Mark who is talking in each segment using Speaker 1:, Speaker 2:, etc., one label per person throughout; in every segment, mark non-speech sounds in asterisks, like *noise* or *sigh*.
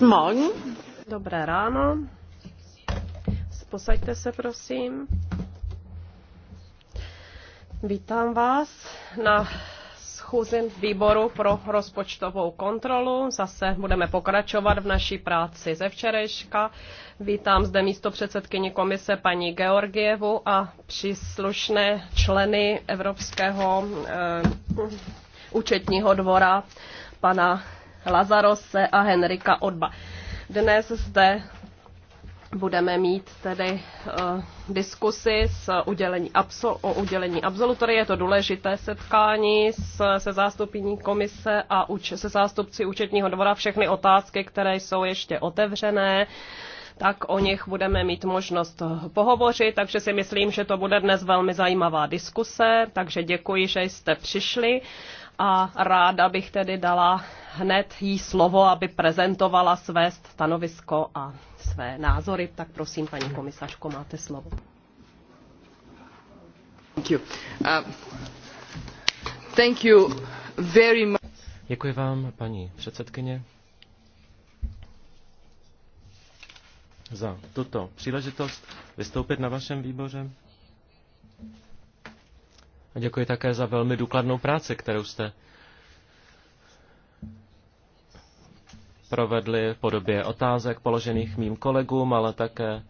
Speaker 1: Guten Morgen. Dobré ráno. Posaďte se, prosím. Vítám vás na schůzi výboru pro rozpočtovou kontrolu. Zase budeme pokračovat v naší práci ze včerejška. Vítám zde místo předsedkyni komise paní Georgievu a příslušné členy Evropského eh, účetního dvora pana Lazarose a Henrika Odba. Dnes zde budeme mít tedy uh, diskusi s udělení absol- o udělení absolutory. Je to důležité setkání s, se zástupní komise a uč- se zástupci účetního dvora. Všechny otázky, které jsou ještě otevřené, tak o nich budeme mít možnost pohovořit, takže si myslím, že to bude dnes velmi zajímavá diskuse, takže děkuji, že jste přišli a ráda bych tedy dala hned jí slovo, aby prezentovala své stanovisko a své názory. Tak prosím, paní komisařko, máte slovo.
Speaker 2: Um, very much. Děkuji vám, paní předsedkyně, za tuto příležitost vystoupit na vašem výboře. A děkuji také za velmi důkladnou práci, kterou jste provedli v podobě otázek položených mým kolegům, ale také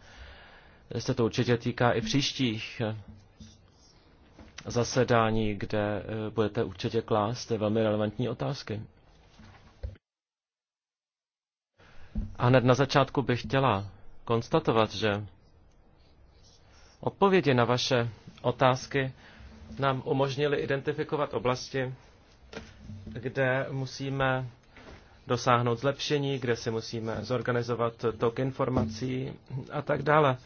Speaker 2: se to určitě týká i příštích zasedání, kde eh, budete určitě klást velmi relevantní otázky. A hned na začátku bych chtěla konstatovat, že odpovědi na vaše otázky nám umožnily identifikovat oblasti, kde musíme dosáhnout zlepšení, kde si musíme zorganizovat tok informací a tak dále.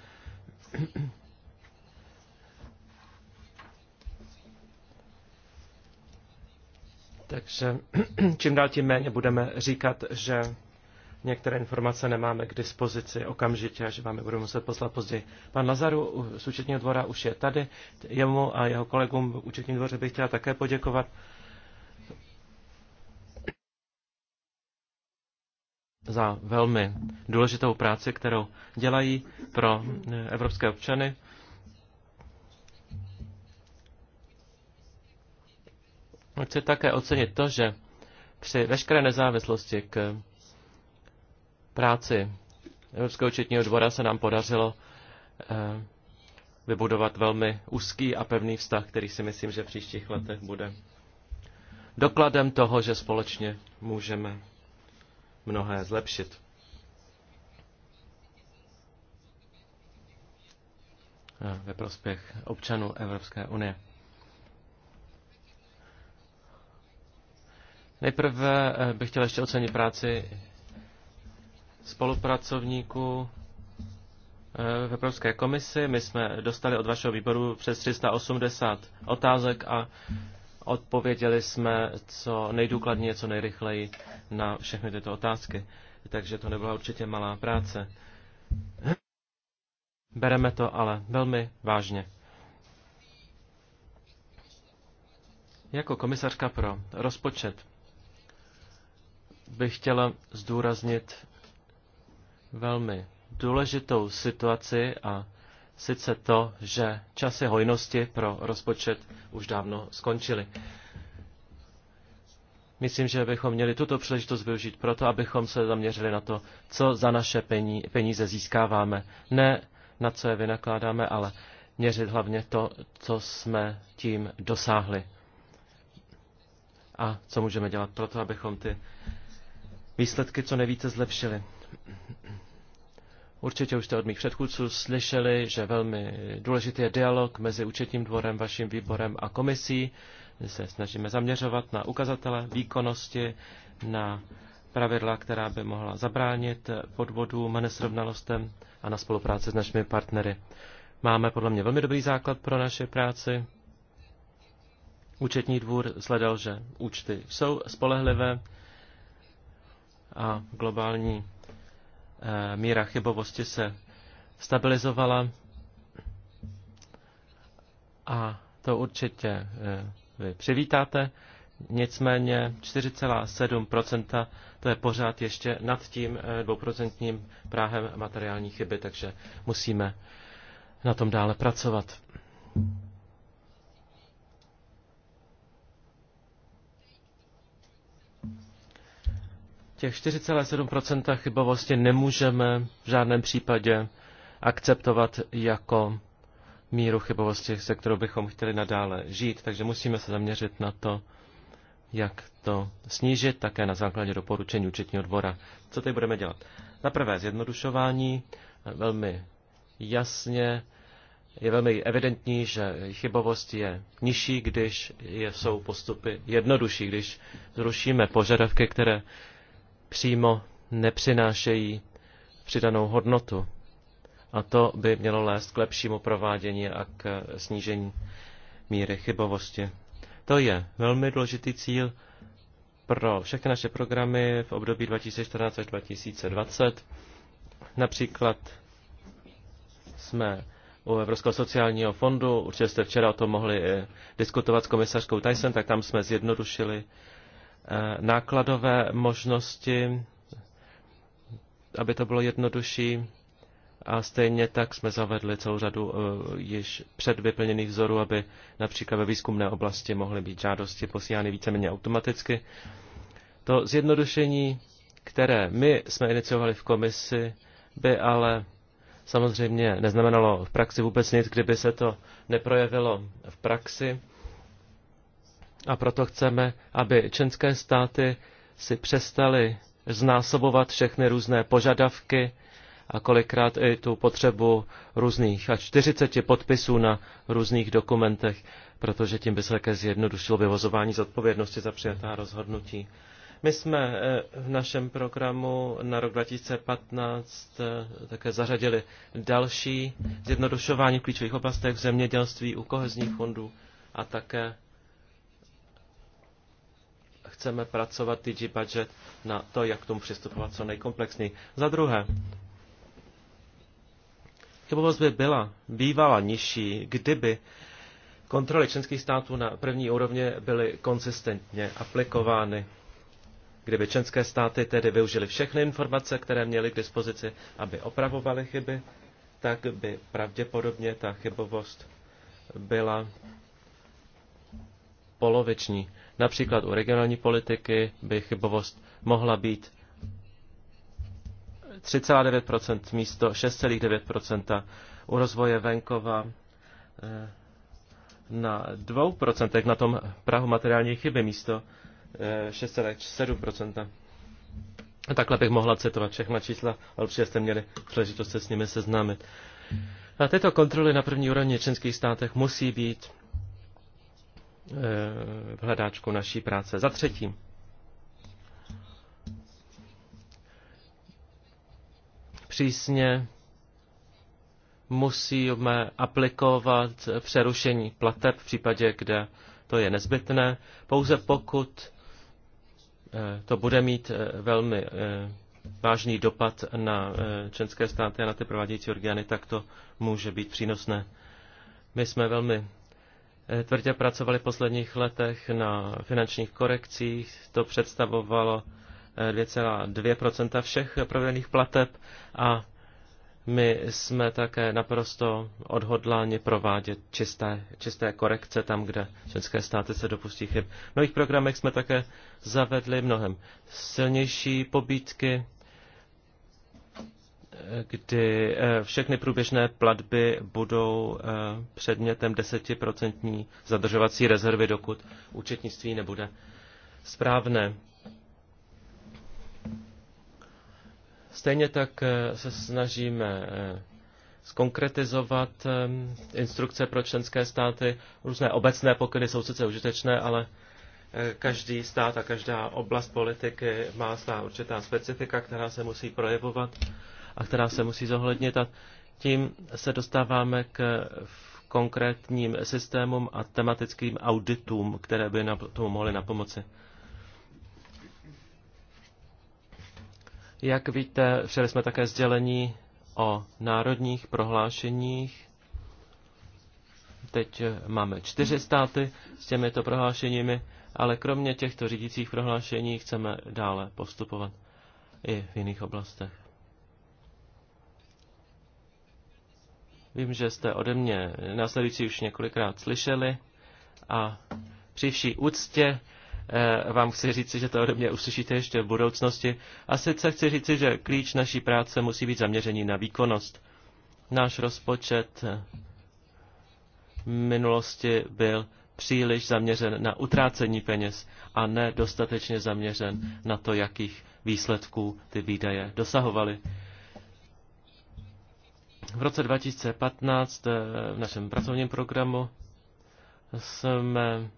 Speaker 2: Takže čím dál tím méně budeme říkat, že některé informace nemáme k dispozici okamžitě, že vám je budu muset poslat později. Pan Lazaru z účetního dvora už je tady. Jemu a jeho kolegům v účetním dvoře bych chtěla také poděkovat za velmi důležitou práci, kterou dělají pro eh, evropské občany. Chci také ocenit to, že při veškeré nezávislosti k práci Evropského četního dvora se nám podařilo eh, vybudovat velmi úzký a pevný vztah, který si myslím, že v příštích letech bude dokladem toho, že společně můžeme mnohé zlepšit. Eh, ve prospěch občanů Evropské unie. Nejprve eh, bych chtěl ještě ocenit práci spolupracovníků eh, v Evropské komisi. My jsme dostali od vašeho výboru přes 380 otázek a odpověděli jsme co nejdůkladně, co nejrychleji na všechny tyto otázky. Takže to nebyla určitě malá práce. Bereme to ale velmi vážně. Jako komisařka pro rozpočet bych chtěla zdůraznit velmi důležitou situaci a sice to, že časy hojnosti pro rozpočet už dávno skončily. Myslím, že bychom měli tuto příležitost využít proto, abychom se zaměřili na to, co za naše peníze získáváme. Ne na co je vynakládáme, ale měřit hlavně to, co jsme tím dosáhli. A co můžeme dělat proto, abychom ty výsledky co nejvíce zlepšili. Určitě už jste od mých předchůdců slyšeli, že velmi důležitý je dialog mezi účetním dvorem, vaším výborem a komisí. My se snažíme zaměřovat na ukazatele výkonnosti, na pravidla, která by mohla zabránit podvodům a nesrovnalostem a na spolupráci s našimi partnery. Máme podle mě velmi dobrý základ pro naše práci. Účetní dvůr sledal, že účty jsou spolehlivé a globální Eh, míra chybovosti se stabilizovala a to určitě eh, vy přivítáte. Nicméně 4,7% to je pořád ještě nad tím eh, dvouprocentním práhem materiální chyby, takže musíme na tom dále pracovat. těch 4,7 chybovosti nemůžeme v žádném případě akceptovat jako míru chybovosti, se kterou bychom chtěli nadále žít, takže musíme se zaměřit na to, jak to snížit, také na základě doporučení účetního dvora. Co teď budeme dělat? Za prvé zjednodušování, velmi jasně, je velmi evidentní, že chybovost je nižší, když jsou postupy jednodušší, když zrušíme požadavky, které přímo nepřinášejí přidanou hodnotu. A to by mělo lést k lepšímu provádění a k eh, snížení míry chybovosti. To je velmi důležitý cíl pro všechny naše programy v období 2014 až 2020. Například jsme u Evropského sociálního fondu, určitě jste včera o tom mohli eh, diskutovat s komisařkou Tyson, tak tam jsme zjednodušili Eh, nákladové možnosti, aby to bylo jednodušší. A stejně tak jsme zavedli celou řadu eh, již předvyplněných vzorů, aby například ve výzkumné oblasti mohly být žádosti posílány víceméně automaticky. To zjednodušení, které my jsme iniciovali v komisi, by ale samozřejmě neznamenalo v praxi vůbec nic, kdyby se to neprojevilo v praxi. A proto chceme, aby členské státy si přestaly znásobovat všechny různé požadavky a kolikrát i tu potřebu různých a 40 podpisů na různých dokumentech, protože tím by se také zjednodušilo vyvozování zodpovědnosti za přijatá rozhodnutí. My jsme eh, v našem programu na rok 2015 eh, také zařadili další zjednodušování v klíčových oblastech v zemědělství u kohezních fondů a také chceme pracovat DG Budget na to, jak k tomu přistupovat co nejkomplexněji. Za druhé, chybovost by byla bývala nižší, kdyby kontroly členských států na první úrovně byly konsistentně aplikovány. Kdyby členské státy tedy využili všechny informace, které měly k dispozici, aby opravovaly chyby, tak by pravděpodobně ta chybovost byla poloviční. Například u regionální politiky by chybovost mohla být 3,9% místo 6,9%. U rozvoje venkova eh, na 2%, na tom Prahu materiální chyby místo 6,7%. Eh, takhle bych mohla citovat všechna čísla, ale určitě jste měli příležitost se s nimi seznámit. A tyto kontroly na první úrovni členských státech musí být v hledáčku naší práce. Za třetí, přísně musíme aplikovat přerušení plateb v případě, kde to je nezbytné, pouze pokud eh, to bude mít eh, velmi eh, vážný dopad na členské státy a na ty provádějící orgány, tak to může být přínosné. My jsme velmi Eh, tvrdě pracovali v posledních letech na finančních korekcích. To představovalo 2,2 eh, všech provedených plateb a my jsme také naprosto odhodláni provádět čisté, čisté korekce tam, kde české státy se dopustí chyb. V nových programech jsme také zavedli mnohem silnější pobídky kdy eh, všechny průběžné platby budou eh, předmětem desetiprocentní zadržovací rezervy, dokud účetnictví nebude správné. Stejně tak eh, se snažíme zkonkretizovat instrukce pro členské státy. Různé obecné pokyny jsou sice užitečné, ale každý stát a každá oblast politiky má svá určitá specifika, která se musí projevovat a která se musí zohlednit a tím se dostáváme k konkrétním systémům a tematickým auditům, které by na tomu mohly na pomoci. Jak víte, včera jsme také sdělení o národních prohlášeních. Teď máme čtyři státy s těmito prohlášeními, ale kromě těchto řídících prohlášení chceme dále postupovat i v jiných oblastech. Vím, že jste ode mě následující už několikrát slyšeli a při vší úctě eh, vám chci říci, že to ode mě uslyšíte ještě v budoucnosti. A sice chci říci, že klíč naší práce musí být zaměřený na výkonnost. Náš rozpočet eh, v minulosti byl příliš zaměřen na utrácení peněz a nedostatečně zaměřen na to, jakých výsledků ty výdaje dosahovaly. V roce 2015 eh, v našem pracovním programu jsme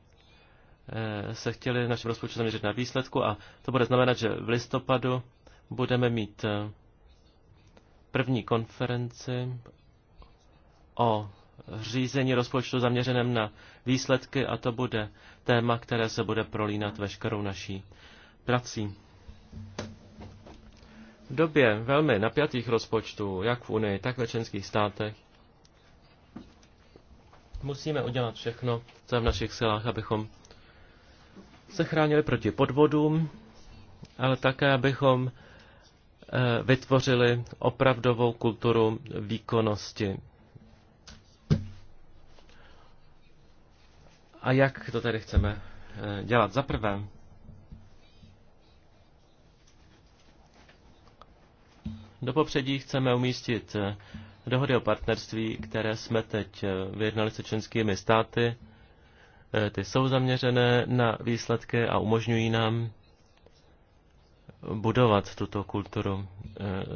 Speaker 2: eh, se chtěli v našem rozpočtu zaměřit na výsledku a to bude znamenat, že v listopadu budeme mít eh, první konferenci o řízení rozpočtu zaměřeném na výsledky a to bude téma, které se bude prolínat veškerou naší prací. V době velmi napjatých rozpočtů, jak v Unii, tak ve členských státech, musíme udělat všechno, co je v našich silách, abychom se chránili proti podvodům, ale také, abychom eh, vytvořili opravdovou kulturu výkonnosti. A jak to tedy chceme eh, dělat? Za prvé, Do popředí chceme umístit eh, dohody o partnerství, které jsme teď eh, vyjednali se členskými státy. Eh, ty jsou zaměřené na výsledky a umožňují nám budovat tuto kulturu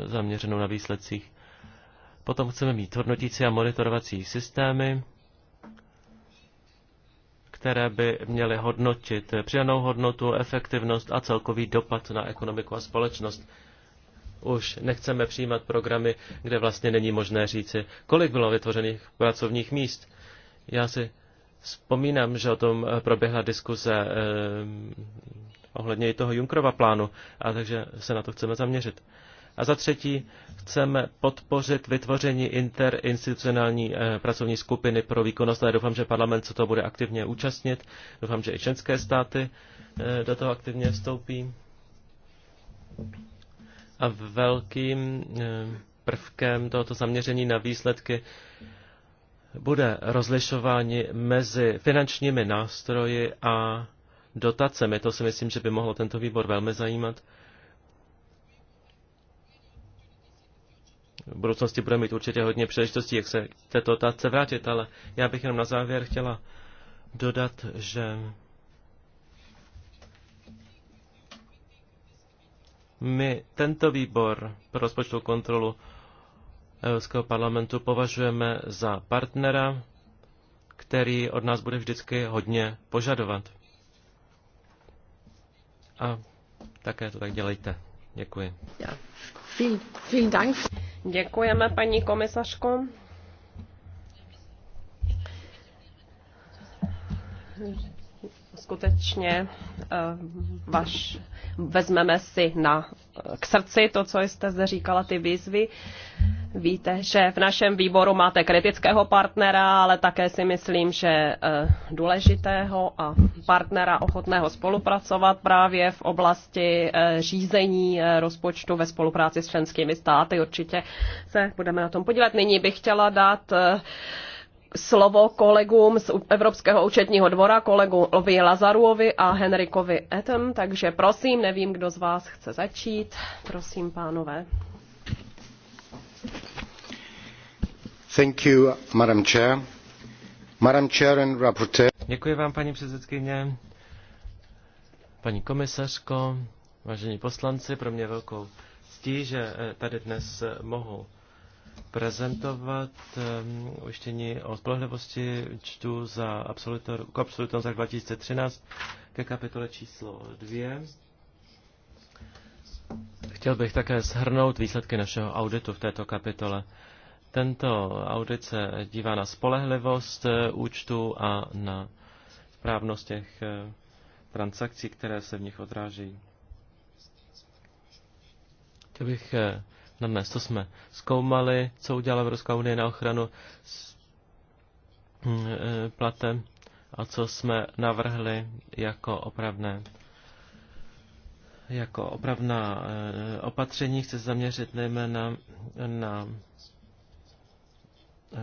Speaker 2: zaměřenou na výsledcích. Potom chceme mít hodnotící a monitorovací systémy, které by měly hodnotit přidanou hodnotu, efektivnost a celkový dopad na ekonomiku a společnost už nechceme přijímat programy, kde vlastně není možné říci, kolik bylo vytvořených pracovních míst. Já si vzpomínám, že o tom eh, proběhla diskuze eh, ohledně i toho Junkrova plánu, a takže se na to chceme zaměřit. A za třetí, chceme podpořit vytvoření interinstitucionální eh, pracovní skupiny pro výkonnost. Já doufám, že parlament se to bude aktivně účastnit. Doufám, že i členské státy eh, do toho aktivně vstoupí. A velkým eh, prvkem tohoto zaměření na výsledky bude rozlišování mezi finančními nástroji a dotacemi. To si myslím, že by mohlo tento výbor velmi zajímat. V budoucnosti bude mít určitě hodně příležitostí, jak se této otázce vrátit, ale já bych jenom na závěr chtěla dodat, že My tento výbor pro rozpočtovou kontrolu Evropského parlamentu považujeme za partnera, který od nás bude vždycky hodně požadovat. A také to tak dělejte. Děkuji.
Speaker 1: Děkujeme, paní komisařko skutečně eh, vaš, vezmeme si na, eh, k srdci to, co jste zde říkala, ty výzvy. Víte, že v našem výboru máte kritického partnera, ale také si myslím, že eh, důležitého a partnera ochotného spolupracovat právě v oblasti řízení rozpočtu ve spolupráci s členskými státy. Určitě se budeme na tom podívat. Nyní bych chtěla dát slovo kolegům z Evropského účetního dvora, kolegovi Lazaruovi a Henrikovi Etem, takže prosím, nevím, kdo z vás chce začít. Prosím, pánové.
Speaker 3: Thank you, Madam Chair. Madam Chair and Rapporteur.
Speaker 2: Děkuji vám, paní předsedkyně, paní komisařko, vážení poslanci, pro mě velkou ctí, že eh, tady dnes eh, mohu prezentovat um, ujištění o spolehlivosti čtu za absolutor, k za 2013 ke kapitole číslo 2. Chtěl bych také shrnout výsledky našeho auditu v této kapitole. Tento audit se dívá na spolehlivost eh, účtu a na správnost těch eh, transakcí, které se v nich odráží. Chtěl bych eh, na dnes. To jsme zkoumali, co udělala Evropská unie na ochranu mm, e, platem a co jsme navrhli jako opravné jako opravná e, opatření chce zaměřit nejména na e,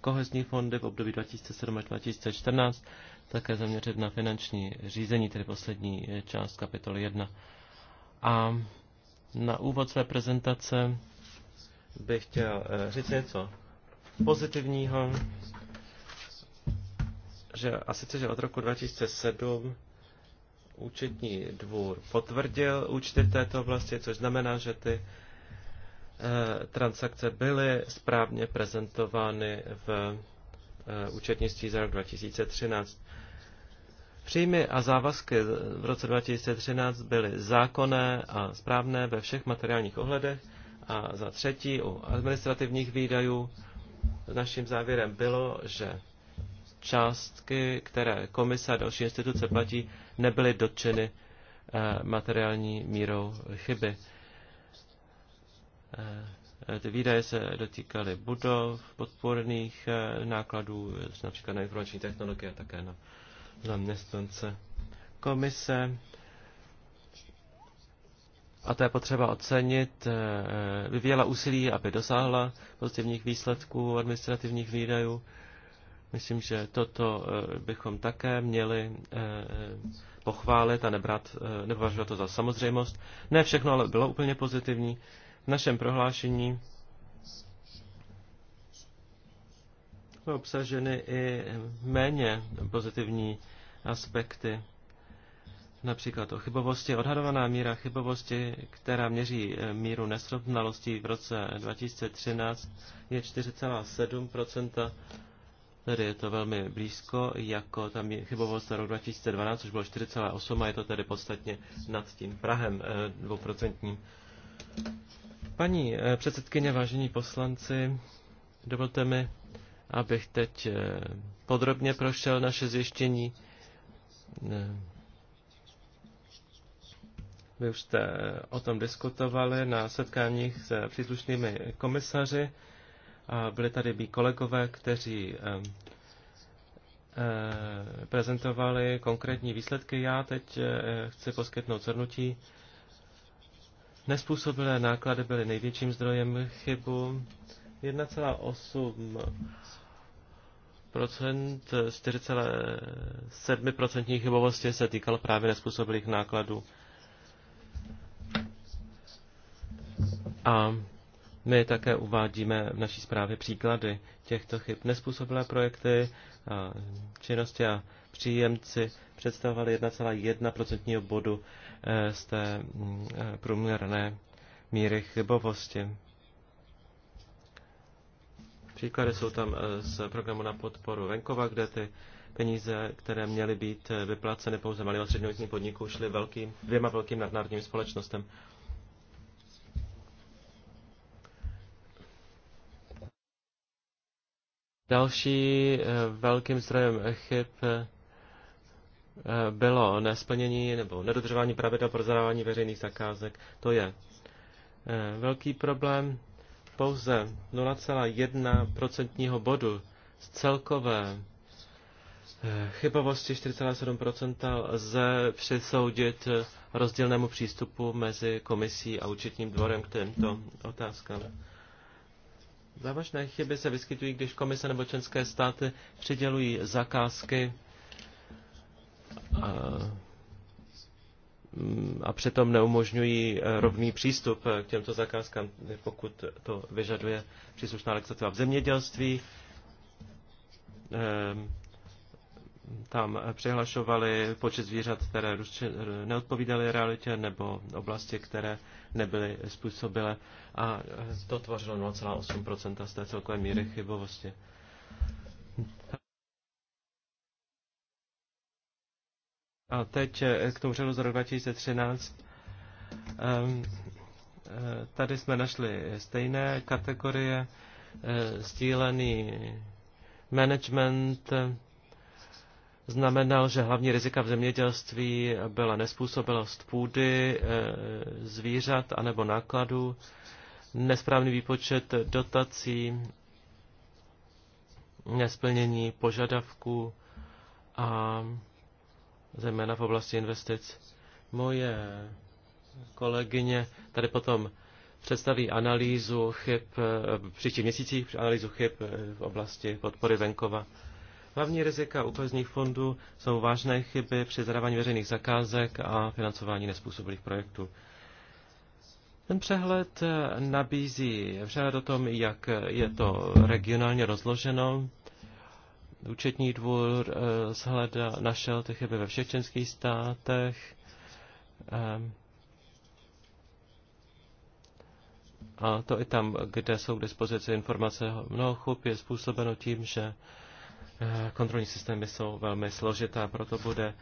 Speaker 2: kohezní fondy v období 2007 až 2014, také zaměřit na finanční řízení, tedy poslední část kapitoly 1. A na úvod své prezentace bych chtěl eh, říct něco pozitivního, že a sice, že od roku 2007 účetní dvůr potvrdil účty v této oblasti, což znamená, že ty eh, transakce byly správně prezentovány v eh, účetnictví za rok 2013. Příjmy a závazky v roce 2013 byly zákonné a správné ve všech materiálních ohledech a za třetí u administrativních výdajů naším závěrem bylo, že částky, které komise a další instituce platí, nebyly dotčeny eh, materiální mírou chyby. Eh, eh, ty výdaje se dotýkaly budov, podporných nákladů, například na informační technologie a také na zaměstnance komise. A to je potřeba ocenit. Eh, eh, vyvíjela úsilí, aby dosáhla pozitivních výsledků administrativních výdajů. Myslím, že toto eh, bychom také měli pochválit a nebrat, nepovažovat to za samozřejmost. Ne všechno ale bylo úplně pozitivní. V našem prohlášení jsou obsaženy i méně pozitivní aspekty. Například o chybovosti, odhadovaná míra chybovosti, která měří eh, míru nesrovnalostí v roce 2013, je 4,7%, tedy je to velmi blízko, jako tam chybovost za rok 2012, což bylo 4,8 a je to tedy podstatně nad tím Prahem eh, dvouprocentním. Paní eh, předsedkyně, vážení poslanci, dovolte mi abych teď eh, podrobně prošel naše zjištění. Eh, vy už jste eh, o tom diskutovali na setkáních s příslušnými komisaři a byli tady bí kolegové, kteří prezentovali konkrétní výsledky. Já teď chci poskytnout zhrnutí. Nespůsobilé náklady byly největším zdrojem chybu. 1,8 procent, 4,7% chybovosti se týkalo právě nespůsobilých nákladů. A my také uvádíme v naší zprávě příklady těchto chyb. Nespůsobilé projekty, a činnosti a příjemci představovali 1,1% bodu eh, z té mm, eh, průměrné míry chybovosti. Příklady jsou tam eh, z programu na podporu venkova, kde ty peníze, které měly být eh, vyplaceny pouze malým a středním podnikům, šly velkým, dvěma velkým nadnárodním společnostem. Další eh, velkým zdrojem chyb bylo nesplnění nebo nedodržování pravidel pro zadávání veřejných zakázek. To je velký problém pouze 0,1% bodu z celkové eh, chybovosti 4,7% lze přisoudit rozdílnému přístupu mezi komisí a účetním dvorem k těmto otázkám. Závažné chyby se vyskytují, když komise nebo členské státy přidělují zakázky Mm, a přitom neumožňují eh, rovný přístup eh, k těmto zakázkám, eh, pokud to vyžaduje příslušná legislativa v zemědělství. Ehm, tam přihlašovali počet zvířat, které neodpovídaly realitě, nebo oblasti, které nebyly způsobile. A to tvořilo 0,8 z té celkové míry chybovosti. A teď eh, k tomu řadu z roku 2013. Tady jsme našli stejné kategorie, eh, sdílený management znamenal, že hlavní rizika v zemědělství byla nespůsobilost půdy, eh, zvířat anebo nákladů, nesprávný výpočet dotací, nesplnění požadavků a zejména v oblasti investic. Moje kolegyně tady potom představí analýzu chyb eh, v příštích měsících, analýzu chyb eh, v oblasti podpory venkova. Hlavní rizika úplzních fondů jsou vážné chyby při zadávání veřejných zakázek a financování nespůsobilých projektů. Ten přehled eh, nabízí přehled o tom, jak je to regionálně rozloženo, Účetní dvůr zhleda, eh, našel ty chyby ve všech členských státech. Eh, a to i tam, kde jsou k dispozici informace mnoho chup, je způsobeno tím, že eh, kontrolní systémy jsou velmi složité, proto bude,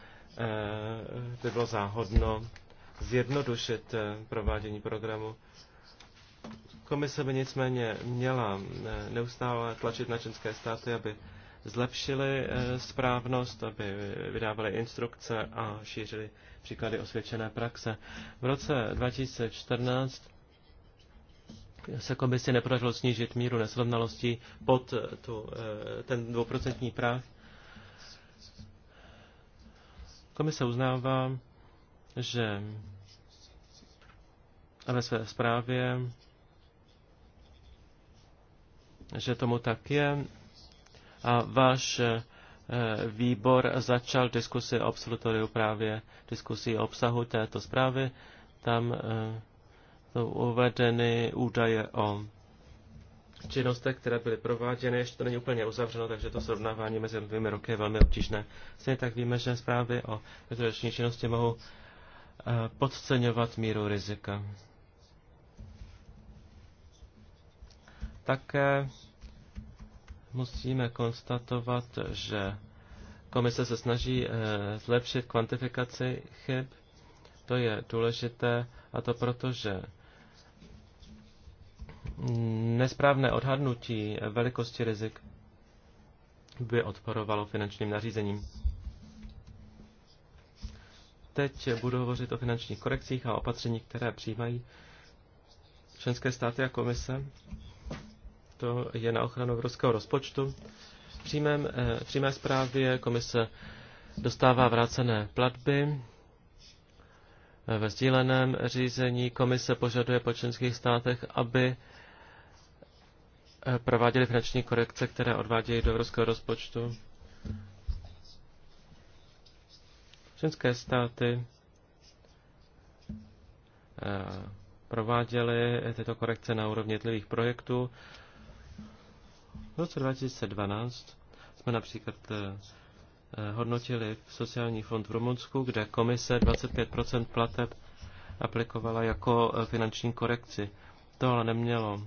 Speaker 2: by bylo záhodno zjednodušit provádění programu. Komise by nicméně měla neustále tlačit na členské státy, aby zlepšili eh, správnost, aby vydávali instrukce a šířili příklady osvědčené praxe. V roce 2014 se komisi nepodařilo snížit míru nesrovnalostí pod eh, tu, eh, ten dvouprocentní práh. Komise uznává, že ve své zprávě, že tomu tak je a váš eh, eh, výbor začal diskusi o absolutoriu právě diskusí o obsahu této zprávy. Tam eh, jsou uvedeny údaje o činnostech, které byly prováděny. Ještě to není úplně uzavřeno, takže to srovnávání mezi dvěmi roky je velmi obtížné. Stejně tak víme, že zprávy o metodační činnosti mohou podceňovat míru rizika. Také musíme konstatovat, že komise se snaží eh, zlepšit kvantifikaci chyb. To je důležité a to proto, že nesprávné odhadnutí velikosti rizik by odporovalo finančním nařízením. Teď budu hovořit o finančních korekcích a opatřeních, které přijímají členské státy a komise to je na ochranu evropského rozpočtu. V, přímém, eh, v přímé zprávě komise dostává vrácené platby. Eh, ve sdíleném řízení komise požaduje po členských státech, aby eh, prováděli finanční korekce, které odvádějí do evropského rozpočtu. Členské státy prováděly tyto korekce na úrovni jednotlivých projektů v roce 2012 jsme například eh, hodnotili sociální fond v Rumunsku, kde komise 25% plateb aplikovala jako eh, finanční korekci. To ale nemělo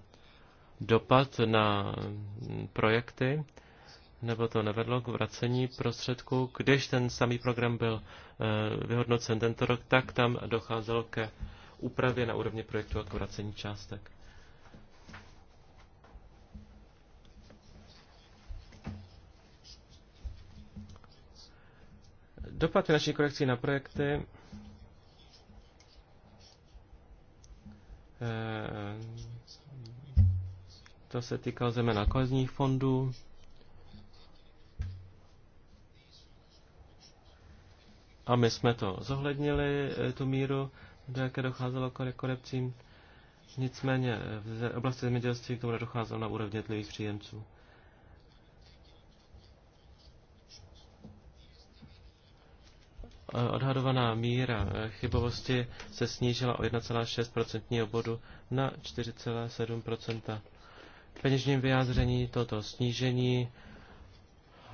Speaker 2: dopad na mm, projekty, nebo to nevedlo k vracení prostředků. Když ten samý program byl eh, vyhodnocen tento rok, tak tam docházelo ke úpravě na úrovni projektu a k vracení částek. Dopad finanční korekcí na projekty eh, to se týkalo zejména kohezních fondů. A my jsme to zohlednili, eh, tu míru, do jaké docházelo k korekcím. Nicméně v oblasti zemědělství k tomu nedocházelo na úrovni jednotlivých příjemců. odhadovaná míra eh, chybovosti se snížila o 1,6% bodu na 4,7%. V peněžním vyjádření toto snížení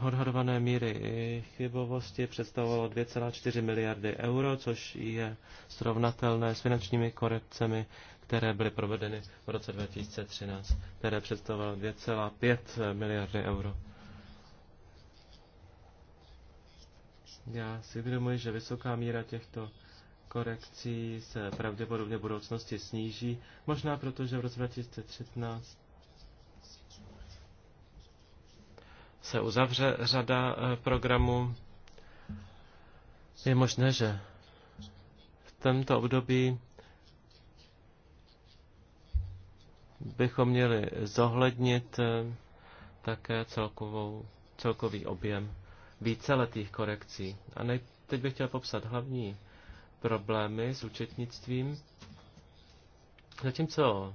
Speaker 2: odhadované míry chybovosti představovalo 2,4 miliardy euro, což je srovnatelné s finančními korekcemi, které byly provedeny v roce 2013, které představovaly 2,5 miliardy euro. Já si uvědomuji, že vysoká míra těchto korekcí se pravděpodobně v budoucnosti sníží, možná proto, že v roce 2013 se uzavře řada eh, programů. Je možné, že v tomto období bychom měli zohlednit eh, také celkovou, celkový objem víceletých korekcí. A ne, teď bych chtěl popsat hlavní problémy s účetnictvím. Zatímco,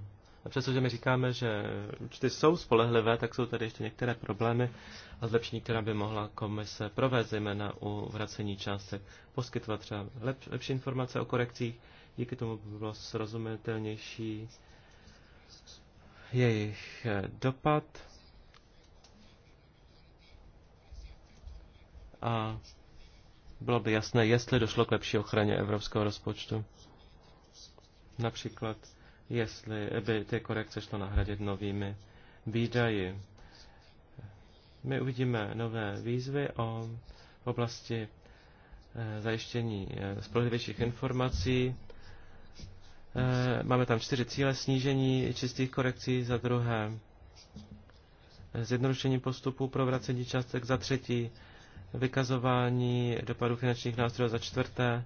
Speaker 2: přestože my říkáme, že účty jsou spolehlivé, tak jsou tady ještě některé problémy a zlepšení, která by mohla komise provést, zejména u vracení částek, poskytovat třeba lep, lepší informace o korekcích, díky tomu by bylo srozumitelnější jejich eh, dopad a bylo by jasné, jestli došlo k lepší ochraně evropského rozpočtu. Například, jestli by ty korekce šlo nahradit novými výdaji. My uvidíme nové výzvy o oblasti eh, zajištění eh, spolehlivějších informací. Eh, máme tam čtyři cíle snížení čistých korekcí, za druhé zjednodušení postupů pro vracení částek, za třetí vykazování dopadů finančních nástrojů za čtvrté,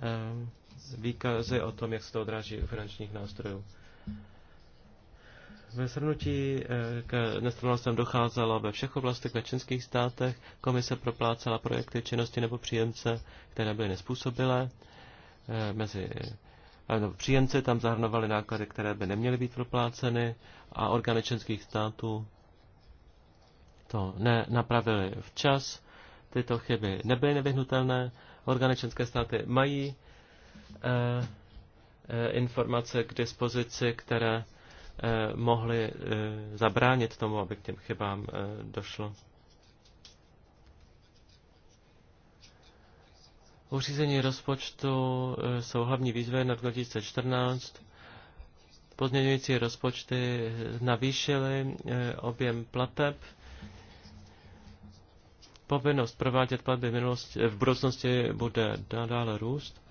Speaker 2: ehm, výkazy o tom, jak se to odráží u finančních nástrojů. Ve shrnutí eh, k nestrannostem docházelo ve všech oblastech ve členských státech. Komise proplácela projekty činnosti nebo příjemce, které byly nespůsobilé. Eh, mezi no, příjemci tam zahrnovali náklady, které by neměly být propláceny a orgány členských států to nenapravili včas, tyto chyby nebyly nevyhnutelné, orgány členské státy mají eh, eh, informace k dispozici, které eh, mohly eh, zabránit tomu, aby k těm chybám eh, došlo. Uřízení rozpočtu eh, jsou hlavní výzvy na 2014. Pozměňující rozpočty navýšily eh, objem plateb povinnost provádět platby v, minulosti, v budoucnosti bude dále růst.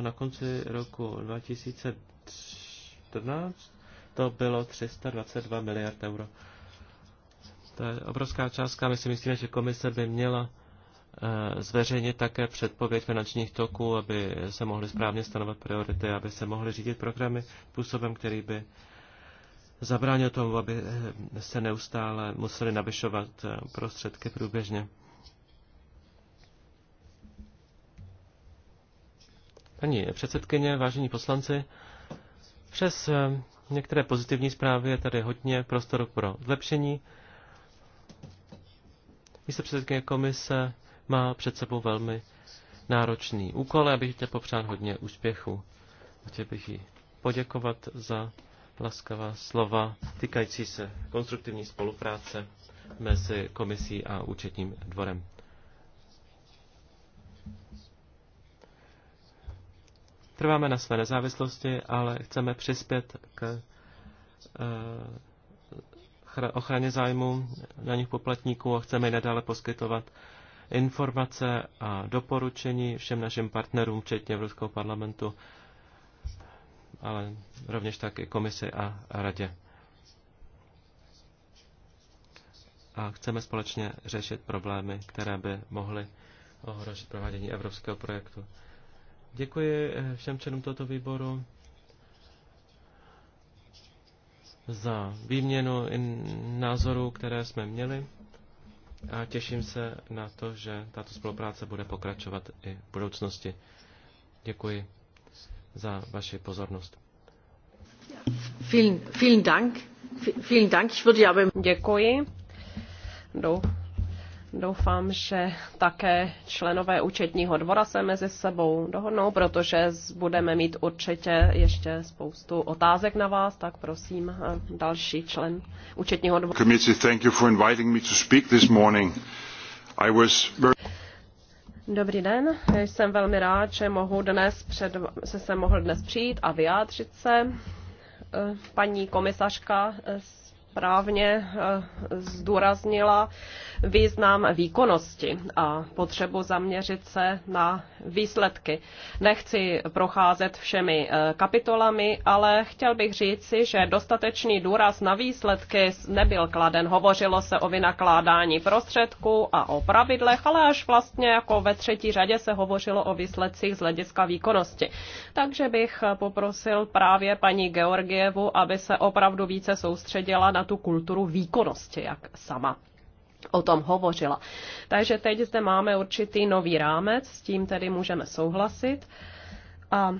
Speaker 2: Na konci roku 2014 to bylo 322 miliard euro. To je obrovská částka. My si myslíme, že komise by měla eh, zveřejnit také předpověď finančních toků, aby se mohly správně stanovat priority, aby se mohly řídit programy způsobem, který by zabránil tomu, aby eh, se neustále museli navyšovat eh, prostředky průběžně. Paní předsedkyně, vážení poslanci, přes eh, některé pozitivní zprávy je tady hodně prostoru pro zlepšení. Místo předsedkyně komise má před sebou velmi náročný úkol a bych chtěl popřát hodně úspěchu. Chtěl bych jí poděkovat za laskavá slova týkající se konstruktivní spolupráce mezi komisí a účetním dvorem. Trváme na své nezávislosti, ale chceme přispět k eh, ochraně zájmu na nich poplatníků a chceme i nadále poskytovat informace a doporučení všem našim partnerům, včetně Evropského parlamentu, ale rovněž tak i komisi a radě. A chceme společně řešit problémy, které by mohly ohrožit provádění evropského projektu. Děkuji eh, všem členům tohoto výboru za výměnu názorů, které jsme měli a těším se na to, že tato spolupráce bude pokračovat i v budoucnosti. Děkuji za vaši pozornost.
Speaker 1: Děkuji. Doufám, že také členové účetního dvora se mezi sebou dohodnou, protože budeme mít určitě ještě spoustu otázek na vás, tak prosím eh, další člen účetního dvora.
Speaker 4: Committee, thank you for inviting me to speak this morning. I was very...
Speaker 1: Dobrý den, jsem velmi rád, že mohu dnes před, se, se mohl dnes přijít a vyjádřit se. Eh, paní komisařka eh, správně eh, zdůraznila význam výkonnosti a potřebu zaměřit se na výsledky. Nechci procházet všemi eh, kapitolami, ale chtěl bych říci, že dostatečný důraz na výsledky nebyl kladen. Hovořilo se o vynakládání prostředků a o pravidlech, ale až vlastně jako ve třetí řadě se hovořilo o výsledcích z hlediska výkonnosti. Takže bych poprosil právě paní Georgievu, aby se opravdu více soustředila na tu kulturu výkonnosti, jak sama o tom hovořila. Takže teď zde máme určitý nový rámec, s tím tedy můžeme souhlasit. A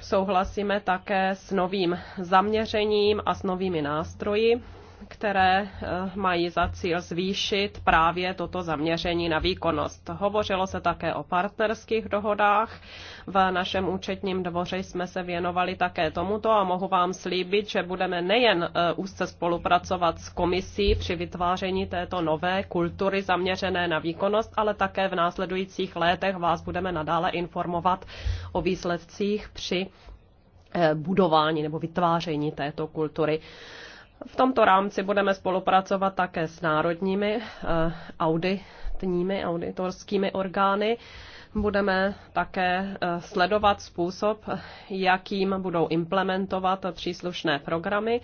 Speaker 1: souhlasíme také s novým zaměřením a s novými nástroji, které eh, mají za cíl zvýšit právě toto zaměření na výkonnost. Hovořilo se také o partnerských dohodách. V našem účetním dvoře jsme se věnovali také tomuto a mohu vám slíbit, že budeme nejen eh, úzce spolupracovat s komisí při vytváření této nové kultury zaměřené na výkonnost, ale také v následujících letech vás budeme nadále informovat o výsledcích při eh, budování nebo vytváření této kultury. V tomto rámci budeme spolupracovat také s národními eh, auditními, auditorskými orgány. Budeme také eh, sledovat způsob, jakým budou implementovat příslušné programy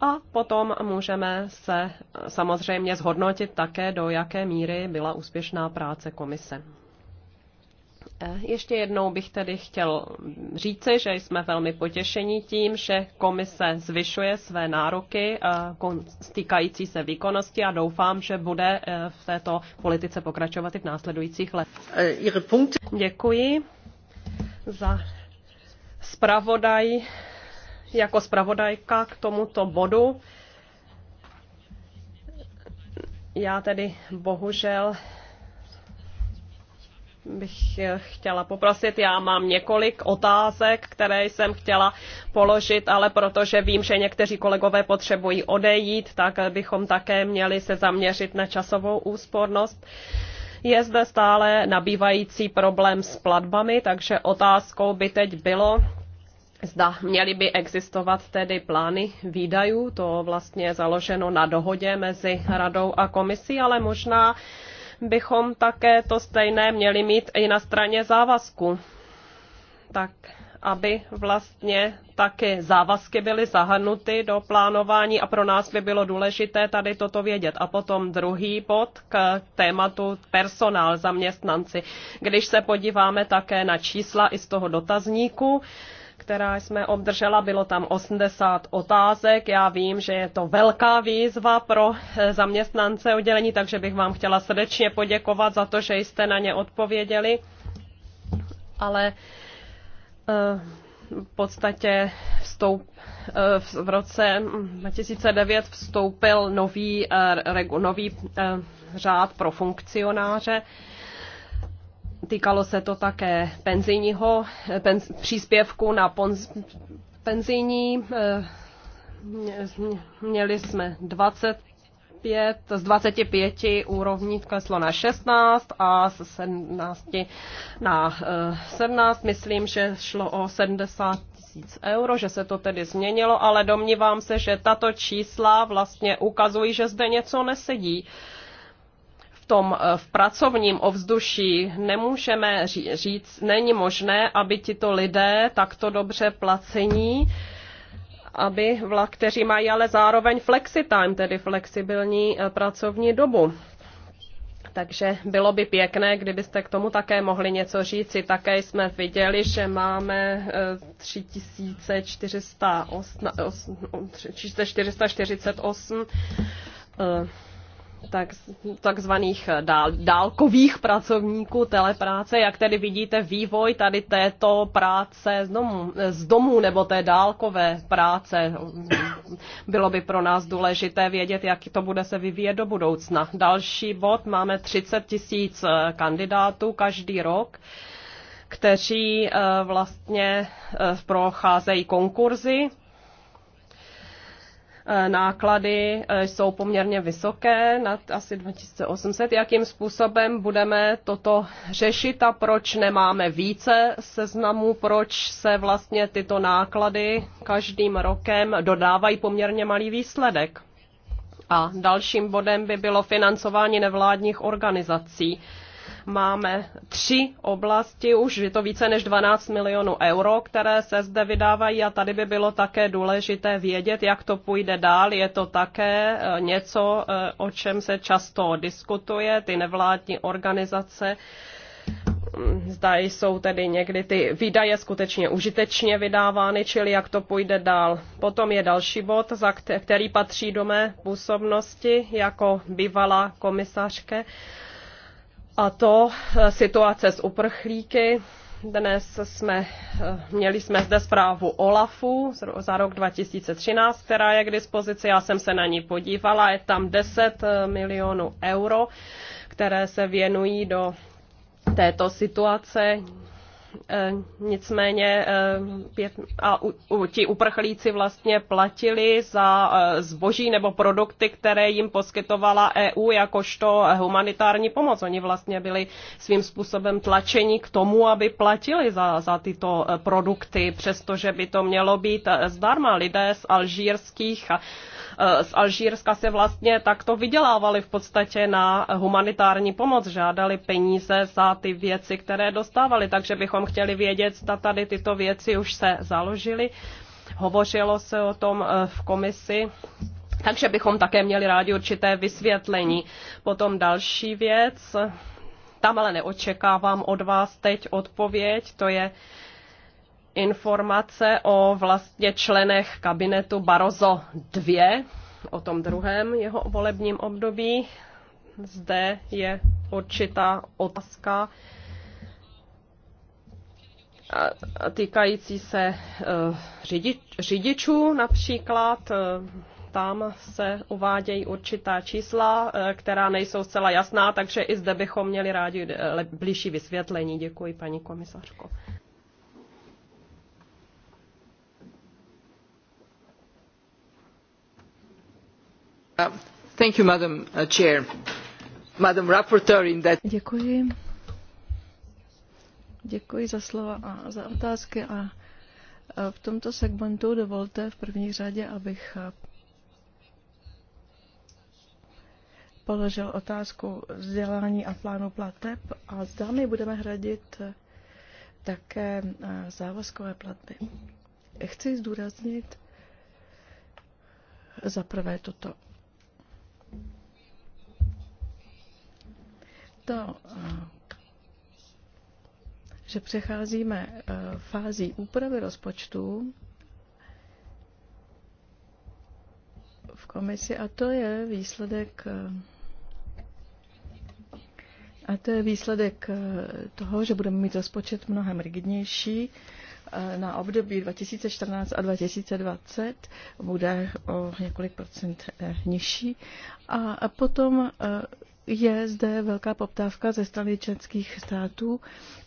Speaker 1: a potom můžeme se eh, samozřejmě zhodnotit také, do jaké míry byla úspěšná práce komise. Eh, ještě jednou bych tedy chtěl říci, že jsme velmi potěšeni tím, že komise zvyšuje své nároky eh, stýkající se výkonnosti a doufám, že bude eh, v této politice pokračovat i v následujících letech. Děkuji za zpravodaj, jako zpravodajka k tomuto bodu. Já tedy bohužel bych eh, chtěla poprosit. Já mám několik otázek, které jsem chtěla položit, ale protože vím, že někteří kolegové potřebují odejít, tak bychom také měli se zaměřit na časovou úspornost. Je zde stále nabývající problém s platbami, takže otázkou by teď bylo, Zda měly by existovat tedy plány výdajů, to vlastně je založeno na dohodě mezi radou a komisí, ale možná bychom také to stejné měli mít i na straně závazku. Tak aby vlastně taky závazky byly zahrnuty do plánování a pro nás by bylo důležité tady toto vědět. A potom druhý bod k tématu personál, zaměstnanci. Když se podíváme také na čísla i z toho dotazníku, která jsme obdržela, bylo tam 80 otázek. Já vím, že je to velká výzva pro eh, zaměstnance oddělení, takže bych vám chtěla srdečně poděkovat za to, že jste na ně odpověděli. Ale eh, v podstatě vstoup, eh, v roce 2009 hm, vstoupil nový, nový řád pro funkcionáře Týkalo se to také penzijního pen, příspěvku na ponz, penzijní. Eh, měli jsme 20 z 25 úrovní kleslo na 16 a z 17 na 17. Eh, Myslím, že šlo o 70 tisíc euro, že se to tedy změnilo, ale domnívám se, že tato čísla vlastně ukazují, že zde něco nesedí. Uh, tom eh, v pracovním ovzduší nemůžeme říct, není možné, aby tito lidé takto dobře placení, aby vla, kteří mají ale zároveň flexitime, tedy flexibilní eh, pracovní dobu. Takže bylo by pěkné, kdybyste k tomu také mohli něco říci. Také jsme viděli, že máme 3448 eh, tak, takzvaných eh, dál, dálkových pracovníků telepráce. Jak tedy vidíte vývoj tady této práce z domu, eh, z domu nebo té dálkové práce? Bylo by pro nás důležité vědět, jak to bude se vyvíjet do budoucna. Další bod, máme 30 tisíc eh, kandidátů každý rok kteří vlastně procházejí konkurzy Eh, náklady eh, jsou poměrně vysoké, nad asi 2800. Jakým způsobem budeme toto řešit a proč nemáme více seznamů, proč se vlastně tyto náklady každým rokem dodávají poměrně malý výsledek? A dalším bodem by bylo financování nevládních organizací. Máme tři oblasti, už je to více než 12 milionů euro, které se zde vydávají a tady by bylo také důležité vědět, jak to půjde dál. Je to také eh, něco, eh, o čem se často diskutuje, ty nevládní organizace mm, zda jsou tedy někdy ty výdaje skutečně užitečně vydávány, čili jak to půjde dál. Potom je další bod, za který patří do mé působnosti jako bývalá komisařke a to eh, situace s uprchlíky. Dnes jsme, eh, měli jsme zde zprávu OLAFu za rok 2013, která je k dispozici. Já jsem se na ní podívala. Je tam 10 eh, milionů euro, které se věnují do této situace Eh, nicméně eh, a u, u, ti uprchlíci vlastně platili za eh, zboží nebo produkty, které jim poskytovala EU jakožto humanitární pomoc. Oni vlastně byli svým způsobem tlačeni k tomu, aby platili za, za tyto produkty, přestože by to mělo být zdarma. Lidé z alžírských Eh, z Alžírska se vlastně takto vydělávali v podstatě na humanitární pomoc, žádali peníze za ty věci, které dostávali, takže bychom chtěli vědět, zda tady tyto věci už se založily. Hovořilo se o tom eh, v komisi. Takže bychom také měli rádi určité vysvětlení. Potom další věc, tam ale neočekávám od vás teď odpověď, to je informace o vlastně členech kabinetu Barozo 2, o tom druhém jeho volebním období. Zde je určitá otázka týkající se eh, řidič, řidičů například. Eh, tam se uvádějí určitá čísla, eh, která nejsou zcela jasná, takže i zde bychom měli rádi blížší vysvětlení. Děkuji, paní komisařko.
Speaker 5: Uh,
Speaker 4: Děkuji. Děkuji za slova a za otázky a v tomto segmentu dovolte v první řadě, abych položil otázku vzdělání a plánu plateb a zda my budeme hradit také závazkové platby. Chci zdůraznit za prvé toto. to, eh, že přecházíme eh, fází úpravy rozpočtu v komisi a to je výsledek eh, a to je výsledek toho, že budeme mít rozpočet mnohem rigidnější. Na období 2014 a 2020 bude o několik procent nižší. A potom je zde velká poptávka ze strany členských států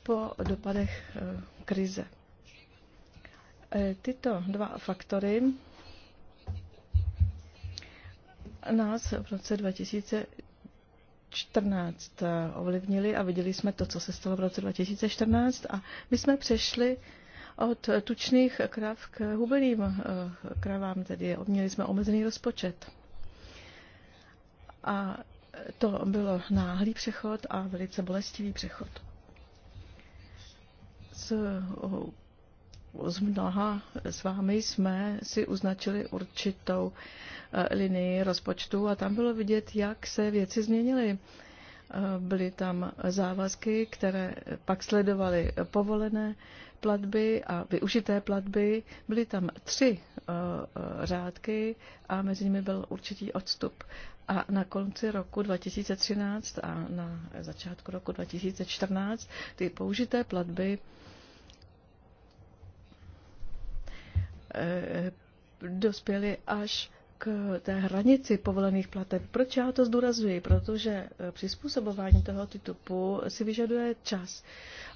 Speaker 4: po dopadech eh, krize. Eh, tyto dva faktory nás v roce 2014 eh, ovlivnili a viděli jsme to, co se stalo v roce 2014 a my jsme přešli od tučných krav k hubeným kravám, tedy měli jsme omezený rozpočet. A to bylo náhlý přechod a velice bolestivý přechod. S, s mnoha s vámi jsme si uznačili určitou eh, linii rozpočtu a tam bylo vidět, jak se věci změnily. Eh, byly tam závazky, které pak sledovaly povolené platby a využité platby. Byly tam tři eh, řádky a mezi nimi byl určitý odstup. A na konci roku 2013 a na začátku roku 2014 ty použité platby eh, dospěly až k té hranici povolených plateb. Proč já to zdůrazuji? Protože eh, přizpůsobování toho typu si vyžaduje čas.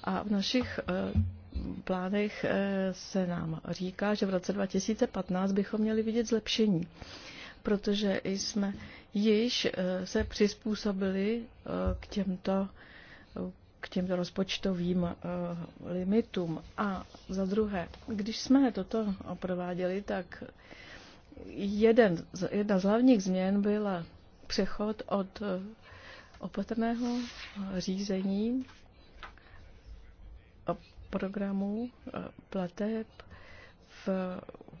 Speaker 4: A v našich eh, plánech se nám říká, že v roce 2015 bychom měli vidět zlepšení protože jsme již eh, se přizpůsobili eh, k těmto eh, k těmto rozpočtovým limitům. A za druhé, když jsme toto prováděli, tak jeden, jedna z hlavních změn byla přechod od opatrného řízení programů plateb v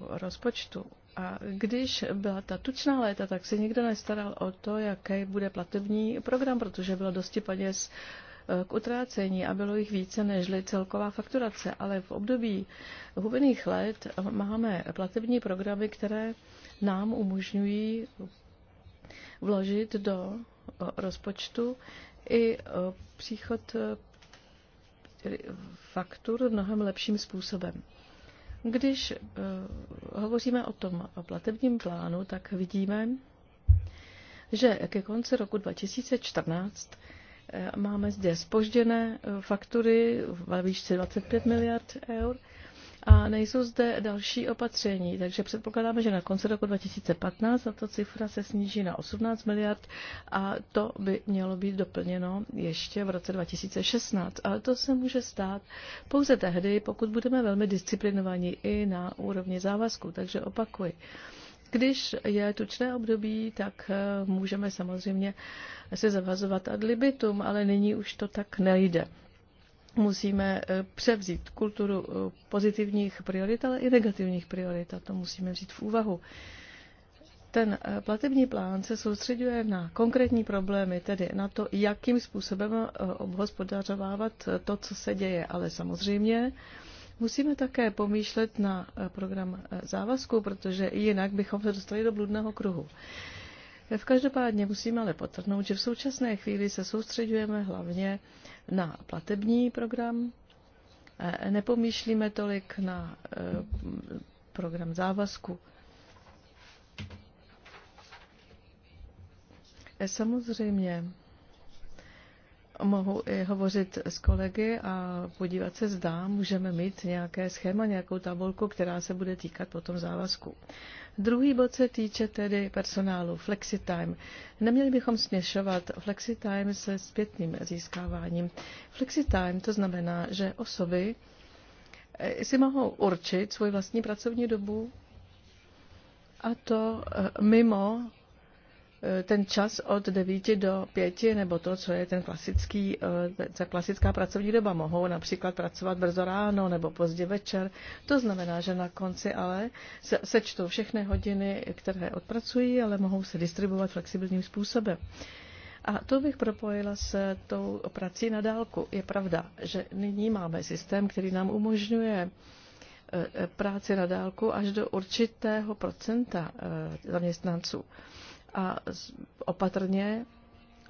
Speaker 4: rozpočtu a když byla ta tučná léta, tak se nikdo nestaral o to, jaký bude platební program, protože bylo dosti peněz eh, k utrácení a bylo jich více než celková fakturace. Ale v období hubených let máme platební programy, které nám umožňují vložit do eh, rozpočtu i eh, příchod faktur mnohem lepším způsobem. Když eh, hovoříme o tom platebním plánu, tak vidíme, že ke konci roku 2014 eh, máme zde spožděné eh, faktury ve výšce 25 miliard eur a nejsou zde další opatření, takže předpokládáme, že na konci roku 2015 tato cifra se sníží na 18 miliard a to by mělo být doplněno ještě v roce 2016. Ale to se může stát pouze tehdy, pokud budeme velmi disciplinovaní i na úrovni závazku. Takže opakuji. Když je tučné období, tak eh, můžeme samozřejmě se zavazovat ad libitum, ale nyní už to tak nejde musíme e, převzít kulturu e, pozitivních priorit, ale i negativních priorit a to musíme vzít v úvahu. Ten e, platební plán se soustředuje na konkrétní problémy, tedy na to, jakým způsobem obhospodařovávat to, co se děje. Ale samozřejmě musíme také pomýšlet na program závazku, protože jinak bychom se dostali do bludného kruhu. V každopádně musíme ale potrhnout, že v současné chvíli se soustředujeme hlavně na platební program, e, nepomýšlíme tolik na e, program závazku. E, samozřejmě mohu i hovořit s kolegy a podívat se, zdá, můžeme mít nějaké schéma, nějakou tabulku, která se bude týkat potom závazku. Druhý bod se týče tedy personálu, flexitime. Neměli bychom směšovat flexitime se zpětným získáváním. Flexitime to znamená, že osoby eh, si mohou určit svoji vlastní pracovní dobu a to eh, mimo Eh, ten čas od 9 do 5, nebo to, co je ten klasický, eh, ta klasická pracovní doba. Mohou například pracovat brzo ráno nebo pozdě večer. To znamená, že na konci ale se, sečtou všechny hodiny, které odpracují, ale mohou se distribuovat flexibilním způsobem. A to bych propojila s tou prací na dálku. Je pravda, že nyní máme systém, který nám umožňuje eh, práci na dálku až do určitého procenta zaměstnanců a opatrně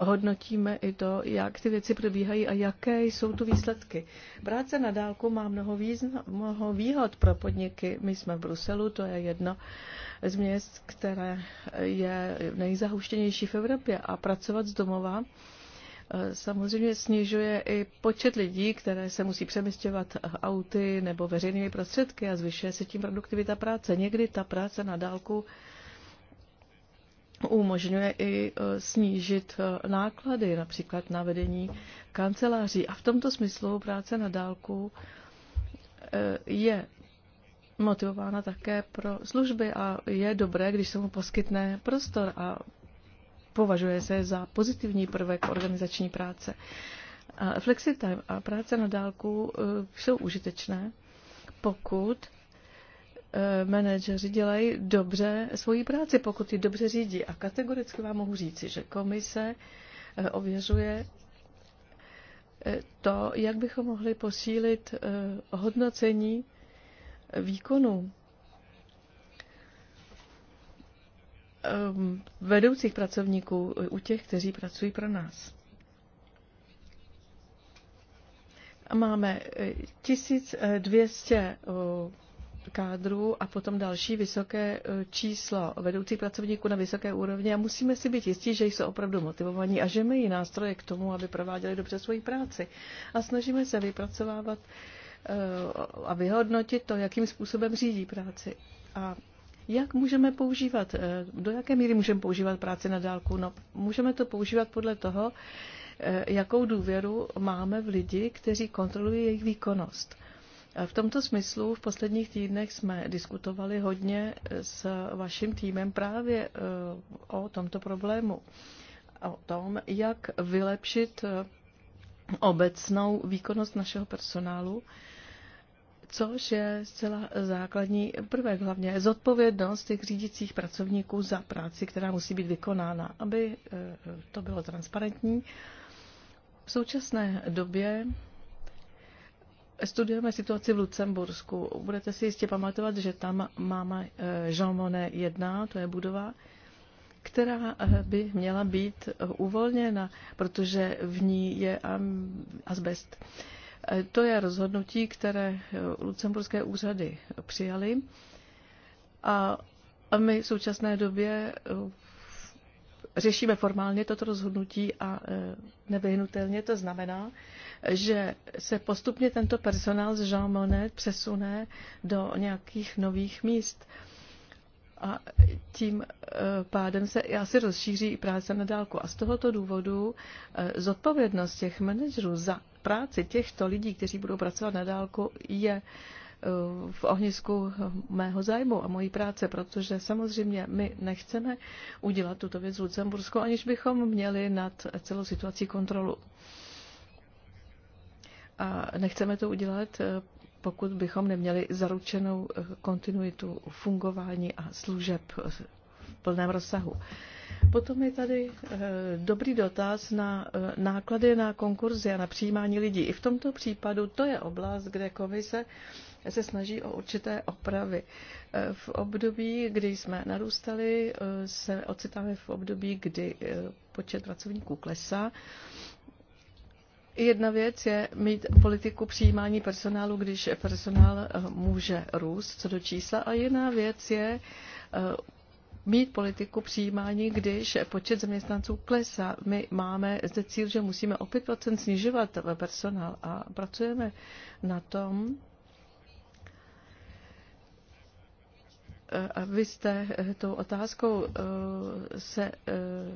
Speaker 4: hodnotíme i to, jak ty věci probíhají a jaké jsou tu výsledky. Práce na dálku má mnoho, význam, mnoho výhod pro podniky. My jsme v Bruselu, to je jedno z měst, které je nejzahuštěnější v Evropě a pracovat z domova eh, samozřejmě snižuje i počet lidí, které se musí přemysťovat eh, auty nebo veřejnými prostředky a zvyšuje se tím produktivita práce. Někdy ta práce na dálku umožňuje i e, snížit e, náklady, například na vedení kanceláří. A v tomto smyslu práce na dálku e, je motivována také pro služby a je dobré, když se mu poskytne prostor a považuje se za pozitivní prvek organizační práce. Flexitime a práce na dálku jsou užitečné, pokud Eh, manažeři dělají dobře svoji práci, pokud ji dobře řídí. A kategoricky vám mohu říci, že komise eh, ověřuje eh, to, jak bychom mohli posílit hodnocení výkonu ehm, vedoucích pracovníků u těch, kteří pracují pro nás. Máme 1200 kádru a potom další vysoké e, číslo vedoucích pracovníků na vysoké úrovni a musíme si být jistí, že jsou opravdu motivovaní a že mají nástroje k tomu, aby prováděli dobře svoji práci. A snažíme se vypracovávat e, a vyhodnotit to, jakým způsobem řídí práci. A jak můžeme používat, e, do jaké míry můžeme používat práci na dálku? No, můžeme to používat podle toho, jakou důvěru máme v lidi, kteří kontrolují jejich výkonnost. V tomto smyslu v posledních týdnech jsme diskutovali hodně s vaším týmem právě e, o tomto problému, o tom, jak vylepšit e, obecnou výkonnost našeho personálu, což je zcela základní prvek, hlavně zodpovědnost těch řídících pracovníků za práci, která musí být vykonána, aby e, to bylo transparentní. V současné době studujeme situaci v Lucembursku. Budete si jistě pamatovat, že tam máme eh, Jean Monnet 1, to je budova, která eh, by měla být eh, uvolněna, protože v ní je asbest. To je rozhodnutí, které lucemburské úřady přijaly a my v současné době řešíme formálně toto rozhodnutí a nevyhnutelně to znamená, že se postupně tento personál z Jean Monnet přesune do nějakých nových míst. A tím eh, pádem se asi rozšíří i práce na dálku. A z tohoto důvodu eh, zodpovědnost těch manažerů za práci těchto lidí, kteří budou pracovat na dálku, je eh, v ohnisku mého zájmu a mojí práce, protože samozřejmě my nechceme udělat tuto věc v Lucembursku, aniž bychom měli nad celou situací kontrolu. A nechceme to udělat, eh, pokud bychom neměli zaručenou eh, kontinuitu fungování a služeb eh, v plném rozsahu. Potom je tady dobrý dotaz na náklady na konkurzy a na přijímání lidí. I v tomto případu to je oblast, kde komise se snaží o určité opravy. V období, kdy jsme narůstali, se ocitáme v období, kdy počet pracovníků klesá Jedna věc je mít politiku přijímání personálu, když personál eh, může růst co do čísla, a jiná věc je eh, mít politiku přijímání, když počet zaměstnanců klesá. My máme zde cíl, že musíme o 5% snižovat personál a pracujeme na tom, A vy jste eh, tou otázkou eh, se eh,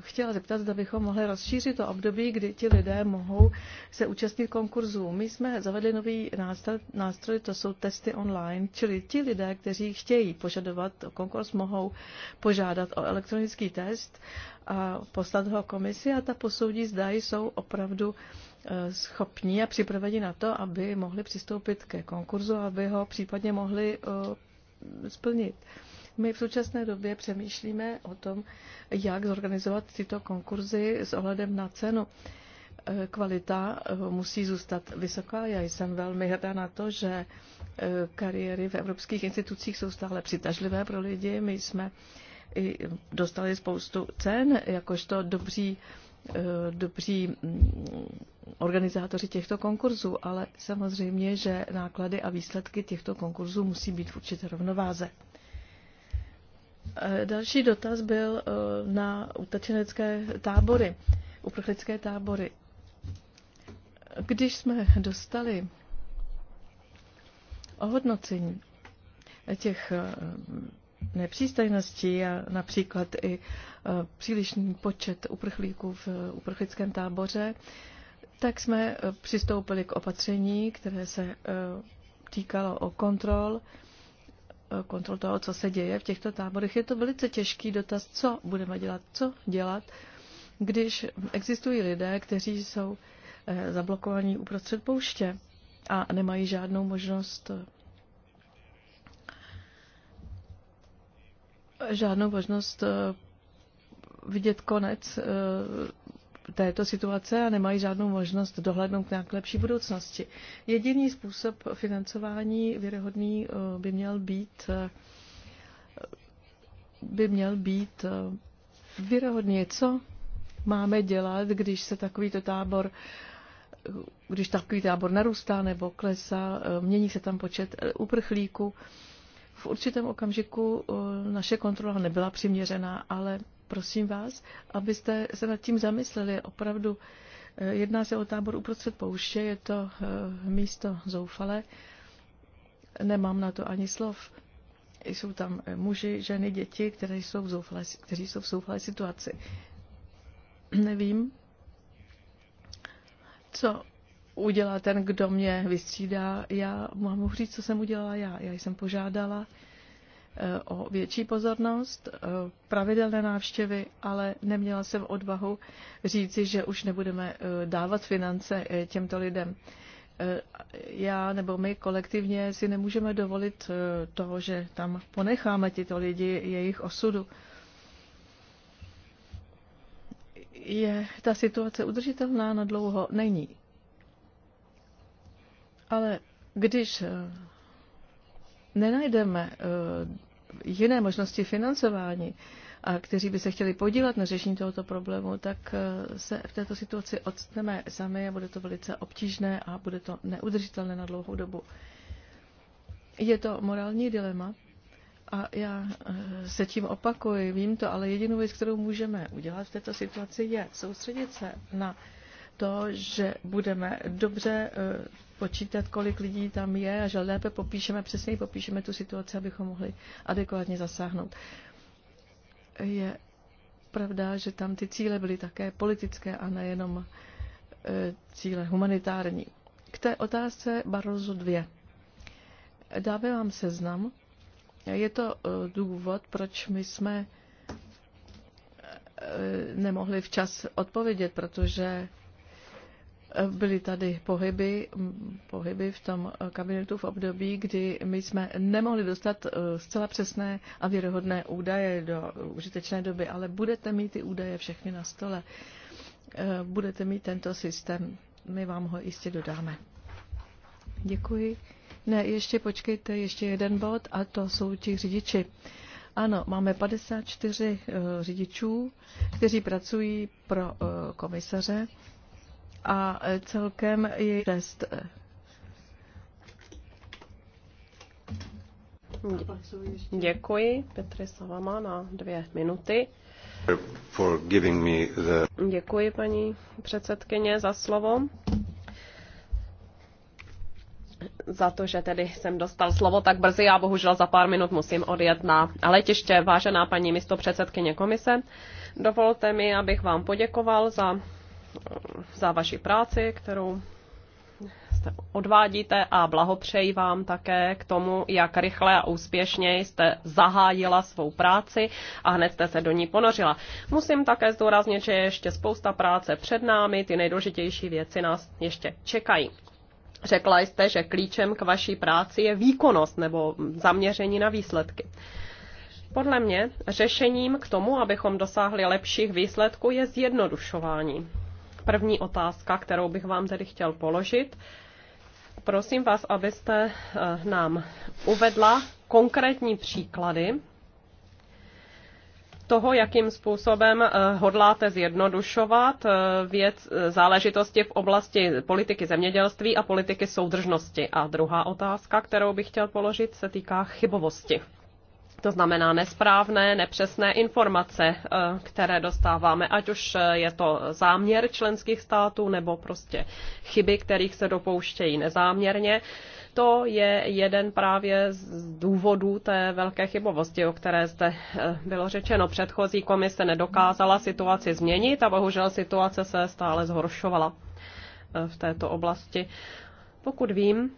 Speaker 4: chtěla zeptat, zda bychom mohli rozšířit to období, kdy ti lidé mohou se účastnit konkurzů. My jsme zavedli nový nástroj, to jsou testy online, čili ti lidé, kteří chtějí požadovat konkurs, mohou požádat o elektronický test a poslat ho komisi a ta posoudí, zda jsou opravdu schopní a připraveni na to, aby mohli přistoupit ke konkurzu, aby ho případně mohli splnit. My v současné době přemýšlíme o tom, jak zorganizovat tyto konkurzy s ohledem na cenu. Eh, kvalita eh, musí zůstat vysoká. Já jsem velmi hrdá na to, že eh, kariéry v evropských institucích jsou stále přitažlivé pro lidi. My jsme i dostali spoustu cen, jakožto dobří Eh, dobří mm, organizátoři těchto konkurzů, ale samozřejmě, že náklady a výsledky těchto konkurzů musí být v určité rovnováze. Eh, další dotaz byl eh, na utečenecké tábory, uprchlické tábory. Když jsme dostali ohodnocení těch nepřístojnosti a například i e, přílišný počet uprchlíků v uprchlickém táboře, tak jsme e, přistoupili k opatření, které se e, týkalo o kontrol, kontrol toho, co se děje v těchto táborech. Je to velice těžký dotaz, co budeme dělat, co dělat, když existují lidé, kteří jsou zablokovaní uprostřed pouště a nemají žádnou možnost žádnou možnost eh, vidět konec eh, této situace a nemají žádnou možnost dohlednout k nějaké lepší budoucnosti. Jediný způsob financování věrohodný eh, by měl být by měl být věrohodný. Co máme dělat, když se takovýto tábor když takový tábor narůstá nebo klesá, mění se tam počet uprchlíků, v určitém okamžiku eh, naše kontrola nebyla přiměřená, ale prosím vás, abyste se nad tím zamysleli. Opravdu eh, jedná se o tábor uprostřed pouště, je to eh, místo zoufale. Nemám na to ani slov. Jsou tam muži, ženy, děti, které jsou v zoufale, kteří jsou v zoufalé situaci. *clears throat* Nevím, co udělá ten, kdo mě vystřídá. Já mám mu říct, co jsem udělala já. Já jsem požádala eh, o větší pozornost, eh, pravidelné návštěvy, ale neměla jsem odvahu říci, že už nebudeme eh, dávat finance těmto lidem. Já nebo my kolektivně si nemůžeme dovolit toho, že tam ponecháme tyto lidi jejich osudu. Je ta situace udržitelná na no, dlouho? Není. Ale když eh, nenajdeme eh, jiné možnosti financování, a kteří by se chtěli podílet na řešení tohoto problému, tak eh, se v této situaci odstneme sami a bude to velice obtížné a bude to neudržitelné na dlouhou dobu. Je to morální dilema a já se tím opakuji, vím to, ale jedinou věc, kterou můžeme udělat v této situaci, je soustředit se na to, že budeme dobře eh, počítat, kolik lidí tam je a že lépe popíšeme, přesněji popíšeme tu situaci, abychom mohli adekvátně zasáhnout. Je pravda, že tam ty cíle byly také politické a nejenom eh, cíle humanitární. K té otázce Barozu 2. Dáme vám seznam. Je to eh, důvod, proč my jsme nemohli včas odpovědět, protože Byly tady pohyby, pohyby v tom eh, kabinetu v období, kdy my jsme nemohli dostat eh, zcela přesné a věrohodné údaje do užitečné doby, ale budete mít ty údaje všechny na stole. Eh, budete mít tento systém, my vám ho jistě dodáme. Děkuji. Ne, ještě počkejte, ještě jeden bod a to jsou ti řidiči. Ano, máme 54 řidičů, kteří pracují pro komisaře a celkem je test.
Speaker 1: Děkuji Petře Savama na dvě minuty.
Speaker 5: For giving me the...
Speaker 1: Děkuji paní předsedkyně za slovo. Za to, že tedy jsem dostal slovo tak brzy, já bohužel za pár minut musím odjet na letiště. Vážená paní místo předsedkyně komise, dovolte mi, abych vám poděkoval za Eh, za vaši práci, kterou jste odvádíte a blahopřeji vám také k tomu, jak rychle a úspěšně jste zahájila svou práci a hned jste se do ní ponořila. Musím také zdůraznit, že je ještě spousta práce před námi, ty nejdůležitější věci nás ještě čekají. Řekla jste, že klíčem k vaší práci je výkonnost nebo zaměření na výsledky. Podle mě řešením k tomu, abychom dosáhli lepších výsledků, je zjednodušování. První otázka, kterou bych vám tedy chtěl položit. Prosím vás, abyste eh, nám uvedla konkrétní příklady toho, jakým způsobem eh, hodláte zjednodušovat eh, věc, záležitosti v oblasti politiky zemědělství a politiky soudržnosti. A druhá otázka, kterou bych chtěl položit, se týká chybovosti. To znamená nesprávné, nepřesné informace, eh, které dostáváme, ať už eh, je to záměr členských států nebo prostě chyby, kterých se dopouštějí nezáměrně. To je jeden právě z důvodů té velké chybovosti, o které zde eh, bylo řečeno. Předchozí komise nedokázala situaci změnit a bohužel situace se stále zhoršovala v této oblasti. Pokud vím,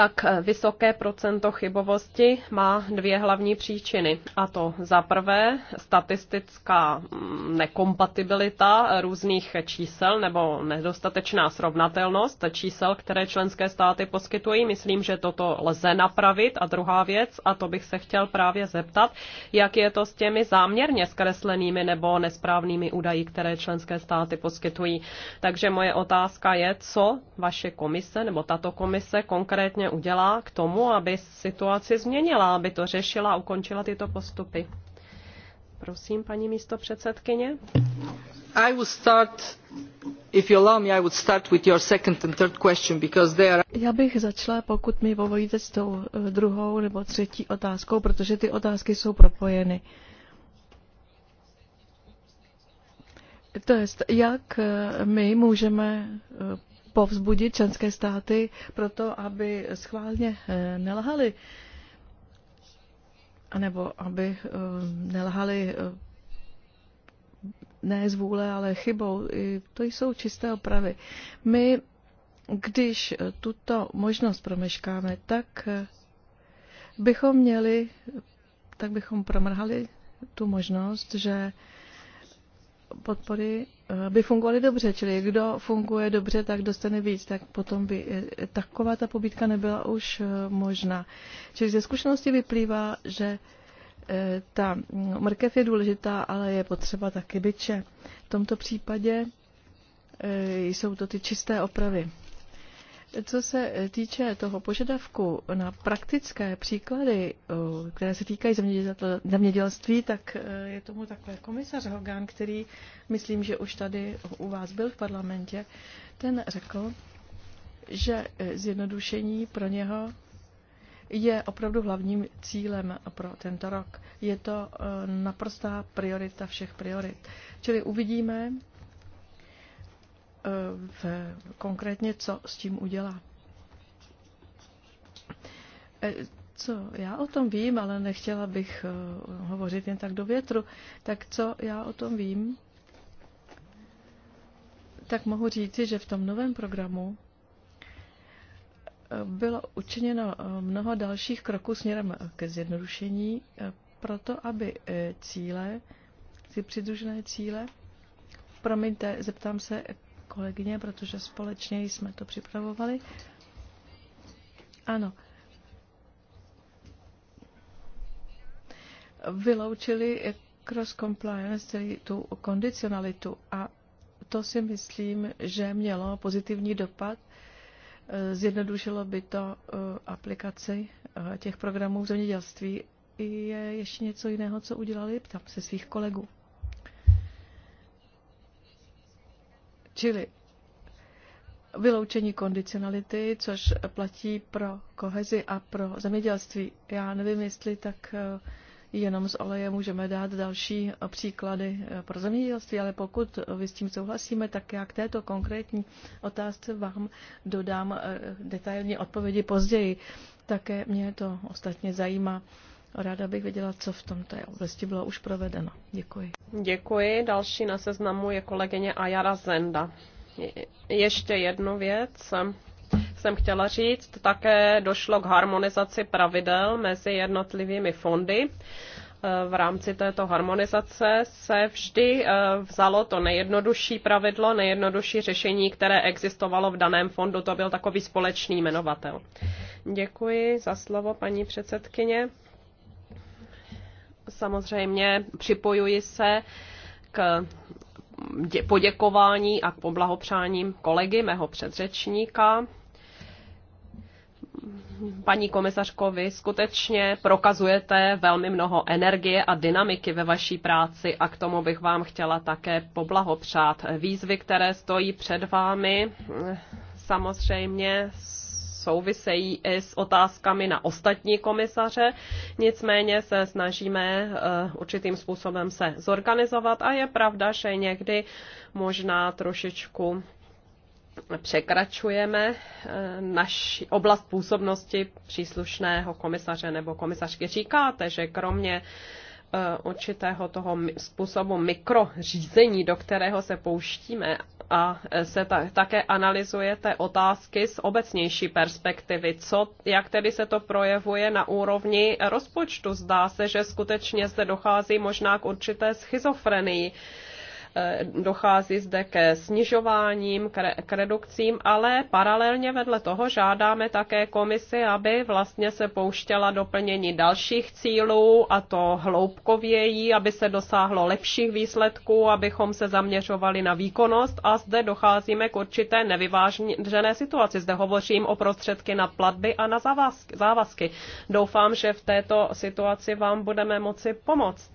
Speaker 1: tak vysoké procento chybovosti má dvě hlavní příčiny. A to za prvé statistická mm, nekompatibilita různých čísel nebo nedostatečná srovnatelnost čísel, které členské státy poskytují. Myslím, že toto lze napravit. A druhá věc, a to bych se chtěl právě zeptat, jak je to s těmi záměrně zkreslenými nebo nesprávnými údaji, které členské státy poskytují. Takže moje otázka je, co vaše komise nebo tato komise konkrétně udělá k tomu, aby situaci změnila, aby to řešila a ukončila tyto postupy? Prosím, paní místo předsedkyně.
Speaker 4: Já bych začala, pokud mi povolíte s tou eh, druhou nebo třetí otázkou, protože ty otázky jsou propojeny. To jest, jak eh, my můžeme eh, povzbudit členské státy proto, aby schválně eh, nelhali, nebo aby eh, nelhali eh, ne z vůle, ale chybou. To jsou čisté opravy. My, když tuto možnost promeškáme, tak bychom měli, tak bychom promrhali tu možnost, že podpory eh, by fungovaly dobře, čili kdo funguje dobře, tak dostane víc, tak potom by eh, taková ta pobítka nebyla už eh, možná. Čili ze zkušenosti vyplývá, že ta mm, mrkev je důležitá, ale je potřeba taky byče. V tomto případě jsou to ty čisté opravy. Co se týče toho požadavku na praktické příklady, eh, které se týkají zemědělství, tak eh, je tomu takhle komisař Hogan, který myslím, že už tady u vás byl v parlamentě, ten řekl, že eh, zjednodušení pro něho je opravdu hlavním cílem pro tento rok. Je to naprostá priorita všech priorit. Čili uvidíme, Eh, v, konkrétně co s tím udělá. Eh, co já o tom vím, ale nechtěla bych eh, hovořit jen tak do větru, tak co já o tom vím, tak mohu říci, že v tom novém programu bylo učiněno mnoho dalších kroků směrem ke zjednodušení, proto aby cíle, ty přidružené cíle, promiňte, zeptám se, kolegyně, protože společně jsme to připravovali. Ano. Vyloučili cross compliance, tedy tu kondicionalitu a to si myslím, že mělo pozitivní dopad. Zjednodušilo by to eh, aplikaci eh, těch programů v zemědělství. Je ještě něco jiného, co udělali? Ptám se svých kolegů. Čili vyloučení kondicionality, což platí pro kohezi a pro zemědělství. Já nevím, jestli tak eh, jenom z oleje můžeme dát další eh, příklady eh, pro zemědělství, ale pokud vy s tím souhlasíme, tak já k této konkrétní otázce vám dodám detailní odpovědi později. Také mě to ostatně zajímá. Ráda bych věděla, co v tomto oblasti bylo už provedeno. Děkuji.
Speaker 1: Děkuji. Další na seznamu je kolegyně Ajara Zenda. Ještě jednu věc jsem chtěla říct. Také došlo k harmonizaci pravidel mezi jednotlivými fondy v rámci této harmonizace se vždy eh, vzalo to nejjednodušší pravidlo, nejjednodušší řešení, které existovalo v daném fondu. To byl takový společný jmenovatel. Děkuji za slovo, paní předsedkyně. Samozřejmě připojuji se k poděkování a k poblahopřáním kolegy, mého předřečníka. Paní komisařko, vy skutečně prokazujete velmi mnoho energie a dynamiky ve vaší práci a k tomu bych vám chtěla také poblahopřát. Výzvy, které stojí před vámi, samozřejmě souvisejí i s otázkami na ostatní komisaře. Nicméně se snažíme eh, určitým způsobem se zorganizovat a je pravda, že někdy možná trošičku překračujeme eh, naši oblast působnosti příslušného komisaře nebo komisařky. Říkáte, že kromě Eh, určitého toho způsobu mikrořízení, do kterého se pouštíme a eh, se ta, také analyzujete otázky z obecnější perspektivy. Co, jak tedy se to projevuje na úrovni rozpočtu? Zdá se, že skutečně zde dochází možná k určité schizofrenii. Uh, Eh, dochází zde ke snižováním, k redukcím, ale paralelně vedle toho žádáme také komisi, aby vlastně se pouštěla doplnění dalších cílů a to hloubkověji, aby se dosáhlo lepších výsledků, abychom se zaměřovali na výkonnost a zde docházíme k určité nevyvážené situaci. Zde hovořím o prostředky na platby a na závazky. Doufám, že v této situaci vám budeme moci pomoct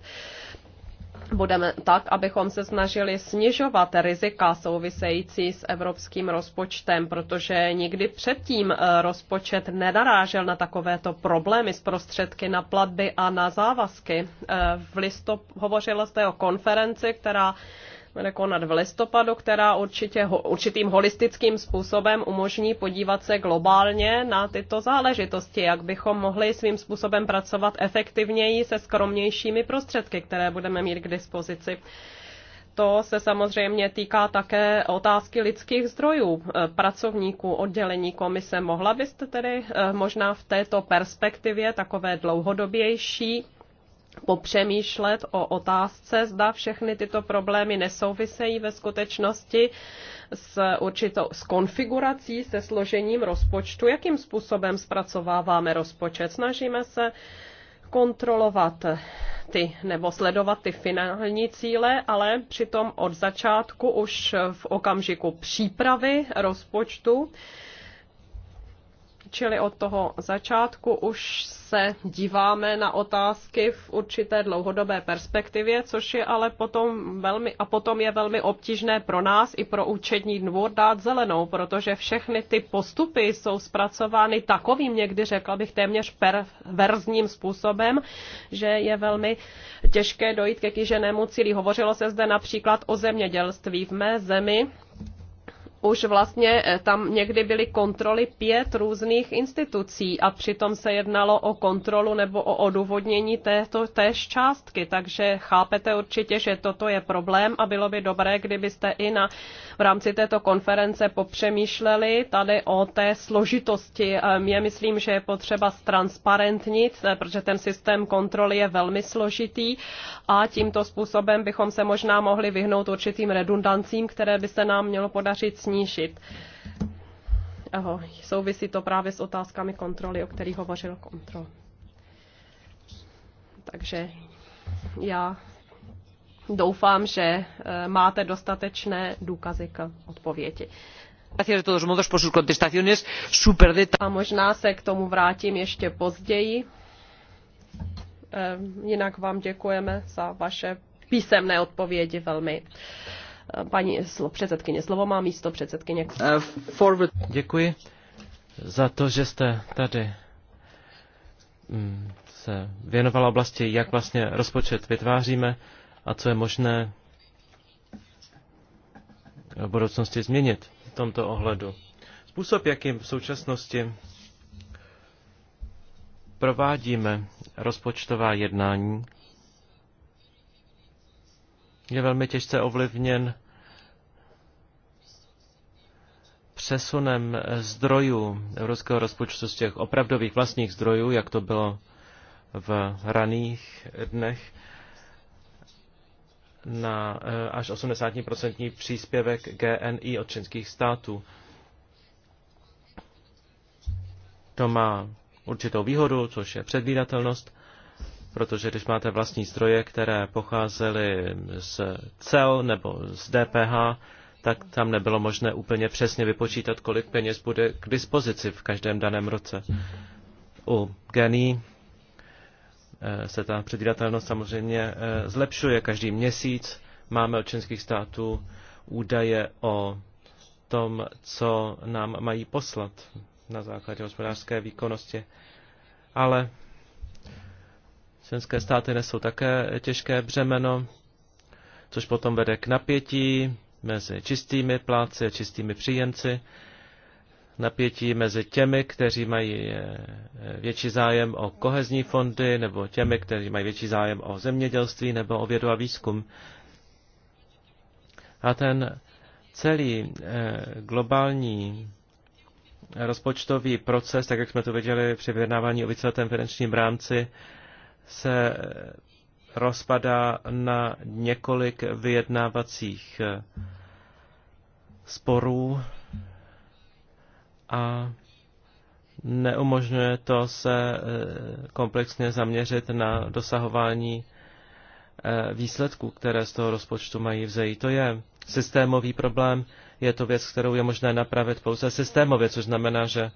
Speaker 1: budeme tak, abychom se snažili snižovat rizika související s evropským rozpočtem, protože nikdy předtím eh, rozpočet nenarážel na takovéto problémy s prostředky na platby a na závazky. Eh, v listop hovořila jste o konferenci, která bude konat v listopadu, která určitě určitým holistickým způsobem umožní podívat se globálně na tyto záležitosti, jak bychom mohli svým způsobem pracovat efektivněji se skromnějšími prostředky, které budeme mít k dispozici. To se samozřejmě týká také otázky lidských zdrojů eh, pracovníků oddělení komise. Mohla byste tedy eh, možná v této perspektivě takové dlouhodobější popřemýšlet o otázce, zda všechny tyto problémy nesouvisejí ve skutečnosti s určitou s konfigurací, se složením rozpočtu, jakým způsobem zpracováváme rozpočet. Snažíme se kontrolovat ty nebo sledovat ty finální cíle, ale přitom od začátku už v okamžiku přípravy rozpočtu čili od toho začátku už se díváme na otázky v určité dlouhodobé perspektivě, což je ale potom velmi, a potom je velmi obtížné pro nás i pro účetní dvůr dát zelenou, protože všechny ty postupy jsou zpracovány takovým někdy, řekla bych, téměř perverzním způsobem, že je velmi těžké dojít ke kýženému cíli. Hovořilo se zde například o zemědělství v mé zemi, už vlastně eh, tam někdy byly kontroly pět různých institucí a přitom se jednalo o kontrolu nebo o odůvodnění této též částky. Takže chápete určitě, že toto je problém a bylo by dobré, kdybyste i na, v rámci této konference popřemýšleli tady o té složitosti. Mě ehm, myslím, že je potřeba transparentnit, eh, protože ten systém kontroly je velmi složitý a tímto způsobem bychom se možná mohli vyhnout určitým redundancím, které by se nám mělo podařit snížit snížit. Aho, souvisí to právě s otázkami kontroly, o kterých hovořil kontrol. Takže já doufám, že eh, máte dostatečné důkazy k odpovědi.
Speaker 2: Gracias de todos modos por sus contestaciones
Speaker 1: super A možná se k tomu vrátím ještě později. Eh, jinak vám děkujeme za vaše písemné odpovědi velmi Paní slo, předsedkyně, slovo má místo předsedkyně.
Speaker 2: Uh, Děkuji za to, že jste tady mm, se věnovala oblasti, jak vlastně rozpočet vytváříme a co je možné v budoucnosti změnit v tomto ohledu. Způsob, jakým v současnosti provádíme rozpočtová jednání, je velmi těžce ovlivněn přesunem zdrojů evropského rozpočtu z těch opravdových vlastních zdrojů, jak to bylo v raných dnech, na eh, až 80% příspěvek GNI od členských států. To má určitou výhodu, což je předvídatelnost, protože když máte vlastní zdroje, které pocházely z cel nebo z DPH, tak tam nebylo možné úplně přesně vypočítat, kolik peněz bude k dispozici v každém daném roce. U GENI eh, se ta předvídatelnost samozřejmě eh, zlepšuje každý měsíc. Máme od členských států údaje o tom, co nám mají poslat na základě hospodářské výkonnosti. Ale Členské státy nesou také těžké břemeno, což potom vede k napětí mezi čistými pláci a čistými příjemci, napětí mezi těmi, kteří mají eh, větší zájem o kohezní fondy, nebo těmi, kteří mají větší zájem o zemědělství nebo o vědu a výzkum. A ten celý eh, globální rozpočtový proces, tak jak jsme to viděli při vyjednávání o víceletém finančním rámci, se rozpadá na několik vyjednávacích eh, sporů a neumožňuje to se eh, komplexně zaměřit na dosahování eh, výsledků, které z toho rozpočtu mají vzejít. To je systémový problém, je to věc, kterou je možné napravit pouze systémově, což znamená, že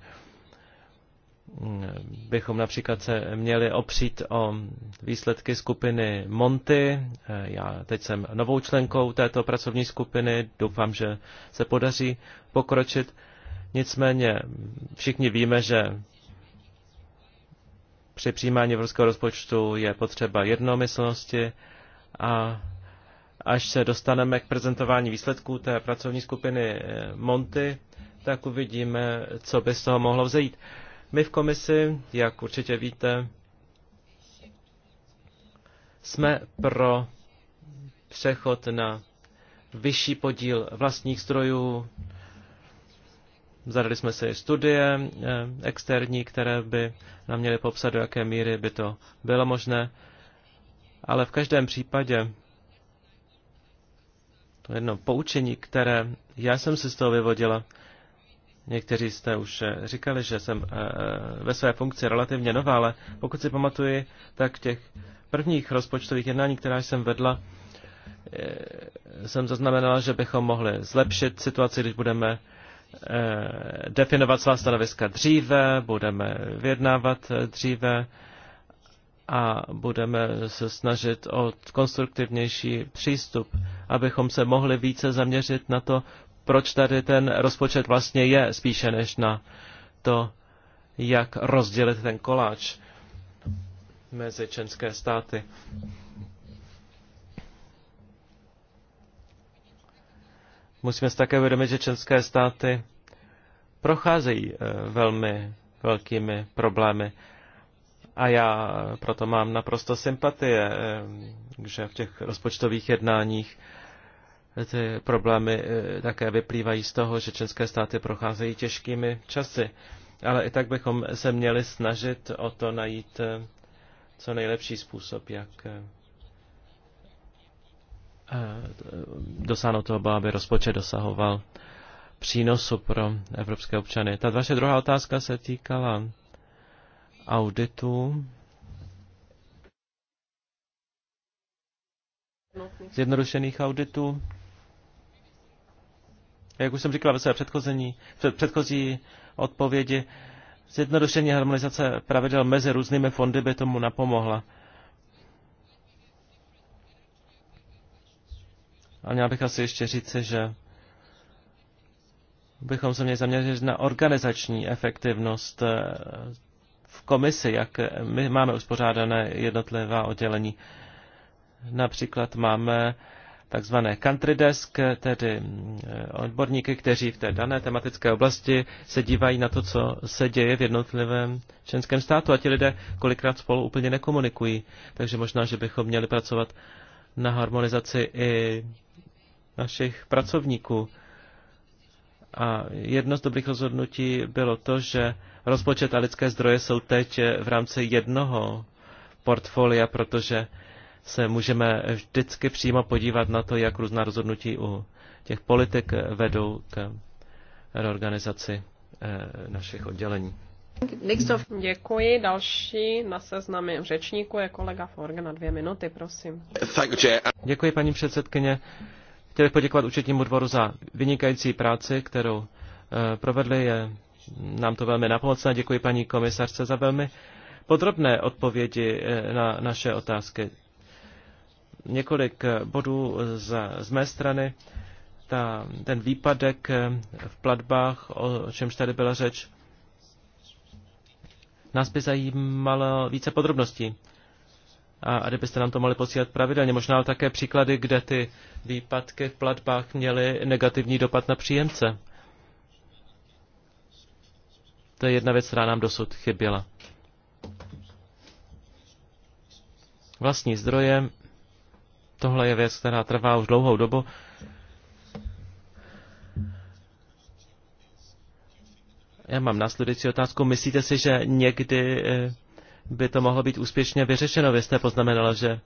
Speaker 2: bychom například se měli opřít o výsledky skupiny Monty. Já teď jsem novou členkou této pracovní skupiny, doufám, že se podaří pokročit. Nicméně všichni víme, že při přijímání evropského rozpočtu je potřeba jednomyslnosti a až se dostaneme k prezentování výsledků té pracovní skupiny Monty, tak uvidíme, co by z toho mohlo vzejít. My v komisi, jak určitě víte, jsme pro přechod na vyšší podíl vlastních zdrojů. Zadali jsme i studie eh, externí, které by nám měly popsat, do jaké míry by to bylo možné. Ale v každém případě to jedno poučení, které já jsem si z toho vyvodila, Někteří jste už eh, říkali, že jsem eh, eh, ve své funkci relativně nová, ale pokud si pamatuji, tak v těch prvních rozpočtových jednání, která jsem vedla, jsem zaznamenala, že bychom mohli zlepšit situaci, když budeme definovat svá stanoviska dříve, budeme vyjednávat dříve a budeme se snažit o konstruktivnější přístup, abychom se mohli více zaměřit na to, proč tady ten rozpočet vlastně je, spíše než na to, jak rozdělit ten koláč mezi členské státy. Musíme si také uvědomit, že členské státy procházejí eh, velmi velkými problémy. A já proto mám naprosto sympatie, eh, že v těch rozpočtových jednáních ty problémy eh, také vyplývají z toho, že české státy procházejí těžkými časy. Ale i tak bychom se měli snažit o to najít eh, co nejlepší způsob, jak eh, dosáhnout toho, aby rozpočet dosahoval přínosu pro evropské občany. Ta vaše druhá otázka se týkala auditu. Zjednodušených auditů jak už jsem říkala ve své předchozí, před, předchozí odpovědi, zjednodušení harmonizace pravidel mezi různými fondy by tomu napomohla. A měl bych asi ještě říci, že bychom se měli zaměřit na organizační efektivnost eh, v komisi, jak my máme uspořádané jednotlivá oddělení. Například máme takzvané country desk, tedy eh, odborníky, kteří v té dané tematické oblasti se dívají na to, co se děje v jednotlivém členském státu a ti lidé kolikrát spolu úplně nekomunikují. Takže možná, že bychom měli pracovat na harmonizaci i našich pracovníků. A jedno z dobrých rozhodnutí bylo to, že rozpočet a lidské zdroje jsou teď v rámci jednoho portfolia, protože se můžeme vždycky přímo podívat na to, jak různá rozhodnutí u těch politik vedou k reorganizaci eh, našich oddělení.
Speaker 1: Děkuji. Další na seznamy řečníku je kolega Forg na dvě minuty, prosím.
Speaker 2: Děkuji, paní předsedkyně. Chtěl bych poděkovat účetnímu dvoru za vynikající práci, kterou eh, provedli. Je nám to velmi napomocné. Děkuji paní komisařce za velmi podrobné odpovědi eh, na naše otázky několik bodů z, z mé strany. Ta, ten výpadek eh, v platbách, o čemž tady byla řeč, nás by zajímalo více podrobností. A, a kdybyste nám to mohli posílat pravidelně, možná také příklady, kde ty výpadky v platbách měly negativní dopad na příjemce. To je jedna věc, která nám dosud chyběla. Vlastní zdroje Tohle je věc, která trvá už dlouhou dobu. Já mám následující otázku. Myslíte si, že někdy eh, by to mohlo být úspěšně vyřešeno? Vy jste poznamenala, že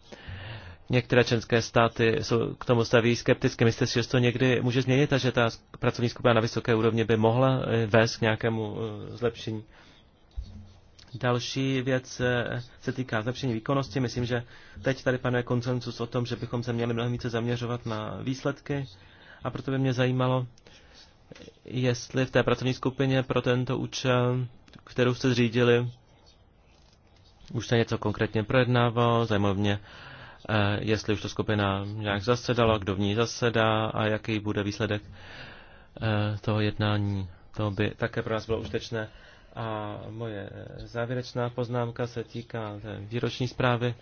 Speaker 2: některé členské státy jsou k tomu staví skepticky. Myslíte si, že to někdy může změnit a že ta pracovní skupina na vysoké úrovni by mohla eh, vést k nějakému eh, zlepšení? Další věc eh, se týká zlepšení výkonnosti. Myslím, že teď tady panuje koncensus o tom, že bychom se měli mnohem více zaměřovat na výsledky a proto by mě zajímalo, jestli v té pracovní skupině pro tento účel, kterou jste zřídili, už se něco konkrétně projednávalo, zajímalo mě, eh, jestli už to skupina nějak zasedala, kdo v ní zasedá a jaký bude výsledek eh, toho jednání. To by také pro nás bylo užitečné. A moje závěrečná poznámka se týká té výroční zprávy.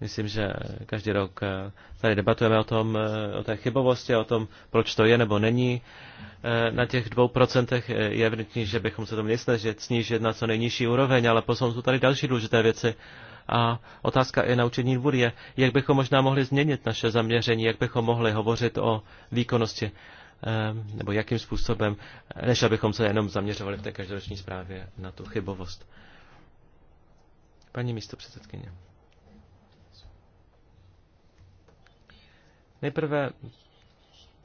Speaker 2: Myslím, že každý rok eh, tady debatujeme o tom, eh, o té chybovosti, o tom, proč to je nebo není. Eh, na těch dvou procentech je vnitřní, že bychom se to měli snažit snížit na co nejnižší úroveň, ale potom jsou tady další důležité věci. A otázka i na učení dvůr je, jak bychom možná mohli změnit naše zaměření, jak bychom mohli hovořit o výkonnosti. Ehm, nebo jakým způsobem, než abychom se jenom zaměřovali v té každoroční zprávě na tu chybovost. Paní místo předsedkyně. Nejprve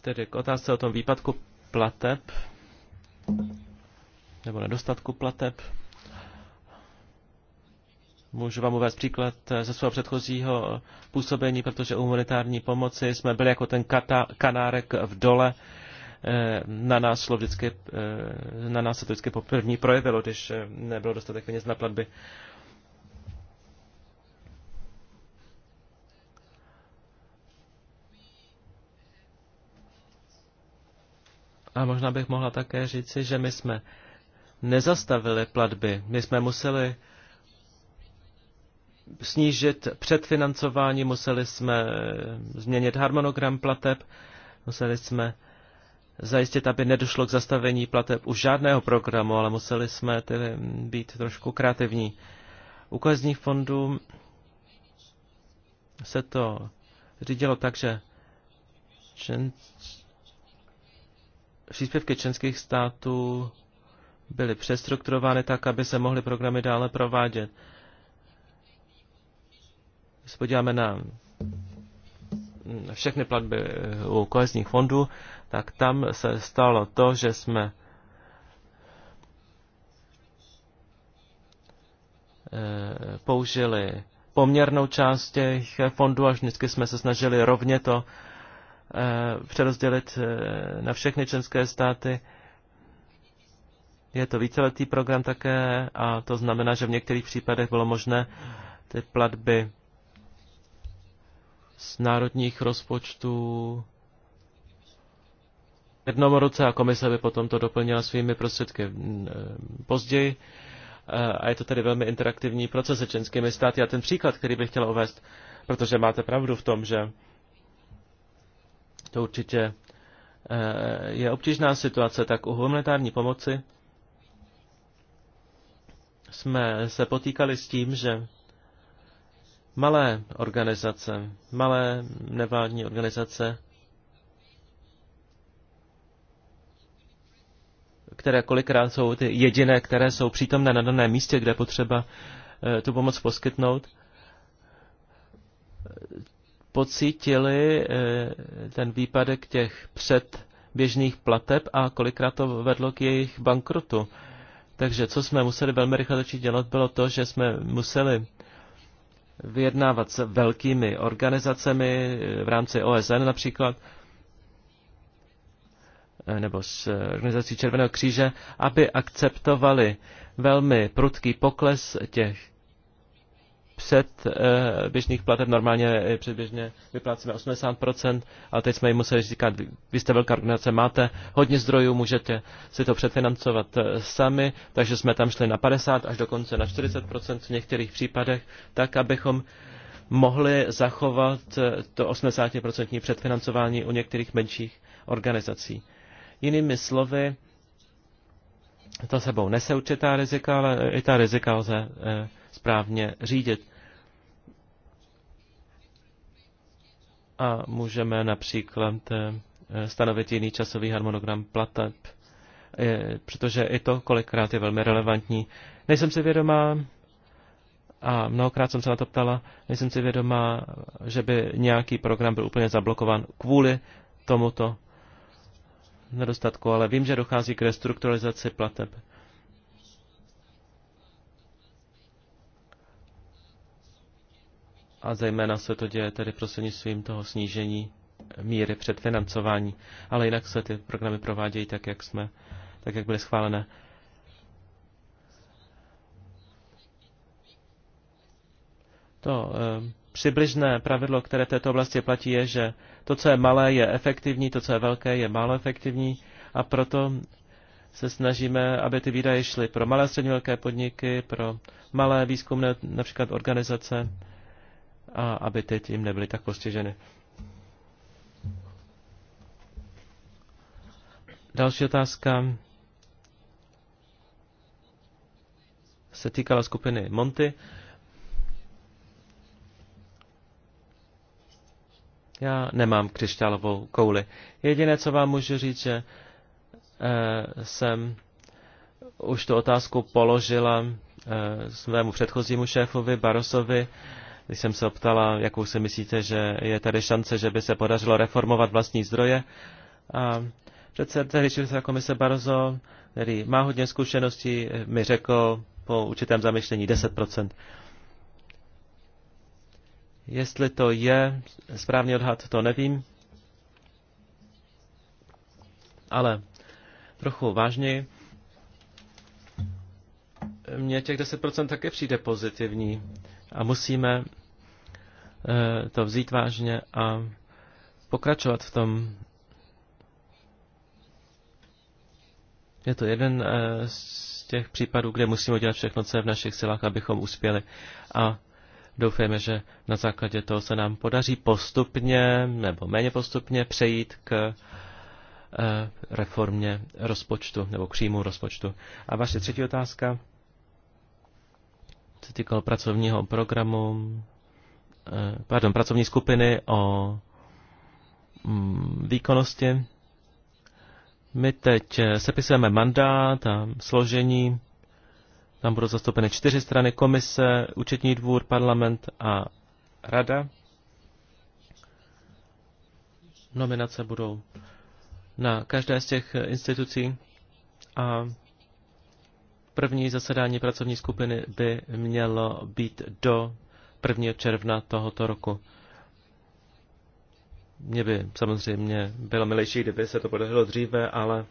Speaker 2: tedy k otázce o tom výpadku plateb, nebo nedostatku plateb. Můžu vám uvést příklad ze svého předchozího působení, protože u humanitární pomoci jsme byli jako ten kata, kanárek v dole Eh, na nás, šlo vždycky, eh, na nás se to vždycky první projevilo, když eh, nebylo dostatek peněz na platby. A možná bych mohla také říci, že my jsme nezastavili platby. My jsme museli snížit předfinancování, museli jsme změnit harmonogram plateb, museli jsme zajistit, aby nedošlo k zastavení plateb u žádného programu, ale museli jsme tedy být trošku kreativní. U kohezních fondů se to řídilo tak, že čen... příspěvky členských států byly přestrukturovány tak, aby se mohly programy dále provádět. Když se podíváme na všechny platby u kohezních fondů, tak tam se stalo to, že jsme eh, použili poměrnou část těch fondů a vždycky jsme se snažili rovně to eh, přerozdělit eh, na všechny členské státy. Je to víceletý program také a to znamená, že v některých případech bylo možné ty platby z národních rozpočtů jednom roce a komise by potom to doplnila svými prostředky mm, eh, později. Eh, a je to tedy velmi interaktivní proces se členskými státy. A ten příklad, který bych chtěla uvést, protože máte pravdu v tom, že to určitě eh, je obtížná situace, tak u humanitární pomoci jsme se potýkali s tím, že malé organizace, malé nevládní organizace které kolikrát jsou ty jediné, které jsou přítomné na daném místě, kde potřeba eh, tu pomoc poskytnout, pocítili eh, ten výpadek těch předběžných plateb a kolikrát to vedlo k jejich bankrotu. Takže co jsme museli velmi rychle začít dělat, bylo to, že jsme museli vyjednávat s velkými organizacemi eh, v rámci OSN například, Eh, nebo s eh, organizací Červeného kříže, aby akceptovali velmi prudký pokles těch před eh, běžných plateb normálně předběžně vyplácíme 80%, ale teď jsme jim museli říkat, vy jste velká organizace, máte hodně zdrojů, můžete si to předfinancovat sami, takže jsme tam šli na 50 až dokonce na 40% v některých případech, tak abychom mohli zachovat to 80% předfinancování u některých menších organizací. Jinými slovy, to sebou nese určitá rizika, ale i ta rizika lze eh, správně řídit. A můžeme například eh, stanovit jiný časový harmonogram plateb, eh, protože i to kolikrát je velmi relevantní. Nejsem si vědomá, a mnohokrát jsem se na to ptala, nejsem si vědomá, že by nějaký program byl úplně zablokován kvůli tomuto nedostatku, ale vím, že dochází k restrukturalizaci plateb. A zejména se to děje tedy prostřednictvím toho snížení míry předfinancování. Ale jinak se ty programy provádějí tak, jak, jsme, tak, jak byly schválené. To eh, přibližné pravidlo, které v této oblasti platí, je, že to, co je malé, je efektivní, to, co je velké, je málo efektivní a proto se snažíme, aby ty výdaje šly pro malé středně velké podniky, pro malé výzkumné například organizace a aby ty tím nebyly tak postiženy. Další otázka se týkala skupiny Monty. Já nemám křišťálovou kouli. Jediné, co vám můžu říct, že eh, jsem už tu otázku položila eh, svému předchozímu šéfovi Barosovi, když jsem se optala, jakou si myslíte, že je tady šance, že by se podařilo reformovat vlastní zdroje. A předseda se komise Barozo, který má hodně zkušeností, eh, mi řekl po určitém zamišlení 10 Jestli to je správný odhad, to nevím. Ale trochu vážněji. Mně těch 10% také přijde pozitivní a musíme eh, to vzít vážně a pokračovat v tom. Je to jeden eh, z těch případů, kde musíme dělat všechno, co je v našich silách, abychom uspěli. A doufejme, že na základě toho se nám podaří postupně nebo méně postupně přejít k eh, reformě rozpočtu nebo k příjmu rozpočtu. A vaše třetí otázka se týkalo pracovního programu, eh, pardon, pracovní skupiny o mm, výkonnosti. My teď eh, sepisujeme mandát a složení tam budou zastoupeny čtyři strany, komise, účetní dvůr, parlament a rada. Nominace budou na každé z těch institucí a první zasedání pracovní skupiny by mělo být do 1. června tohoto roku. Mně by samozřejmě bylo milejší, kdyby se to podařilo dříve, ale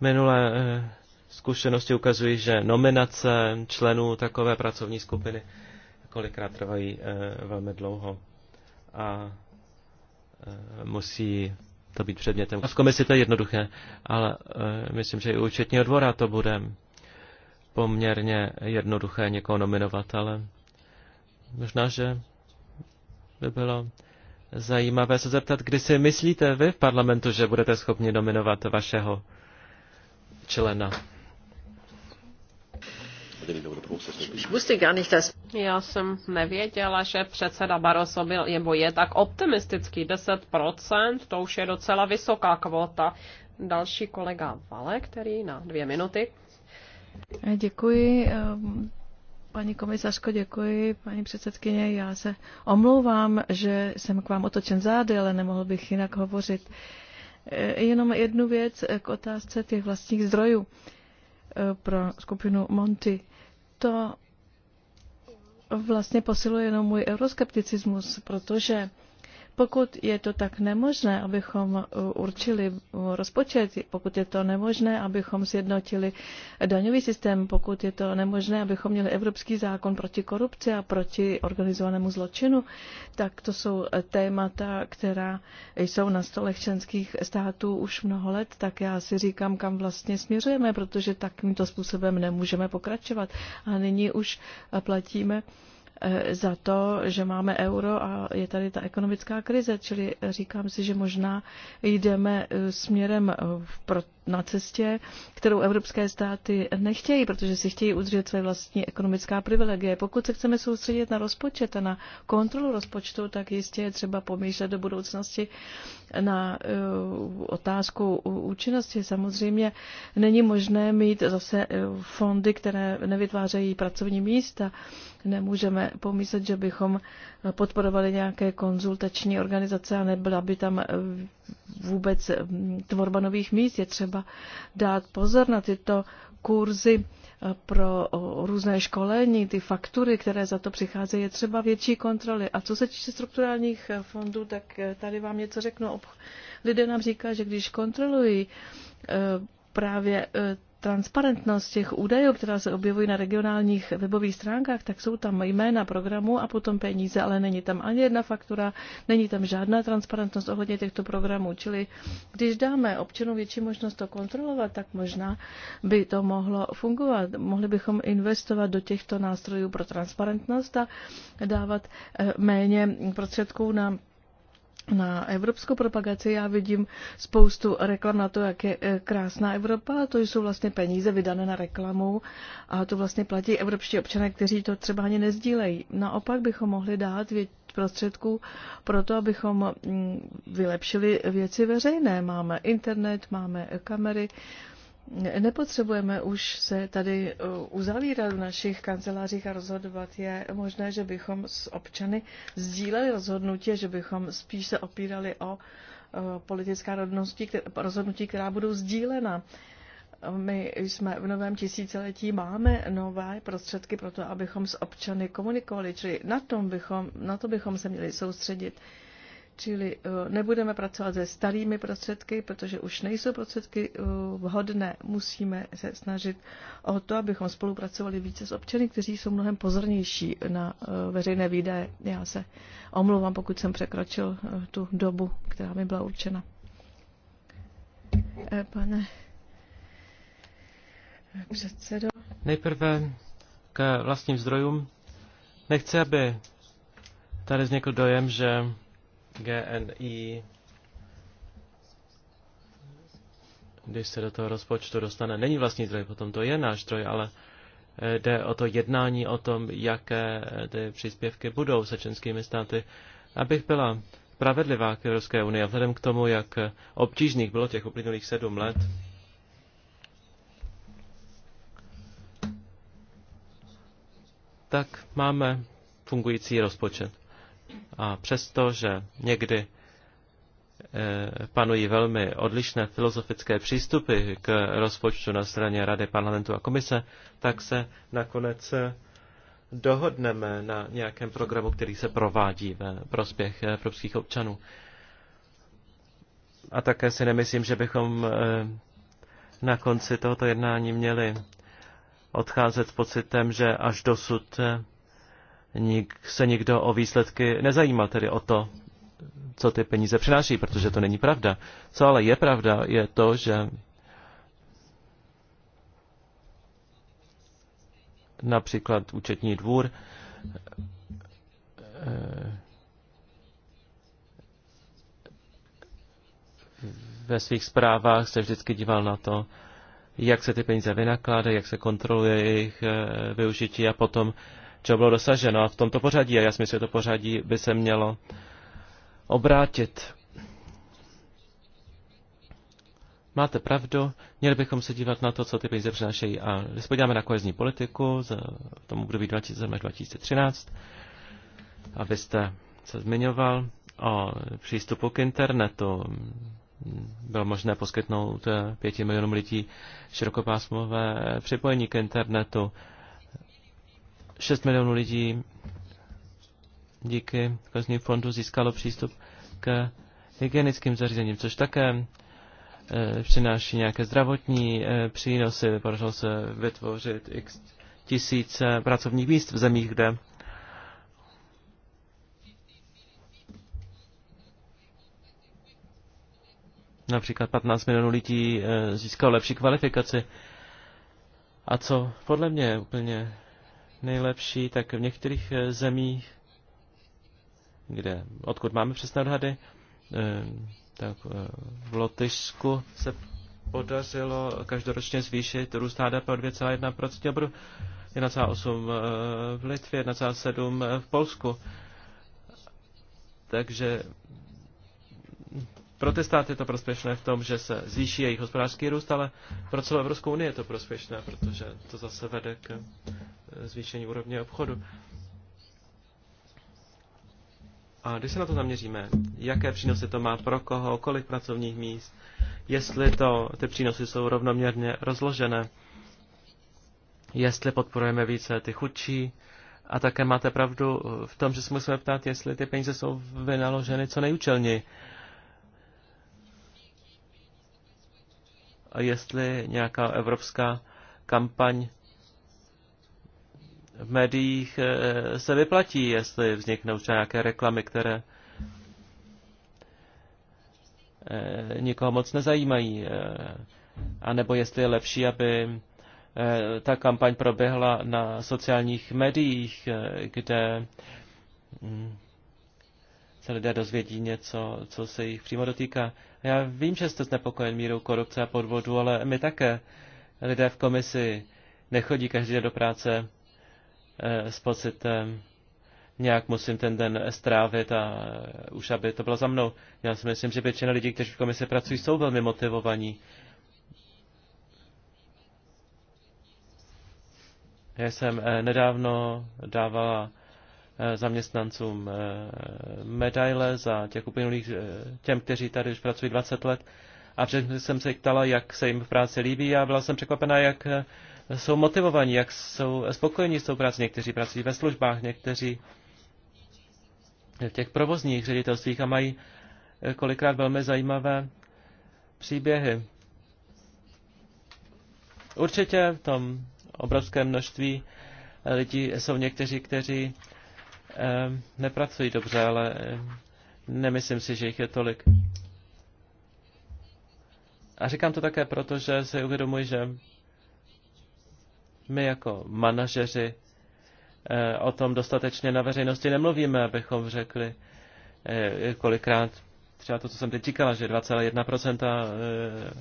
Speaker 2: minulé eh, Zkušenosti ukazují, že nominace členů takové pracovní skupiny kolikrát trvají eh, velmi dlouho a eh, musí to být předmětem. A v komisi to je jednoduché, ale eh, myslím, že i u účetního dvora to bude poměrně jednoduché někoho nominovat, ale možná, že by bylo zajímavé se zeptat, kdy si myslíte vy v parlamentu, že budete schopni nominovat vašeho člena.
Speaker 1: Já jsem nevěděla, že předseda Barroso byl, nebo je tak optimistický. 10%, to už je docela vysoká kvota. Další kolega Vale, který na dvě minuty.
Speaker 4: Eh, děkuji. Eh, paní komisařko, děkuji. Paní předsedkyně, já se omlouvám, že jsem k vám otočen zády, ale nemohl bych jinak hovořit. Eh, jenom jednu věc k otázce těch vlastních zdrojů pro skupinu Monty to vlastně posiluje jenom můj euroskepticismus, protože pokud je to tak nemožné, abychom uh, určili uh, rozpočet, pokud je to nemožné, abychom sjednotili daňový systém, pokud je to nemožné, abychom měli evropský zákon proti korupci a proti organizovanému zločinu, tak to jsou eh, témata, která jsou na stolech členských států už mnoho let, tak já si říkám, kam vlastně směřujeme, protože takýmto způsobem nemůžeme pokračovat. A nyní už eh, platíme Eh, za to, že máme euro a je tady ta ekonomická krize, čili říkám si, že možná jdeme eh, směrem eh, na cestě, kterou evropské státy nechtějí, protože si chtějí udržet své vlastní ekonomická privilegie. Pokud se chceme soustředit na rozpočet a na kontrolu rozpočtu, tak jistě je třeba pomýšlet do budoucnosti na otázku účinnosti. Samozřejmě není možné mít zase fondy, které nevytvářejí pracovní místa nemůžeme pomyslet, že bychom podporovali nějaké konzultační organizace a nebyla by tam eh, vůbec hm, tvorba nových míst. Je třeba dát pozor na tyto kurzy eh, pro různé školení, ty faktury, které za to přicházejí, je třeba větší kontroly. A co se týče strukturálních eh, fondů, tak tady vám něco řeknu. Lidé nám říká, že když kontrolují právě transparentnost těch údajů, která se objevují na regionálních webových stránkách, tak jsou tam jména programu a potom peníze, ale není tam ani jedna faktura, není tam žádná transparentnost ohledně těchto programů. Čili když dáme občanům větší možnost to kontrolovat, tak možná by to mohlo fungovat. Mohli bychom investovat do těchto nástrojů pro transparentnost a dávat eh, méně prostředků na na evropskou propagaci já vidím spoustu reklam na to, jak je eh, krásná Evropa, a to jsou vlastně peníze vydané na reklamu a to vlastně platí evropští občané, kteří to třeba ani nezdílejí. Naopak bychom mohli dát vět prostředků pro to, abychom mm, vylepšili věci veřejné. Máme internet, máme kamery, Nepotřebujeme už se tady uh, uzavírat v našich kancelářích a rozhodovat. Je možné, že bychom s občany sdíleli rozhodnutí, že bychom spíš se opírali o uh, politická rozhodnutí, která budou sdílena. My jsme v novém tisíciletí máme nové prostředky pro to, abychom s občany komunikovali, čili na, tom bychom, na to bychom se měli soustředit. Čili eh, nebudeme pracovat se starými prostředky, protože už nejsou prostředky eh, vhodné. Musíme se snažit o to, abychom spolupracovali více s občany, kteří jsou mnohem pozornější na eh, veřejné výdaje. Já se omlouvám, pokud jsem překročil tu dobu, která mi byla určena. Pane předsedo.
Speaker 2: Nejprve k vlastním zdrojům. Nechci, aby tady vznikl dojem, že GNI, když se do toho rozpočtu dostane, není vlastní zdroj, potom to je náš zdroj, ale eh, jde o to jednání o tom, jaké eh, ty příspěvky budou se členskými státy. Abych byla spravedlivá k Evropské unii a vzhledem k tomu, jak eh, obtížných bylo těch uplynulých sedm let, tak máme fungující rozpočet. A přesto, že někdy eh, panují velmi odlišné filozofické přístupy k rozpočtu na straně Rady parlamentu a komise, tak se nakonec eh, dohodneme na nějakém programu, který se provádí ve prospěch evropských občanů. A také si nemyslím, že bychom eh, na konci tohoto jednání měli odcházet s pocitem, že až dosud nik, se nikdo o výsledky nezajímá, tedy o to, co ty peníze přináší, protože to není pravda. Co ale je pravda, je to, že například účetní dvůr eh, ve svých zprávách se vždycky díval na to, jak se ty peníze vynakládají, jak se kontroluje jejich eh, využití a potom čeho bylo dosaženo a v tomto pořadí. A já si myslím, že to pořadí by se mělo obrátit. Máte pravdu, měli bychom se dívat na to, co ty peníze přinášejí. A když se podíváme na kohezní politiku, za tomu být 2013, abyste se zmiňoval o přístupu k internetu, bylo možné poskytnout pěti milionům lidí širokopásmové připojení k internetu. 6 milionů lidí díky kozním fondu získalo přístup k hygienickým zařízením, což také e, přináší nějaké zdravotní e, přínosy. Podařilo se vytvořit x tisíce pracovních míst v zemích, kde například 15 milionů lidí eh, získalo lepší kvalifikaci. A co podle mě je úplně nejlepší, tak v některých eh, zemích, kde, odkud máme přesné odhady, eh, tak eh, v Lotyšsku se podařilo každoročně zvýšit růst HDP o 2,1%, obrů, 1,8% v Litvě, 1,7% v Polsku. Takže pro ty státy je to prospěšné v tom, že se zvýší jejich hospodářský růst, ale pro celou Evropskou unii je to prospěšné, protože to zase vede k zvýšení úrovně obchodu. A když se na to zaměříme, jaké přínosy to má pro koho, kolik pracovních míst, jestli to, ty přínosy jsou rovnoměrně rozložené, jestli podporujeme více ty chudší, a také máte pravdu v tom, že se musíme ptát, jestli ty peníze jsou vynaloženy co nejúčelněji. A jestli nějaká evropská kampaň v médiích eh, se vyplatí, jestli vzniknou třeba nějaké reklamy, které eh, nikoho moc nezajímají. Eh, a nebo jestli je lepší, aby ta kampaň proběhla na sociálních médiích, kde hm, se lidé dozvědí něco, co se jich přímo dotýká. Já vím, že jste znepokojen mírou korupce a podvodu, ale my také lidé v komisi nechodí každý den do práce Eh, s pocitem, nějak musím ten den strávit a eh, už aby to bylo za mnou. Já si myslím, že většina lidí, kteří v komisi pracují, jsou velmi motivovaní. Já jsem eh, nedávno dávala zaměstnancům medaile za těch uplynulých, těm, kteří tady už pracují 20 let. A předtím jsem se ptala, jak se jim v práci líbí a byla jsem překvapená, jak jsou motivovaní, jak jsou spokojení s tou prací. Někteří pracují ve službách, někteří v těch provozních ředitelstvích a mají eh, kolikrát velmi zajímavé příběhy. Určitě v tom obrovském množství eh, lidí jsou někteří, kteří eh, nepracují dobře, ale eh, nemyslím si, že jich je tolik. A říkám to také proto, že si uvědomuji, že my jako manažeři eh, o tom dostatečně na veřejnosti nemluvíme, abychom řekli eh, kolikrát, třeba to, co jsem teď říkala, že 2,1% eh,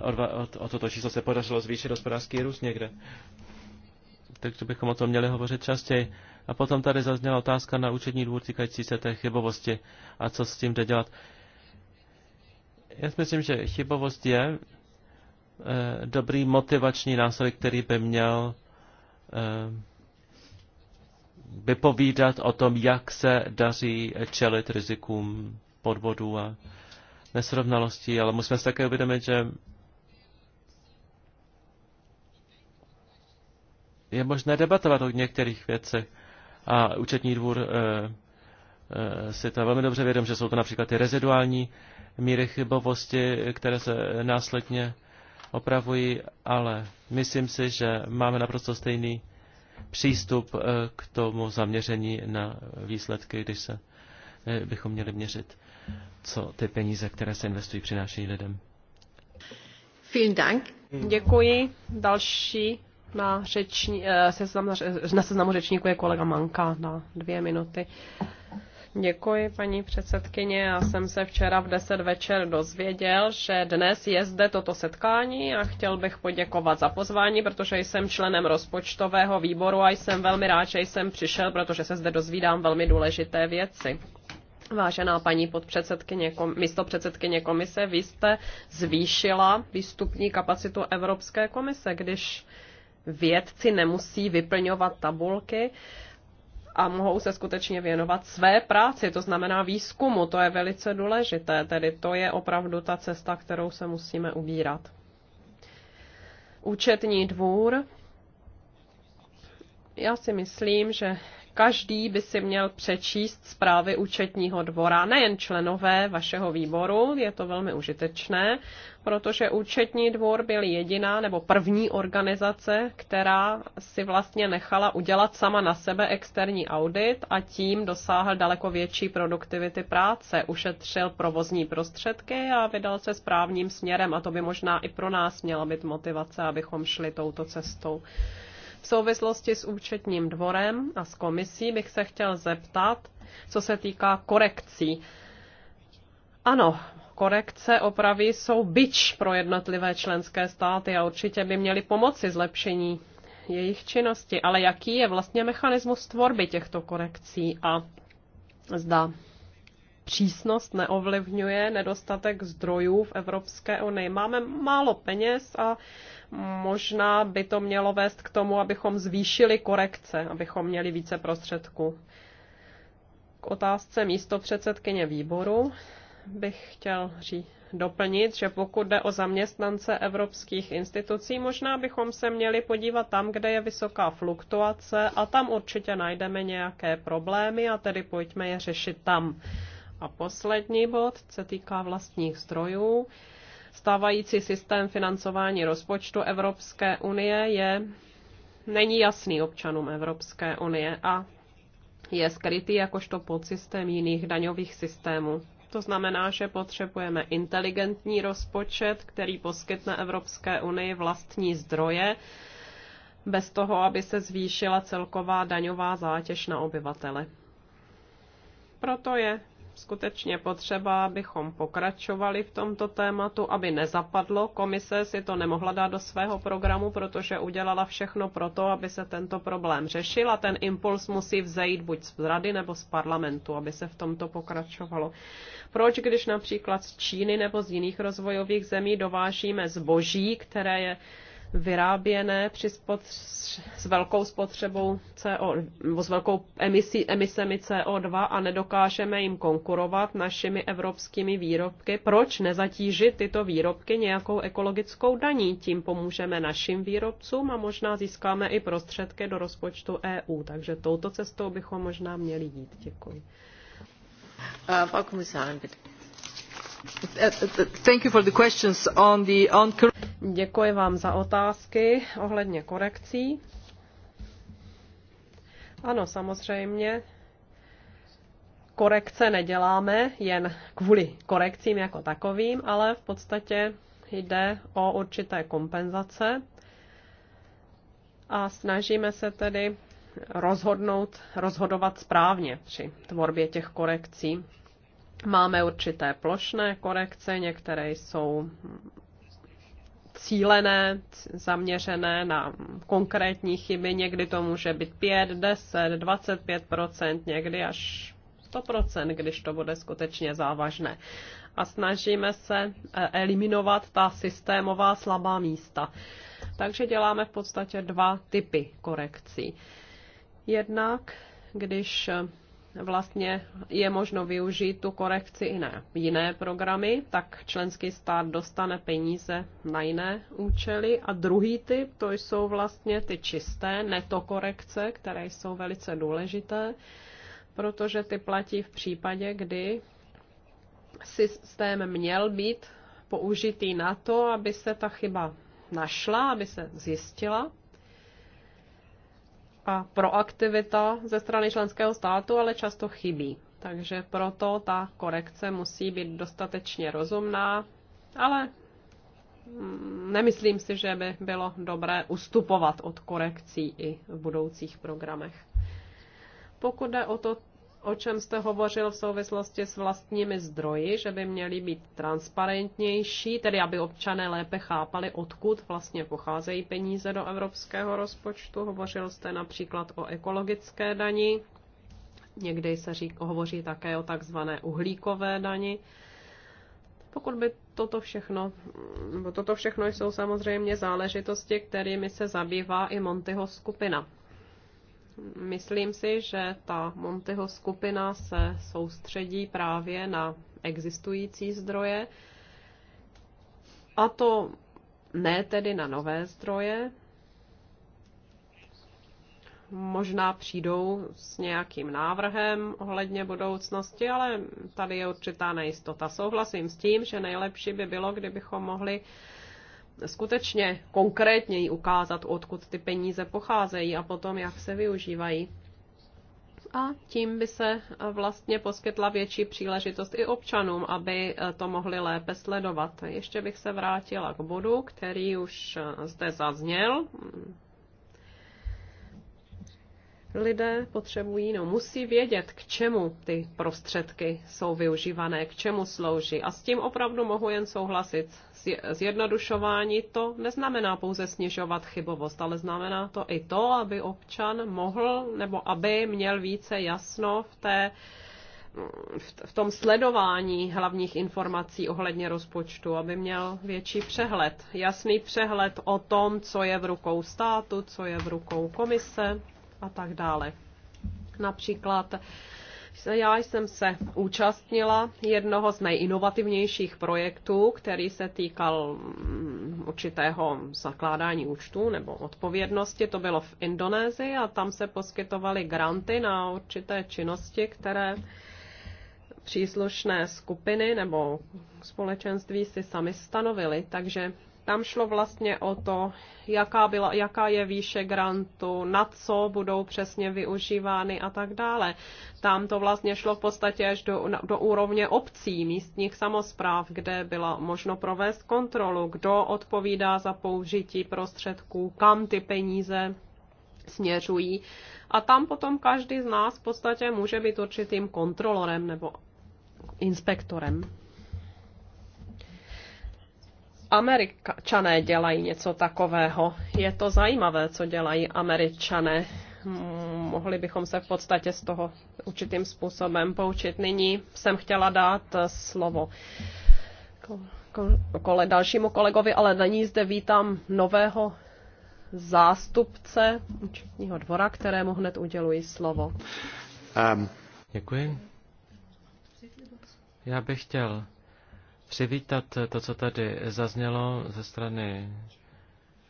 Speaker 2: o, o toto číslo se podařilo zvýšit hospodářský růst někde. Takže bychom o tom měli hovořit častěji. A potom tady zazněla otázka na účetní dvůr týkající se té chybovosti a co s tím jde dělat. Já si myslím, že chybovost je Eh, dobrý motivační nástroj, který by měl eh, vypovídat o tom, jak se daří čelit rizikům podvodů a nesrovnalostí, ale musíme se také uvědomit, že je možné debatovat o některých věcech. A účetní dvůr e, e, si to velmi dobře vědom, že jsou to například ty reziduální míry chybovosti, které se následně opravují, ale myslím si, že máme naprosto stejný přístup eh, k tomu zaměření na výsledky, když se eh, bychom měli měřit, co ty peníze, které se investují, přináší lidem.
Speaker 1: Vielen Dank. Děkuji. Další na, řeční, eh, na seznamu řečníku je kolega Manka na dvě minuty. Děkuji, paní předsedkyně. Já jsem se včera v 10 večer dozvěděl, že dnes je zde toto setkání a chtěl bych poděkovat za pozvání, protože jsem členem rozpočtového výboru a jsem velmi rád, že jsem přišel, protože se zde dozvídám velmi důležité věci. Vážená paní podpředsedkyně, místo předsedkyně komise, vy jste zvýšila výstupní kapacitu Evropské komise, když vědci nemusí vyplňovat tabulky. Uh, a mohou se skutečně věnovat své práci, to znamená výzkumu, to je velice důležité, tedy to je opravdu ta cesta, kterou se musíme ubírat. Účetní dvůr. Já si myslím, že Každý by si měl přečíst zprávy účetního dvora, nejen členové vašeho výboru, je to velmi užitečné, protože účetní dvor byl jediná nebo první organizace, která si vlastně nechala udělat sama na sebe externí audit a tím dosáhl daleko větší produktivity práce, ušetřil provozní prostředky a vydal se správným směrem a to by možná i pro nás měla být motivace, abychom šli touto cestou. V souvislosti s účetním dvorem a s komisí bych se chtěl zeptat, co se týká korekcí. Ano, korekce opravy jsou byč pro jednotlivé členské státy a určitě by měly pomoci zlepšení jejich činnosti. Ale jaký je vlastně mechanismus tvorby těchto korekcí a zda přísnost neovlivňuje nedostatek zdrojů v Evropské unii. Máme málo peněz a možná by to mělo vést k tomu, abychom zvýšili korekce, abychom měli více prostředků. K otázce místo předsedkyně výboru bych chtěl říct, doplnit, že pokud jde o zaměstnance evropských institucí, možná bychom se měli podívat tam, kde je vysoká fluktuace a tam určitě najdeme nějaké problémy a tedy pojďme je řešit tam. A poslední bod se týká vlastních zdrojů. Stávající systém financování rozpočtu Evropské unie je není jasný občanům Evropské unie a je skrytý jakožto podsystém jiných daňových systémů. To znamená, že potřebujeme inteligentní rozpočet, který poskytne Evropské unii vlastní zdroje, bez toho, aby se zvýšila celková daňová zátěž na obyvatele. Proto je skutečně potřeba, abychom pokračovali v tomto tématu, aby nezapadlo. Komise si to nemohla dát do svého programu, protože udělala všechno pro to, aby se tento problém řešil a ten impuls musí vzejít buď z rady nebo z parlamentu, aby se v tomto pokračovalo. Proč, když například z Číny nebo z jiných rozvojových zemí dovážíme zboží, které je vyráběné při spotř- s velkou spotřebou CO, nebo s velkou emisí, emisemi CO2 a nedokážeme jim konkurovat našimi evropskými výrobky. Proč nezatížit tyto výrobky nějakou ekologickou daní? Tím pomůžeme našim výrobcům a možná získáme i prostředky do rozpočtu EU. Takže touto cestou bychom možná měli jít. Děkuji. Uh, Frau bitte. Děkuji vám za otázky ohledně korekcí. Ano, samozřejmě. Korekce neděláme jen kvůli korekcím jako takovým, ale v podstatě jde o určité kompenzace a snažíme se tedy rozhodnout, rozhodovat správně při tvorbě těch korekcí. Máme určité plošné korekce, některé jsou cílené, zaměřené na konkrétní chyby. Někdy to může být 5, 10, 25 někdy až 100 když to bude skutečně závažné. A snažíme se eh, eliminovat ta systémová slabá místa. Takže děláme v podstatě dva typy korekcí. Jednak, když vlastně je možno využít tu korekci i na jiné programy, tak členský stát dostane peníze na jiné účely. A druhý typ, to jsou vlastně ty čisté netokorekce, které jsou velice důležité, protože ty platí v případě, kdy systém měl být použitý na to, aby se ta chyba našla, aby se zjistila a proaktivita ze strany členského státu ale často chybí. Takže proto ta korekce musí být dostatečně rozumná, ale mm, nemyslím si, že by bylo dobré ustupovat od korekcí i v budoucích programech. Pokud jde o to o čem jste hovořil v souvislosti s vlastními zdroji, že by měly být transparentnější, tedy aby občané lépe chápali, odkud vlastně pocházejí peníze do evropského rozpočtu. Hovořil jste například o ekologické dani, někdy se řík, hovoří také o takzvané uhlíkové dani. Pokud by toto všechno, toto všechno jsou samozřejmě záležitosti, kterými se zabývá i Montyho skupina. Myslím si, že ta Monteho skupina se soustředí právě na existující zdroje, a to ne tedy na nové zdroje, možná přijdou s nějakým návrhem ohledně budoucnosti, ale tady je určitá nejistota. Souhlasím s tím, že nejlepší by bylo, kdybychom mohli skutečně konkrétněji ukázat, odkud ty peníze pocházejí a potom, jak se využívají. A tím by se vlastně poskytla větší příležitost i občanům, aby to mohli lépe sledovat. Ještě bych se vrátila k bodu, který už zde zazněl lidé potřebují, no musí vědět, k čemu ty prostředky jsou využívané, k čemu slouží. A s tím opravdu mohu jen souhlasit. Zjednodušování to neznamená pouze snižovat chybovost, ale znamená to i to, aby občan mohl nebo aby měl více jasno v té v tom sledování hlavních informací ohledně rozpočtu, aby měl větší přehled, jasný přehled o tom, co je v rukou státu, co je v rukou komise, a tak dále. Například já jsem se účastnila jednoho z nejinovativnějších projektů, který se týkal mm, určitého zakládání účtů nebo odpovědnosti. To bylo v Indonésii a tam se poskytovaly granty na určité činnosti, které příslušné skupiny nebo společenství si sami stanovili. Takže tam šlo vlastně o to, jaká, byla, jaká je výše grantu, na co budou přesně využívány a tak dále. Tam to vlastně šlo v podstatě až do, do úrovně obcí, místních samozpráv, kde byla možno provést kontrolu, kdo odpovídá za použití prostředků, kam ty peníze směřují. A tam potom každý z nás v podstatě může být určitým kontrolorem nebo inspektorem. Američané dělají něco takového. Je to zajímavé, co dělají Američané. Mohli bychom se v podstatě z toho určitým způsobem poučit. Nyní jsem chtěla dát slovo kole, dalšímu kolegovi, ale na ní zde vítám nového zástupce účetního dvora, kterému hned uděluji slovo.
Speaker 2: Um. Děkuji. Já bych chtěl přivítat to, co tady zaznělo ze strany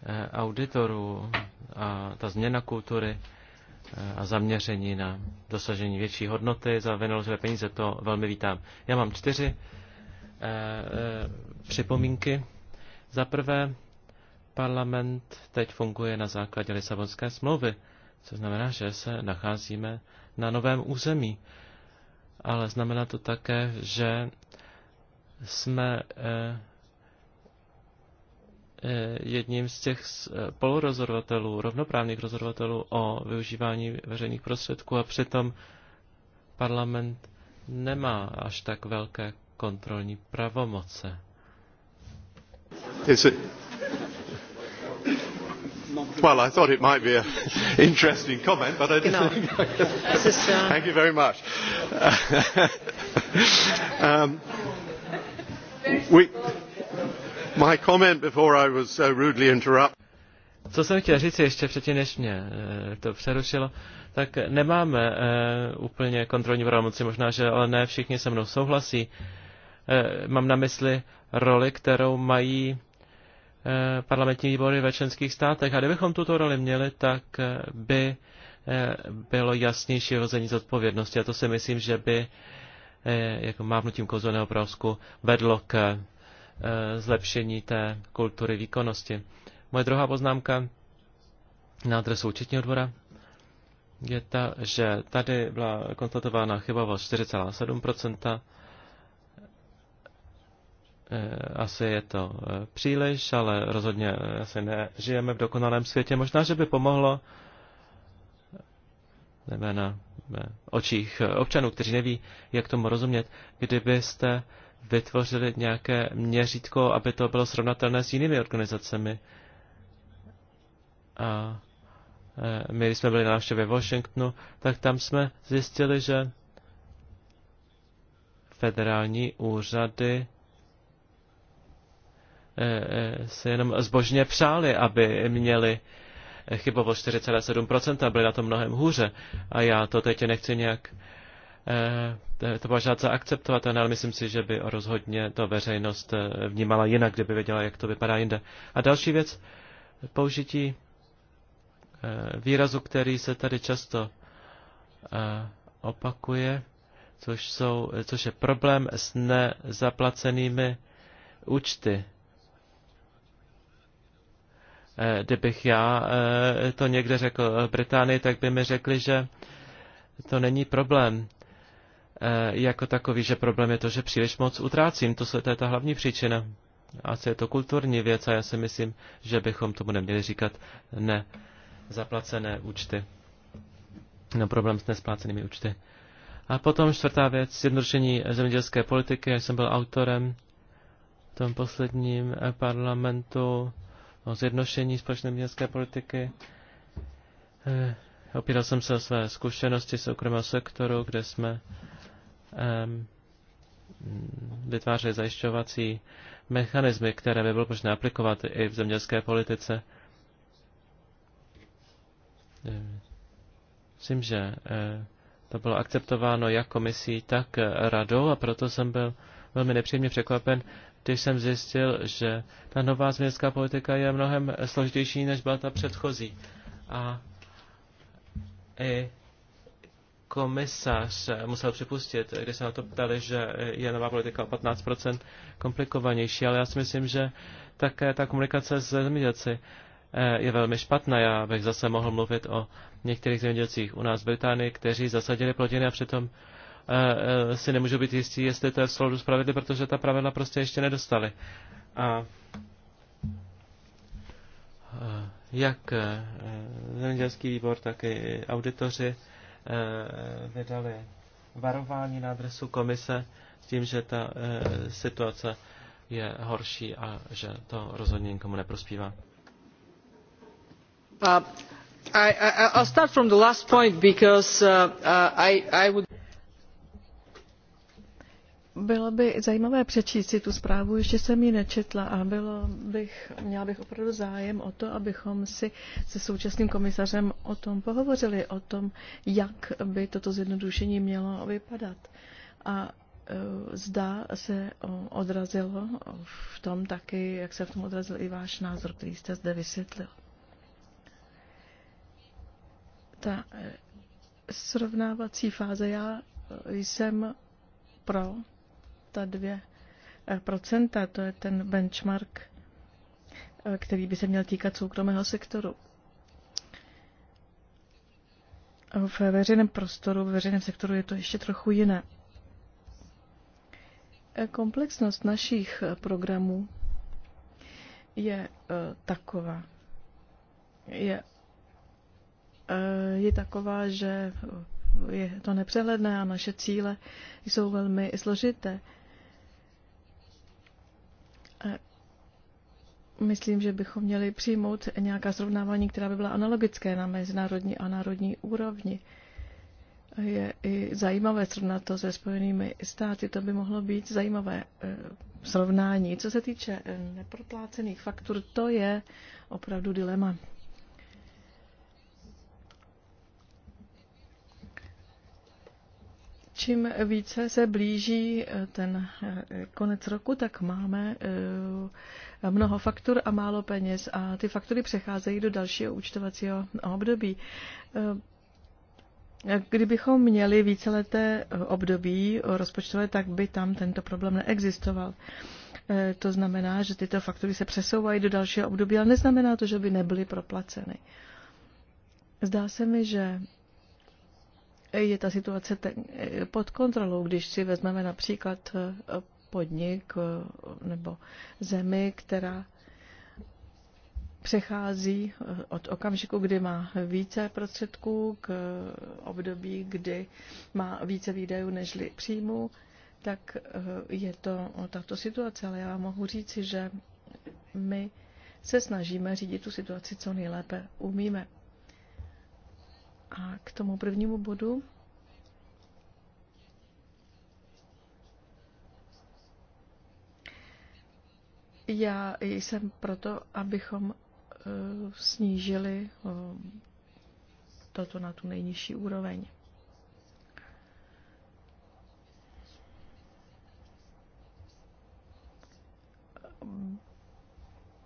Speaker 2: eh, auditorů a ta změna kultury eh, a zaměření na dosažení větší hodnoty za vynaložené peníze, to velmi vítám. Já mám čtyři eh, připomínky. Za prvé, parlament teď funguje na základě Lisabonské smlouvy, což znamená, že se nacházíme na novém území. Ale znamená to také, že jsme eh, eh, jedním z těch spolurozhodovatelů, eh, rovnoprávných rozhodovatelů o využívání veřejných prostředků a přitom parlament nemá až tak velké kontrolní pravomoce.
Speaker 5: Well, I thought it might be an *laughs* interesting comment, but I didn't. No. Think... Uh, Thank you very much. *laughs* um, Uh, Co jsem chtěl říct
Speaker 2: ještě předtím, než mě uh, to přerušilo, tak nemáme uh, úplně kontrolní pravomoci, možná, že ale ne všichni se mnou souhlasí. Mám na mysli roli, kterou mají parlamentní výbory ve členských státech. A kdybychom tuto roli měli, tak by bylo jasnější hození zodpovědnosti. A to si myslím, že by Eh, jako mávnutím kouzelného provozku vedlo k eh, zlepšení té kultury výkonnosti. Moje druhá poznámka na adresu účetního dvora je ta, že tady byla konstatována chybovost 4,7%. Eh, asi je to příliš, ale rozhodně asi nežijeme v dokonalém světě. Možná, že by pomohlo ve na očích občanů, kteří neví, jak tomu rozumět, kdybyste vytvořili nějaké měřítko, aby to bylo srovnatelné s jinými organizacemi. A e, my, když jsme byli na návštěvě Washingtonu, tak tam jsme zjistili, že federální úřady e, e, se jenom zbožně přáli, aby měli Chybovalo 4,7% a byli na tom mnohem hůře. A já to teď nechci nějak eh, to považovat za akceptovatelné, ale myslím si, že by rozhodně to veřejnost eh, vnímala jinak, kdyby věděla, jak to vypadá jinde. A další věc, použití eh, výrazu, který se tady často opakuje, což, jsou, což je problém s nezaplacenými účty. Eh, kdybych já eh, to někde řekl eh, Británii, tak by mi řekli, že to není problém jako takový, že problém je to, že příliš moc utrácím. To, se, to je ta hlavní příčina. Asi je to kulturní věc a já si myslím, že bychom tomu neměli říkat ne zaplacené účty. No problém s nesplácenými účty. A potom čtvrtá věc, zjednodušení zemědělské politiky. Já jsem byl autorem v tom posledním parlamentu o zjednošení společné městské politiky. Eh, opíral jsem se o své zkušenosti soukromého sektoru, kde jsme vytvářeli zajišťovací mechanismy, které by bylo možné aplikovat i v zemědělské politice. Eh, myslím, že eh, to bylo akceptováno jak komisí, tak radou a proto jsem byl velmi nepříjemně překvapen, když jsem zjistil, že ta nová změnská politika je mnohem složitější, než byla ta předchozí. A i komisař musel připustit, když se na to ptali, že je nová politika o 15% komplikovanější, ale já si myslím, že také ta komunikace s zemědělci eh, je velmi špatná. Já bych zase mohl mluvit o některých zemědělcích u nás v Británii, kteří zasadili plodiny a přitom Eh, eh, si nemůžu být jistý, jestli to je v souladu s pravidly, protože ta pravidla prostě ještě nedostali. A eh, jak zemědělský výbor, tak i auditoři vydali varování na adresu komise s tím, že ta situace je horší a že to rozhodně nikomu neprospívá.
Speaker 4: Uh, I, I, I'll start from the last point because uh, uh,
Speaker 5: I, I would...
Speaker 4: Bylo by zajímavé přečíst si tu zprávu, ještě jsem ji nečetla a bylo bych, měla bych opravdu zájem o to, abychom si se současným komisařem o tom pohovořili, o tom, jak by toto zjednodušení mělo vypadat. A e, zda se odrazilo v tom taky, jak se v tom odrazil i váš názor, který jste zde vysvětlil. Ta e, srovnávací fáze, já e, jsem pro procenta, to je ten benchmark, eh, který by se měl týkat soukromého sektoru. V veřejném prostoru, v veřejném sektoru je to ještě trochu jiné. Eh, komplexnost našich eh, programů je taková. Je, je taková, že je to nepřehledné a naše cíle jsou velmi složité. Myslím, že bychom měli přijmout nějaká srovnávání, která by byla analogické na mezinárodní a národní úrovni. Je i zajímavé srovnat to se Spojenými státy, to by mohlo být zajímavé eh, srovnání. Co se týče eh, neprotlácených faktur, to je opravdu dilema. čím více se blíží eh, ten eh, konec roku, tak máme eh, mnoho faktur a málo peněz a ty faktury přecházejí do dalšího účtovacího období. Kdybychom měli víceleté období rozpočtové, tak by tam tento problém neexistoval. To znamená, že tyto faktury se přesouvají do dalšího období, ale neznamená to, že by nebyly proplaceny. Zdá se mi, že je ta situace eh, pod kontrolou. Když si vezmeme například eh, podnik eh, nebo zemi, která přechází od okamžiku, kdy má více prostředků, k období, kdy má více výdajů než příjmů, tak je to tato situace. Ale já mohu říci, že my se snažíme řídit tu situaci, co nejlépe umíme. A k tomu prvnímu bodu. Já jsem proto, abychom e, snížili toto na tu nejnižší úroveň.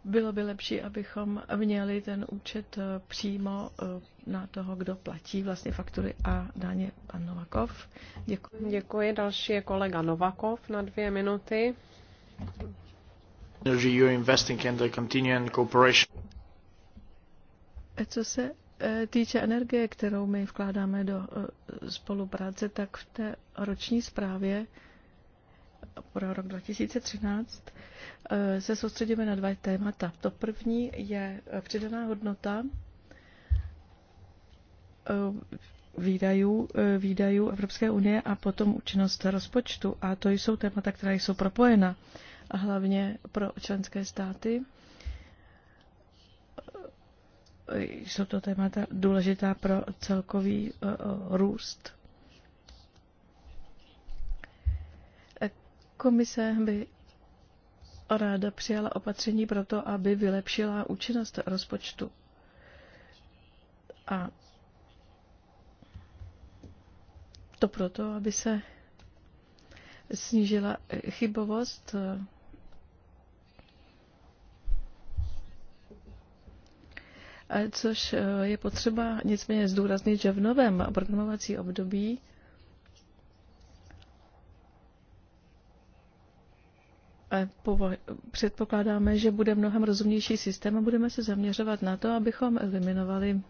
Speaker 4: Bylo by lepší, abychom měli ten účet eh, přímo eh, na toho, kdo platí vlastně faktury a daně. Pan
Speaker 1: Novakov. Děkuji. Děkuji. Další je kolega Novakov na dvě minuty.
Speaker 3: Energy you're investing in the continuing cooperation.
Speaker 4: Eh, co se týče energie, kterou my vkládáme do spolupráce, tak v té roční zprávě pro rok 2013 eh, se soustředíme na dva témata. To první je eh, přidaná hodnota eh, výdajů, výdajů Evropské unie a potom účinnost rozpočtu. A to jsou témata, která jsou propojena a hlavně pro členské státy. Jsou to témata důležitá pro celkový růst Komise by ráda přijala opatření pro to, aby vylepšila účinnost rozpočtu. A to proto, aby se snížila chybovost což je potřeba nicméně zdůraznit, že v novém programovací období předpokládáme, že bude mnohem rozumnější systém a budeme se zaměřovat na to, abychom eliminovali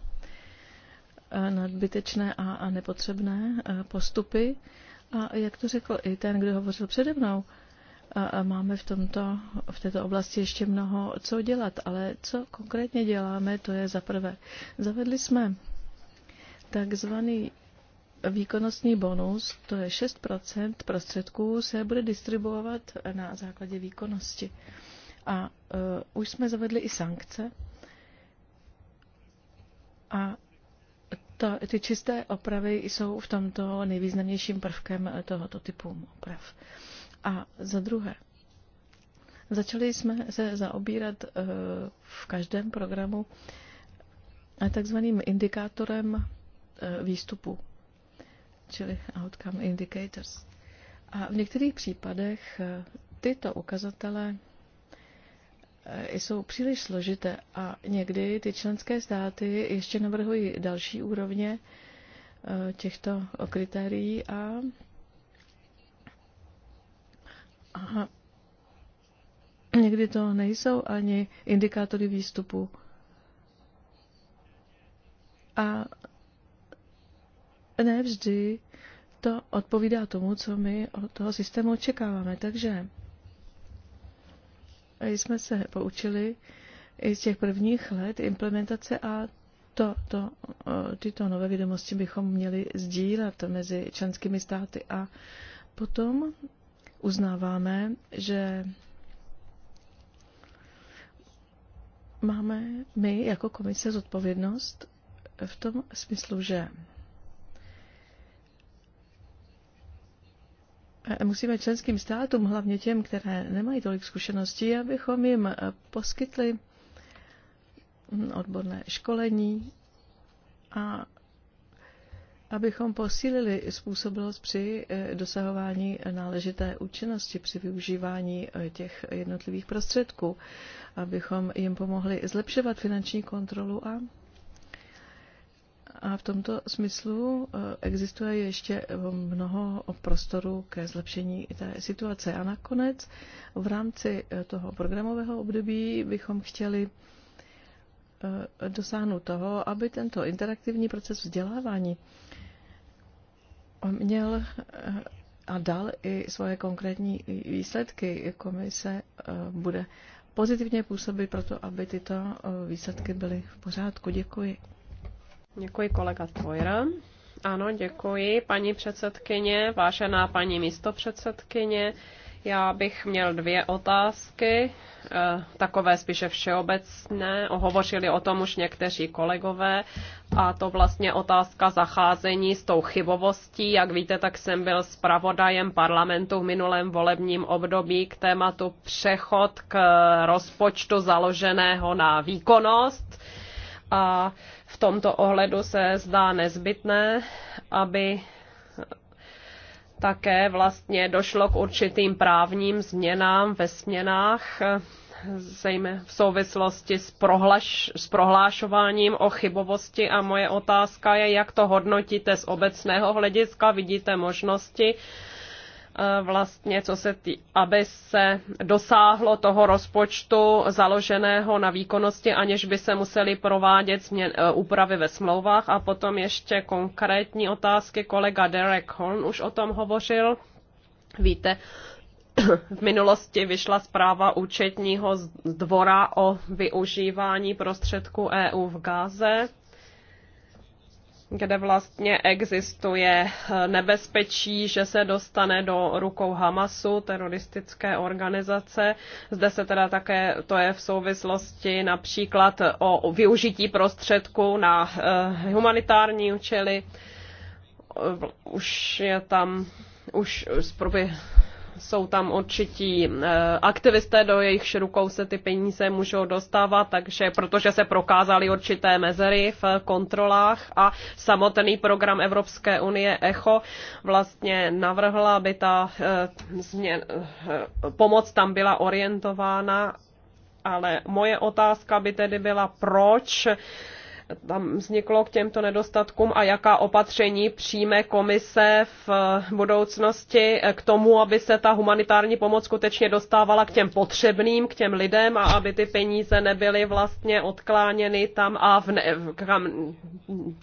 Speaker 4: eh, nadbytečné a, nepotřebné eh, postupy. A jak to řekl i ten, kdo hovořil přede mnou, a máme v, tomto, v této oblasti ještě mnoho co dělat, ale co konkrétně děláme, to je za prvé. Zavedli jsme takzvaný výkonnostní bonus, to je 6% prostředků, se bude distribuovat na základě výkonnosti. A uh, už jsme zavedli i sankce. A to, ty čisté opravy jsou v tomto nejvýznamnějším prvkem tohoto typu oprav. A za druhé, začali jsme se zaobírat e, v každém programu takzvaným indikátorem e, výstupu čili outcome indicators. A v některých případech eh, tyto ukazatele eh, jsou příliš složité a někdy ty členské státy ještě navrhují další úrovně eh, těchto kritérií a, a někdy to nejsou ani indikátory výstupu. A ne vždy to odpovídá tomu, co my od toho systému očekáváme. Takže jsme se poučili i z těch prvních let implementace a to, to, tyto nové vědomosti bychom měli sdílet mezi členskými státy a potom uznáváme, že máme my jako komise zodpovědnost v tom smyslu, že musíme členským státům, hlavně těm, které nemají tolik zkušeností, abychom jim eh, poskytli odborné školení a abychom posílili způsobilost při eh, dosahování náležité účinnosti při využívání eh, těch jednotlivých prostředků, abychom jim pomohli zlepšovat finanční kontrolu a a v tomto smyslu eh, existuje ještě eh, mnoho prostoru ke zlepšení té situace. A nakonec v rámci eh, toho programového období bychom chtěli dosáhnout toho, aby tento interaktivní proces vzdělávání měl a dal i svoje konkrétní výsledky. Komise bude pozitivně působit pro to, aby tyto výsledky byly v pořádku. Děkuji.
Speaker 1: Děkuji kolega Tvojra. Ano, děkuji paní předsedkyně, vážená paní místopředsedkyně. Já bych měl dvě otázky, eh, takové spíše všeobecné. Hovořili o tom už někteří kolegové a to vlastně otázka zacházení s tou chybovostí. Jak víte, tak jsem byl zpravodajem parlamentu v minulém volebním období k tématu přechod k rozpočtu založeného na výkonnost a v tomto ohledu se zdá nezbytné, aby také vlastně došlo k určitým právním změnám ve směnách zejména v souvislosti s, prohlaš, s prohlášováním o chybovosti a moje otázka je, jak to hodnotíte z obecného hlediska, vidíte možnosti, Eh, vlastně, co se tý, aby se dosáhlo toho rozpočtu založeného na výkonnosti, aniž by se museli provádět změn, eh, úpravy ve smlouvách. A potom ještě konkrétní otázky. Kolega Derek Horn už o tom hovořil. Víte, *clears throat* v minulosti vyšla zpráva účetního dvora o využívání prostředků EU v Gáze kde vlastně existuje eh, nebezpečí, že se dostane do rukou Hamasu, teroristické organizace. Zde se teda také, to je v souvislosti například o využití prostředků na eh, humanitární účely. Eh, už je tam, už proběhlo jsou tam určití eh, aktivisté, do jejich rukou se ty peníze můžou dostávat, takže protože se prokázaly určité mezery v kontrolách a samotný program Evropské unie ECHO vlastně navrhla, aby ta eh, změn, eh, pomoc tam byla orientována ale moje otázka by tedy byla, proč tam vzniklo k těmto nedostatkům a jaká opatření přijme komise v budoucnosti k tomu, aby se ta humanitární pomoc skutečně dostávala k těm potřebným, k těm lidem a aby ty peníze nebyly vlastně odkláněny tam a v ne, kam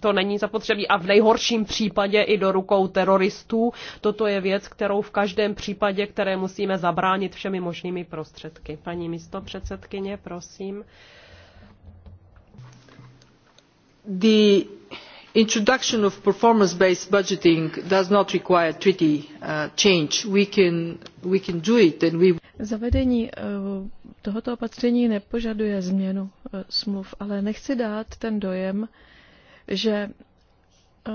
Speaker 1: to není zapotřebí a v nejhorším případě i do rukou teroristů. Toto je věc, kterou v každém případě, které musíme zabránit všemi možnými prostředky. Paní místo předsedkyně, prosím the introduction of performance based budgeting does
Speaker 4: not require treaty uh, change. We can, do it and we... Zavedení uh, tohoto opatření nepožaduje změnu uh, smluv, ale nechci dát ten dojem, že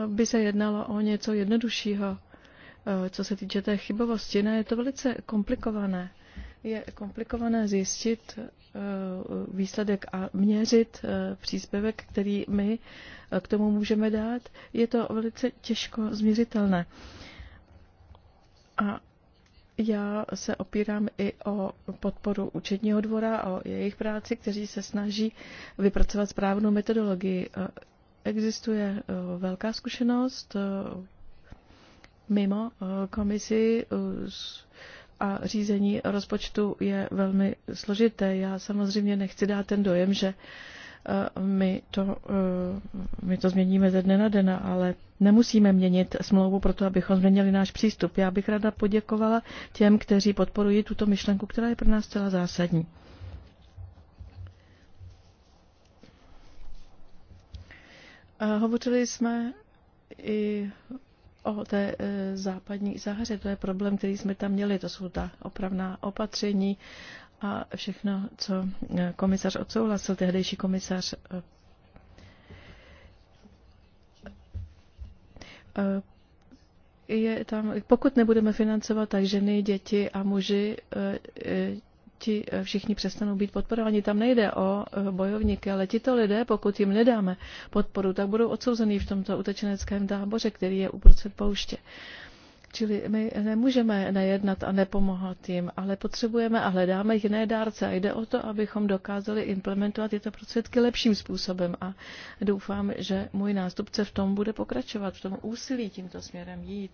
Speaker 4: by se jednalo o něco jednoduššího, co se týče té chybovosti. Ne, je to velice komplikované. Je komplikované zjistit, Eh, výsledek a měřit eh, příspěvek, který my eh, k tomu můžeme dát, je to velice těžko změřitelné. A já se opírám i o podporu účetního dvora, o jejich práci, kteří se snaží vypracovat správnou metodologii. Existuje velká zkušenost mimo komisi s a řízení rozpočtu je velmi složité. Já samozřejmě nechci dát ten dojem, že eh, my to, eh, my to změníme ze dne na den, ale nemusíme měnit smlouvu to, abychom změnili náš přístup. Já bych ráda poděkovala těm, kteří podporují tuto myšlenku, která je pro nás celá zásadní. Eh, hovořili jsme i o té e, západní Sahaře. To je problém, který jsme tam měli. To jsou ta opravná opatření a všechno, co e, komisař odsouhlasil, tehdejší komisař e, je tam, pokud nebudeme financovat tak ženy, děti a muži, ti eh, všichni přestanou být podporováni. Tam nejde o eh, bojovníky, ale tito lidé, pokud jim nedáme podporu, tak budou odsouzený v tomto utečeneckém táboře, který je uprostřed pouště. Čili my nemůžeme nejednat a nepomohat jim, ale potřebujeme a hledáme jiné dárce. A jde o to, abychom dokázali implementovat tyto prostředky lepším způsobem. A doufám, že můj nástupce v tom bude pokračovat, v tom úsilí tímto směrem jít.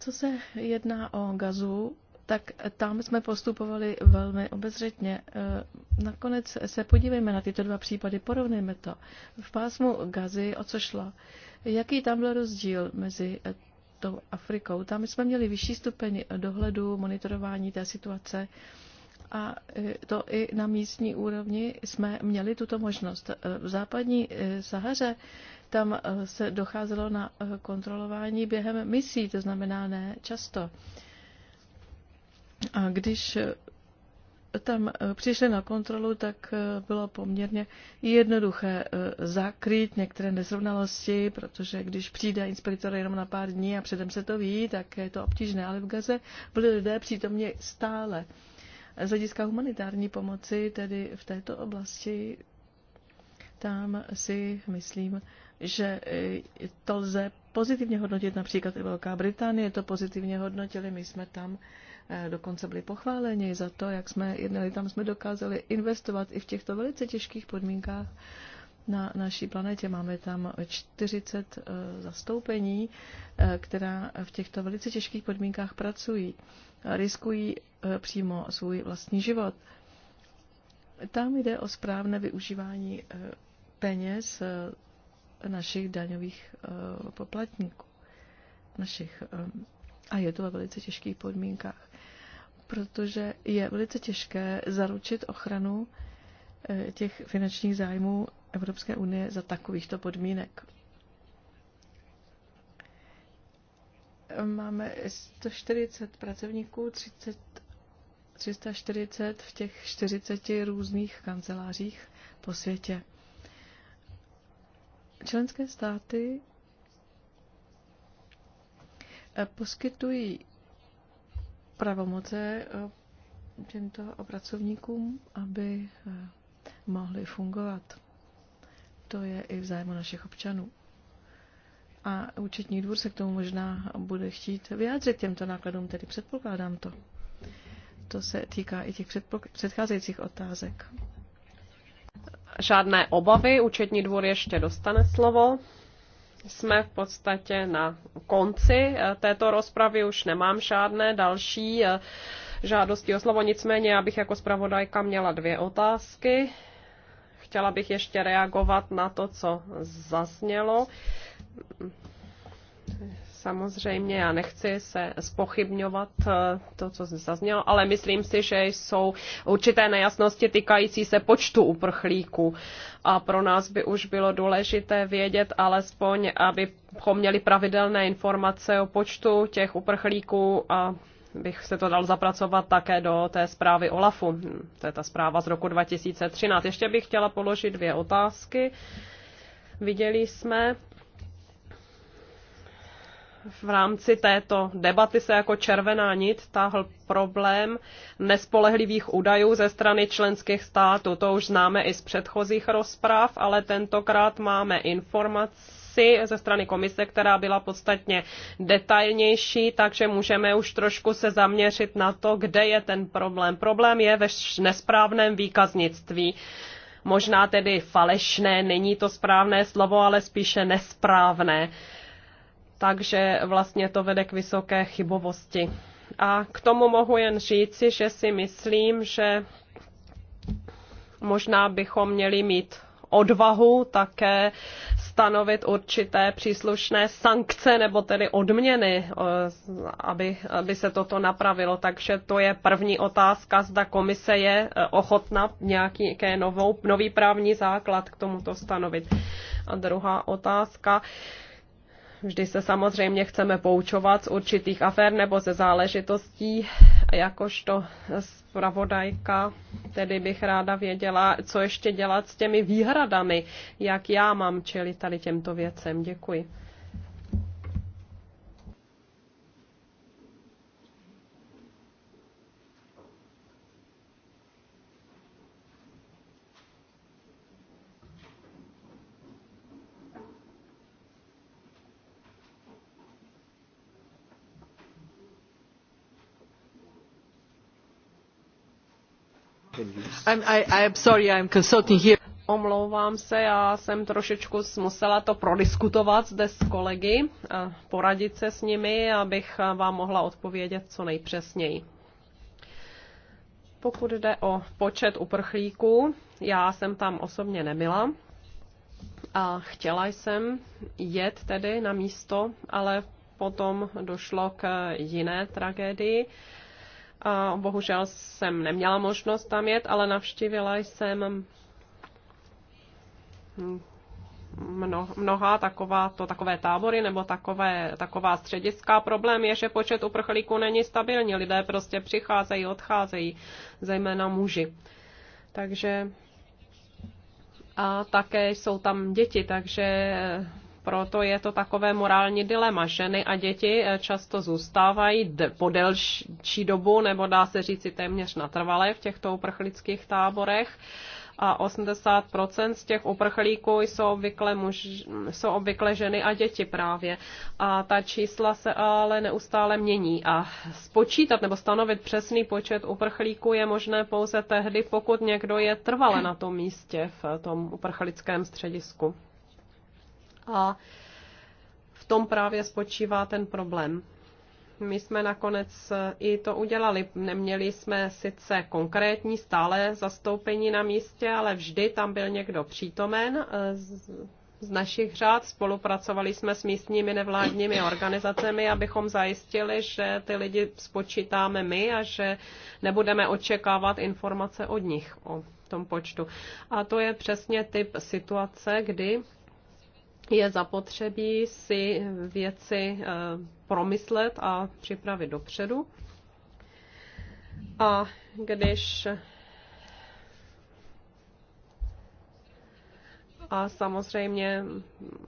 Speaker 4: Co se jedná o gazu, tak tam jsme postupovali velmi obezřetně. Eh, nakonec se podívejme na tyto dva případy, porovnejme to. V pásmu Gazy, o co šlo? Jaký tam byl rozdíl mezi eh, tou Afrikou? Tam jsme měli vyšší stupeň dohledu, monitorování té situace a eh, to i na místní úrovni jsme měli tuto možnost. V západní Sahaře tam se docházelo na kontrolování během misí, to znamená ne často. A když eh, tam eh, přišli na kontrolu, tak eh, bylo poměrně jednoduché zakrýt některé nesrovnalosti, protože když přijde inspektor jenom na pár dní a předem se to ví, tak je to obtížné, ale v Gaze byli lidé přítomně stále. Z hlediska humanitární pomoci, tedy v této oblasti, tam si myslím, že to lze pozitivně hodnotit. Například i Velká Británie to pozitivně hodnotili, my jsme tam uh, Eh, dokonce byli pochváleni za to, jak jsme jednali. Tam jsme dokázali investovat i v těchto velice těžkých podmínkách na naší planetě. Máme tam 40 eh, zastoupení, eh, která v těchto velice těžkých podmínkách pracují. Riskují přímo svůj vlastní život. Tam jde o správné využívání peněz našich daňových poplatníků. Našich, a je to ve velice těžkých podmínkách protože je velice těžké zaručit ochranu eh, těch finančních zájmů Evropské unie za takovýchto podmínek. Máme 140 pracovníků, 30, 340 v těch 40 různých kancelářích po světě. Členské státy eh, poskytují pravomoce eh, těmto pracovníkům, aby eh, mohli fungovat. To je i v zájmu našich občanů. A účetní dvůr se k tomu možná bude chtít vyjádřit těmto nákladům, tedy předpokládám to. To se týká i těch předcházejících otázek.
Speaker 1: Žádné obavy, účetní dvůr ještě dostane slovo jsme v podstatě na konci eh, této rozpravy, už nemám žádné další eh, žádosti o slovo, nicméně já bych jako zpravodajka měla dvě otázky. Chtěla bych ještě reagovat na to, co zaznělo Samozřejmě já nechci se spochybňovat eh, to, co jsem zaznělo, ale myslím si, že jsou určité nejasnosti týkající se počtu uprchlíků. A pro nás by už bylo důležité vědět alespoň, abychom měli pravidelné informace o počtu těch uprchlíků a bych se to dal zapracovat také do té zprávy OLAFu. To je ta zpráva z roku 2013. Ještě bych chtěla položit dvě otázky. Viděli jsme, v rámci této debaty se jako červená nit táhl problém nespolehlivých údajů ze strany členských států. To už známe i z předchozích rozpráv, ale tentokrát máme informaci ze strany komise, která byla podstatně detailnější, takže můžeme už trošku se zaměřit na to, kde je ten problém. Problém je ve nesprávném výkaznictví možná tedy falešné, není to správné slovo, ale spíše nesprávné takže vlastně to vede k vysoké chybovosti. A k tomu mohu jen říci, že si myslím, že možná bychom měli mít odvahu také stanovit určité příslušné sankce nebo tedy odměny, eh, aby, aby se toto napravilo. Takže to je první otázka, zda komise je eh, ochotna nějaký novou, nový právní základ k tomuto stanovit. A druhá otázka. Uh, Vždy se samozřejmě chceme poučovat z určitých afér nebo ze záležitostí. Jakožto zpravodajka, tedy bych ráda věděla, co ještě dělat s těmi výhradami, jak já mám čelit tady těmto věcem. Děkuji. Omlouvám se, já jsem trošičku musela to prodiskutovat zde s kolegy, a poradit se s nimi, abych vám mohla odpovědět co nejpřesněji. Pokud jde o počet uprchlíků, já jsem tam osobně nebyla a chtěla jsem jet tedy na místo, ale potom došlo k jiné tragédii. A bohužel jsem neměla možnost tam jet, ale navštívila jsem mno, mnoha taková, to, takové tábory nebo takové, taková střediska. Problém je, že počet uprchlíků není stabilní. Lidé prostě přicházejí, odcházejí, zejména muži. Takže a také jsou tam děti, takže proto je to takové morální dilema. Ženy a děti eh, často zůstávají po delší dobu, nebo dá se říci téměř natrvalé v těchto uprchlických táborech a 80% z těch uprchlíků jsou obvykle, muž, jsou obvykle ženy a děti právě. A ta čísla se ale neustále mění. A spočítat nebo stanovit přesný počet uprchlíků je možné pouze tehdy, pokud někdo je trvale na tom místě v tom uprchlickém středisku. A v tom právě spočívá ten problém. My jsme nakonec i to udělali. Neměli jsme sice konkrétní stále zastoupení na místě, ale vždy tam byl někdo přítomen eh, z našich řád. Spolupracovali jsme s místními nevládními organizacemi, abychom zajistili, že ty lidi spočítáme my a že nebudeme očekávat informace od nich o tom počtu. A to je přesně typ situace, kdy je zapotřebí si věci eh, promyslet a připravit dopředu. A když a samozřejmě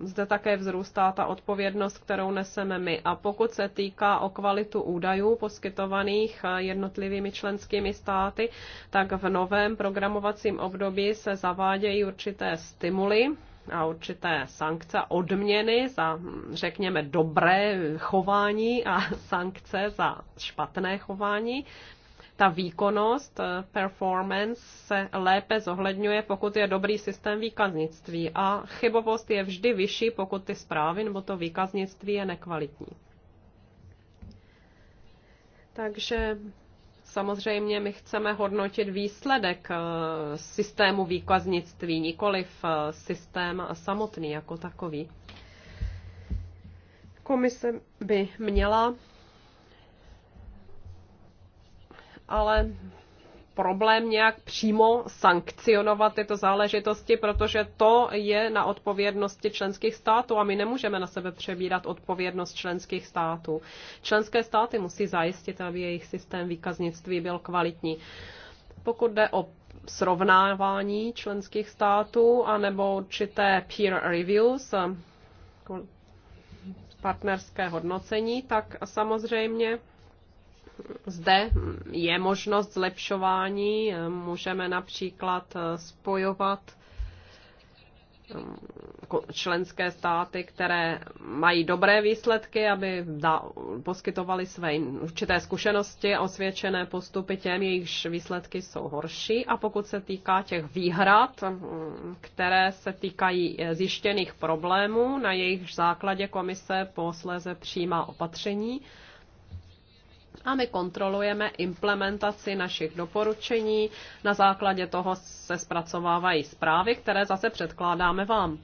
Speaker 1: zde také vzrůstá ta odpovědnost, kterou neseme my. A pokud se týká o kvalitu údajů poskytovaných eh, jednotlivými členskými státy, tak v novém programovacím období se zavádějí určité stimuly a určité sankce, odměny za, řekněme, dobré chování a *laughs* sankce za špatné chování. Ta výkonnost, eh, performance se lépe zohledňuje, pokud je dobrý systém výkaznictví a chybovost je vždy vyšší, pokud ty zprávy nebo to výkaznictví je nekvalitní. Takže Samozřejmě my chceme hodnotit výsledek eh, systému výkaznictví, nikoliv eh, systém samotný jako takový. Komise by měla ale problém nějak přímo sankcionovat tyto záležitosti, protože to je na odpovědnosti členských států a my nemůžeme na sebe přebírat odpovědnost členských států. Členské státy musí zajistit, aby jejich systém výkaznictví byl kvalitní. Pokud jde o srovnávání členských států anebo určité peer reviews, eh, partnerské hodnocení, tak samozřejmě zde je možnost zlepšování. Můžeme například spojovat um, členské státy, které mají dobré výsledky, aby poskytovali své určité zkušenosti a osvědčené postupy těm, jejichž výsledky jsou horší. A pokud se týká těch výhrad, um, které se týkají eh, zjištěných problémů, na jejich základě komise posléze přijímá opatření, a my kontrolujeme implementaci našich doporučení. Na základě toho se zpracovávají zprávy, které zase předkládáme vám.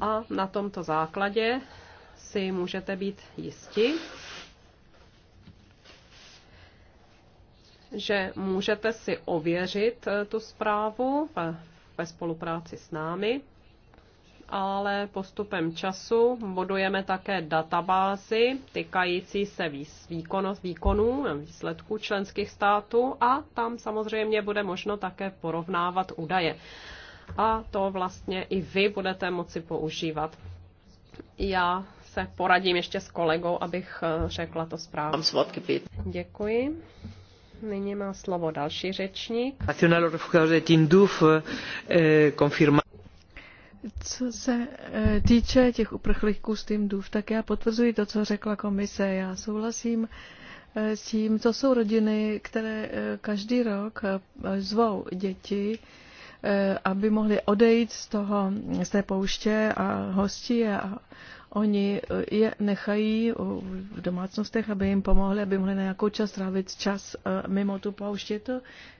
Speaker 1: A na tomto základě si můžete být jisti, že můžete si ověřit eh, tu zprávu eh, ve spolupráci s námi ale postupem času budujeme také databázy týkající se výkonnost výkonů, výsledků členských států a tam samozřejmě bude možno také porovnávat údaje. A to vlastně i vy budete moci používat. Já se poradím ještě s kolegou, abych eh, řekla to správně. Děkuji. Nyní má slovo další řečník.
Speaker 2: Nacional Refugiados de eh, eh, confirma
Speaker 4: co se e, týče těch uprchlíků z Tymdův, tak já potvrzuji to, co řekla komise. Já souhlasím e, s tím, to jsou rodiny, které e, každý rok zvou děti, aby mohly odejít z, toho, z té pouště a hostí a Oni eh, je nechají eh, v domácnostech, aby jim pomohli, aby mohli na nějakou čas trávit čas eh, mimo tu poušť. Je to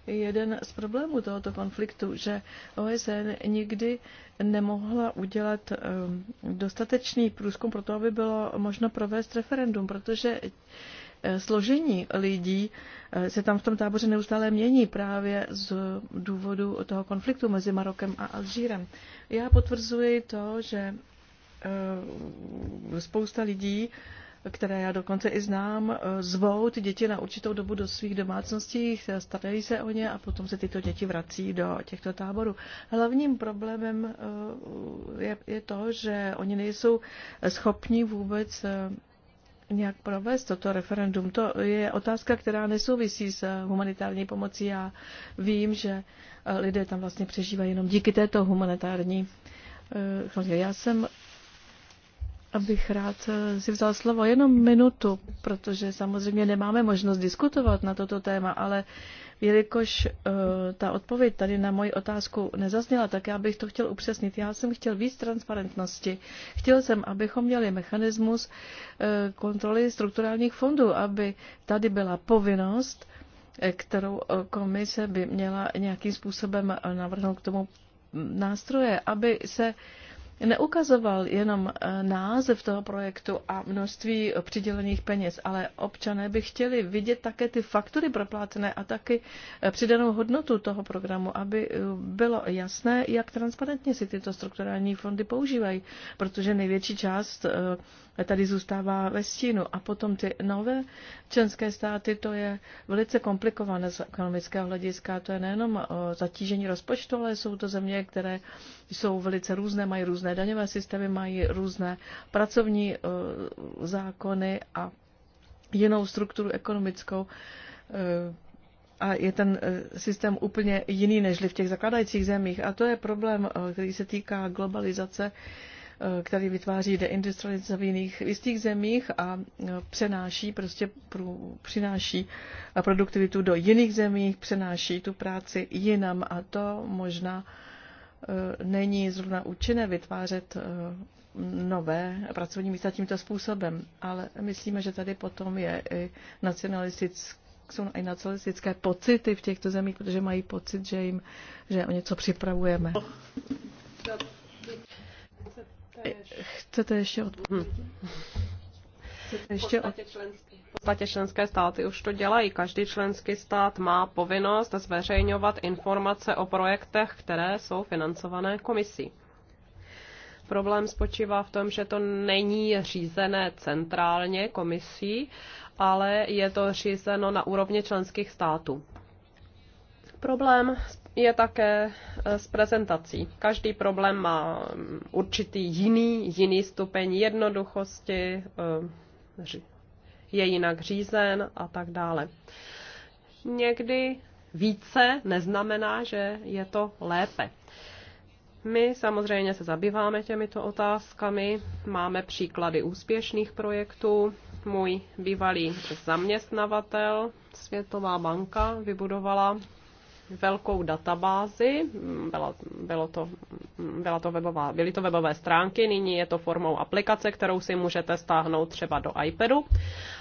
Speaker 4: jeden z problémů tohoto konfliktu, že OSN nikdy nemohla udělat dostatečný průzkum pro to, aby bylo možno provést referendum, protože složení lidí se tam v tom táboře neustále mění právě z důvodu toho konfliktu mezi Marokem a Alžírem. Já potvrzuji to, že Eh, spousta lidí, které já dokonce i znám, eh, zvou ty děti na určitou dobu do svých domácností, starají se o ně a potom se tyto děti vrací do těchto táborů. Hlavním problémem eh, je, je to, že oni nejsou schopni vůbec nějak provést toto referendum. To je otázka, která nesouvisí s humanitární pomocí. Já vím, že lidé tam vlastně přežívají jenom díky této humanitární já jsem abych rád eh, si vzal slovo jenom minutu, protože samozřejmě nemáme možnost diskutovat na toto téma, ale jelikož uh, ta odpověď tady na moji otázku nezazněla, tak já bych to chtěl upřesnit. Já jsem chtěl víc transparentnosti. Chtěl jsem, abychom měli mechanismus uh, kontroly strukturálních fondů, aby tady byla povinnost, kterou komise by měla nějakým způsobem navrhnout k tomu mm, nástroje, aby se uh, neukazoval jenom eh, název toho projektu a množství přidělených peněz, ale občané by chtěli vidět také ty faktury proplácené a taky eh, přidanou hodnotu toho programu, aby eh, bylo jasné, jak transparentně si tyto strukturální fondy používají, protože největší část tady zůstává ve stínu. A potom ty nové členské státy, to je velice komplikované z ekonomického hlediska. To je nejenom zatížení rozpočtu, ale jsou to země, které jsou velice různé, mají různé různé daňové systémy, mají různé pracovní e, zákony a jinou strukturu ekonomickou e, a je ten e, systém úplně jiný než v těch zakladajících zemích. A to je problém, který se týká globalizace, který vytváří deindustrializace v jiných v jistých zemích a přenáší, prostě prů, přináší produktivitu do jiných zemí, přenáší tu práci jinam a to možná Eh, není zrovna účinné vytvářet eh, nové pracovní místa tímto způsobem, ale myslíme, že tady potom je i nacionalistický jsou i nacionalistické pocity v těchto zemích, protože mají pocit, že jim, že o něco připravujeme.
Speaker 5: Chcete ještě hm. odpovědět? Chcete ještě
Speaker 1: odpovědět? podstatě členské státy už to dělají. Každý členský stát má povinnost zveřejňovat informace o projektech, které jsou financované komisí. Problém spočívá v tom, že to není řízené centrálně komisí, ale je to řízeno na úrovni členských států. Problém je také e, s prezentací. Každý problém má mm, určitý jiný, jiný stupeň jednoduchosti, e, je jinak řízen a tak dále. Někdy více neznamená, že je to lépe. My samozřejmě se zabýváme těmito otázkami, máme příklady úspěšných projektů. Můj bývalý zaměstnavatel, Světová banka, vybudovala velkou databázi, byla, bylo to, byla to webová, byly to webové stránky, nyní je to formou aplikace, kterou si můžete stáhnout třeba do iPadu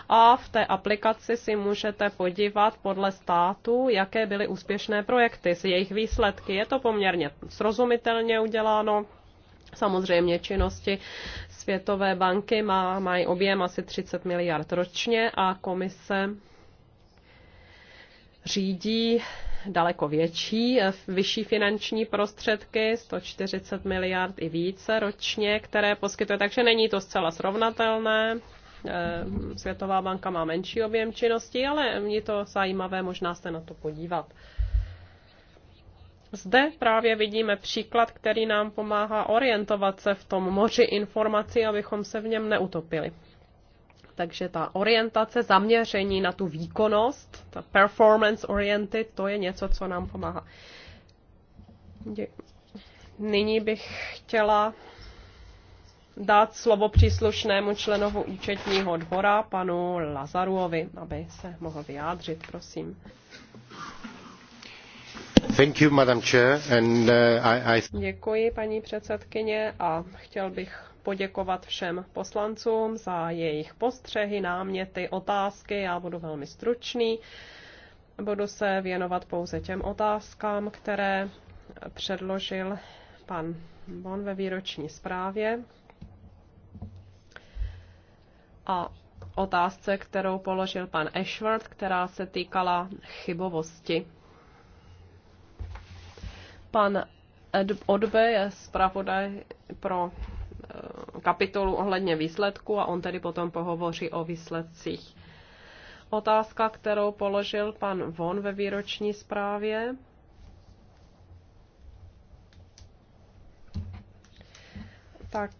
Speaker 1: a v té aplikaci si můžete podívat podle státu, jaké byly úspěšné projekty, s jejich výsledky. Je to poměrně srozumitelně uděláno. Samozřejmě činnosti Světové banky má, mají objem asi 30 miliard ročně a komise řídí daleko větší, eh, vyšší finanční prostředky, 140 miliard i více ročně, které poskytuje, takže není to zcela srovnatelné. Eh, Světová banka má menší objem činnosti, ale je to zajímavé možná se na to podívat. Zde právě vidíme příklad, který nám pomáhá orientovat se v tom moři informací, abychom se v něm neutopili. Takže ta orientace, zaměření na tu výkonnost, ta performance oriented, to je něco, co nám pomáhá. Nyní bych chtěla dát slovo příslušnému členovu účetního dvora, panu Lazaruovi, aby se mohl vyjádřit, prosím.
Speaker 3: Thank you, Madam Chair, and, uh, I, I...
Speaker 1: Děkuji, paní předsedkyně, a chtěl bych poděkovat všem poslancům za jejich postřehy, náměty, otázky. Já budu velmi stručný. Budu se věnovat pouze těm otázkám, které předložil pan Bon ve výroční zprávě. A otázce, kterou položil pan Ashworth, která se týkala chybovosti. Pan Odbe je zpravodaj pro kapitolu ohledně výsledku a on tedy potom pohovoří o výsledcích. Otázka, kterou položil pan Von ve výroční zprávě. Tak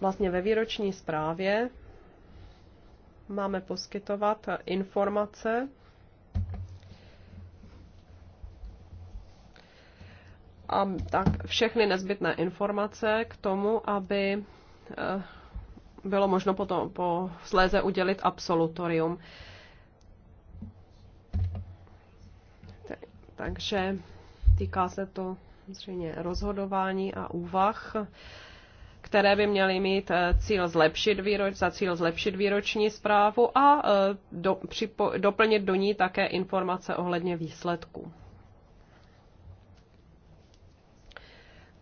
Speaker 1: vlastně ve výroční zprávě máme poskytovat informace a tak všechny nezbytné informace k tomu, aby eh, bylo možno potom po sléze udělit absolutorium. Takže týká se to zřejmě rozhodování a úvah, které by měly mít eh, cíl zlepšit výroč, za cíl zlepšit výroční zprávu a eh, do, připo, doplnit do ní také informace ohledně výsledků.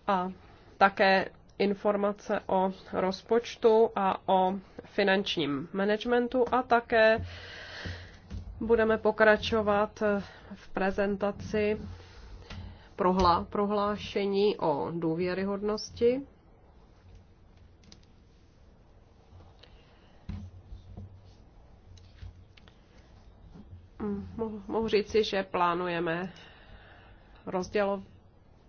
Speaker 1: a také informace o rozpočtu a o finančním managementu a také budeme pokračovat v prezentaci prohlá, prohlášení o důvěryhodnosti. Mohu říci, že plánujeme rozdělovat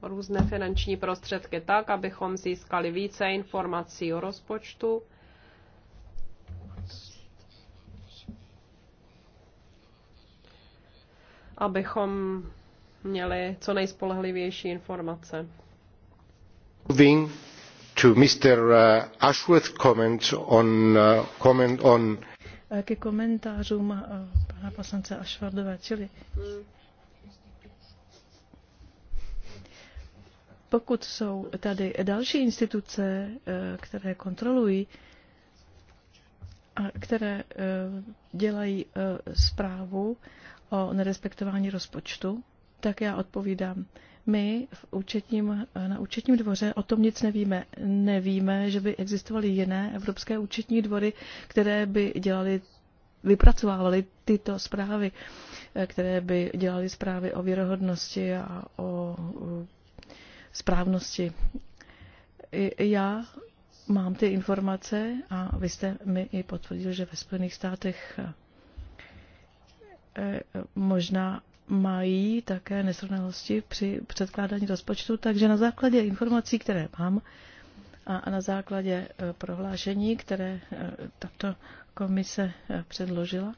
Speaker 1: různé finanční prostředky tak, abychom získali více informací o rozpočtu. abychom měli co nejspolehlivější informace.
Speaker 5: Moving to Mr. Uh, Ashworth comment on, uh, comment on
Speaker 4: ke komentářům uh, pana poslance Ashworthové, čili hmm. pokud jsou tady další instituce, eh, které kontrolují, které eh, dělají eh, zprávu o nerespektování rozpočtu, tak já odpovídám. My v účetním, na účetním dvoře o tom nic nevíme. Nevíme, že by existovaly jiné evropské účetní dvory, které by dělali, vypracovávaly tyto zprávy, které by dělali zprávy o věrohodnosti a o správnosti. Já mám ty informace a vy jste mi i potvrdil, že ve Spojených státech eh, eh, možná mají také nesrovnalosti při předkládání rozpočtu, takže na základě informací, které mám a na základě eh, prohlášení, které tato komise předložila,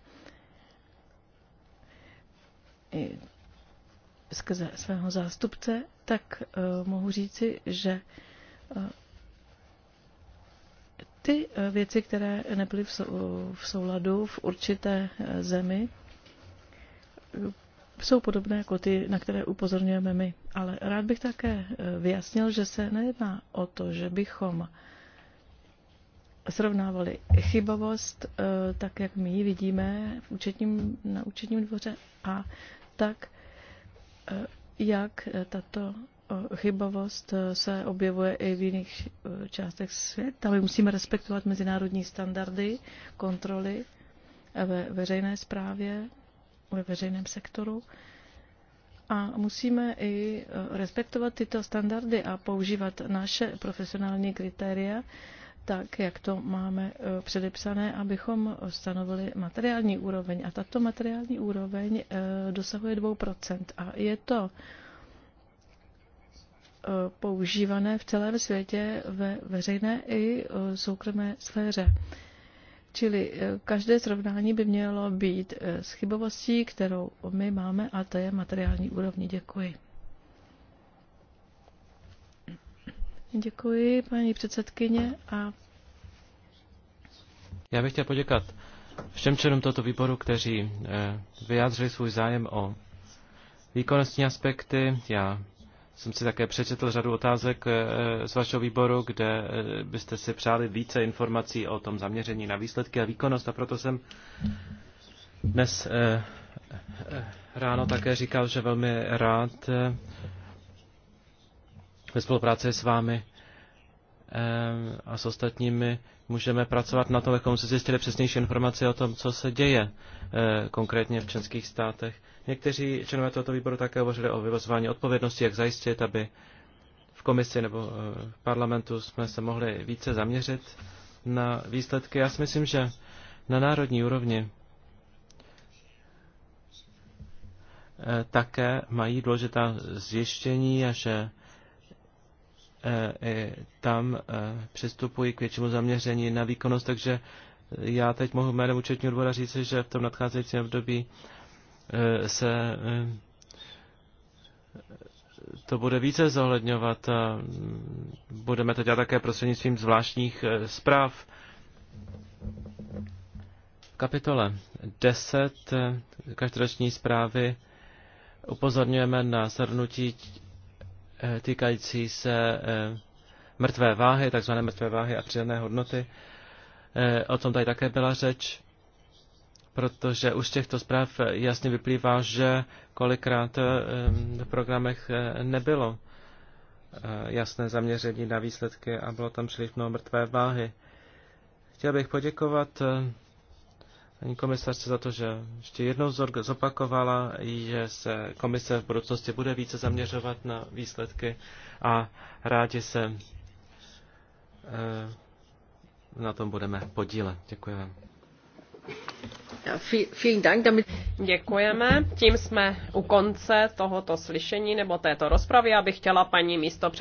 Speaker 4: skrze svého zástupce tak uh, mohu říci, že uh, ty uh, věci, které nebyly v, sou, v souladu v určité uh, zemi, uh, jsou podobné jako ty, na které upozorňujeme my. Ale rád bych také vyjasnil, že se nejedná o to, že bychom srovnávali chybovost, tak jak my ji vidíme v účetním, na účetním dvoře, a tak, jak eh, tato eh, chybovost eh, se objevuje i v jiných částech světa. My musíme respektovat mezinárodní standardy, kontroly ve veřejné správě, ve veřejném sektoru. A musíme i respektovat tyto standardy a používat naše profesionální kritéria tak, jak to máme e, předepsané, abychom stanovili materiální úroveň. A tato materiální úroveň e, dosahuje 2%. A je to e, používané v celém světě ve veřejné i soukromé sféře. Čili každé srovnání by mělo být s chybovostí, kterou my máme, a to je materiální úrovni. Děkuji. Děkuji, paní předsedkyně. A...
Speaker 2: Já bych chtěl poděkat všem členům tohoto výboru, kteří eh, vyjádřili svůj zájem o výkonnostní aspekty. Já jsem si také přečetl řadu otázek eh, z vašeho výboru, kde eh, byste si přáli více informací o tom zaměření na výsledky a výkonnost a proto jsem dnes ráno také říkal, že velmi rád ve spolupráci s vámi eh, a s ostatními můžeme pracovat na tom, abychom se zjistili přesnější informace o tom, co se děje eh, konkrétně v členských státech. Někteří členové tohoto výboru také hovořili o vyvozování odpovědnosti, jak zajistit, aby v komisi nebo v eh, parlamentu jsme se mohli více zaměřit na výsledky. Já si myslím, že na národní úrovni také mají důležitá zjištění a že E, i tam e, přistupují k většímu zaměření na výkonnost, takže já teď mohu jménem účetního odbora říct, že v tom nadcházejícím období e, se to bude více zohledňovat a mm, budeme to dělat také prostřednictvím zvláštních zpráv. V kapitole 10 každoroční zprávy upozorňujeme na shrnutí Eh, týkající se eh, mrtvé váhy, takzvané mrtvé váhy a přidané hodnoty. Eh, o tom tady také byla řeč, protože už z těchto zpráv jasně vyplývá, že kolikrát v programech nebylo jasné zaměření na výsledky a bylo tam příliš mnoho mrtvé váhy. Chtěl bych poděkovat paní komisařce za to, že ještě jednou zopakovala, že se komise v budoucnosti bude více zaměřovat na výsledky a rádi se eh, na tom budeme podílet. Děkuji vám.
Speaker 1: Děkujeme. Tím jsme u konce tohoto slyšení nebo této rozpravy. Já bych chtěla paní místo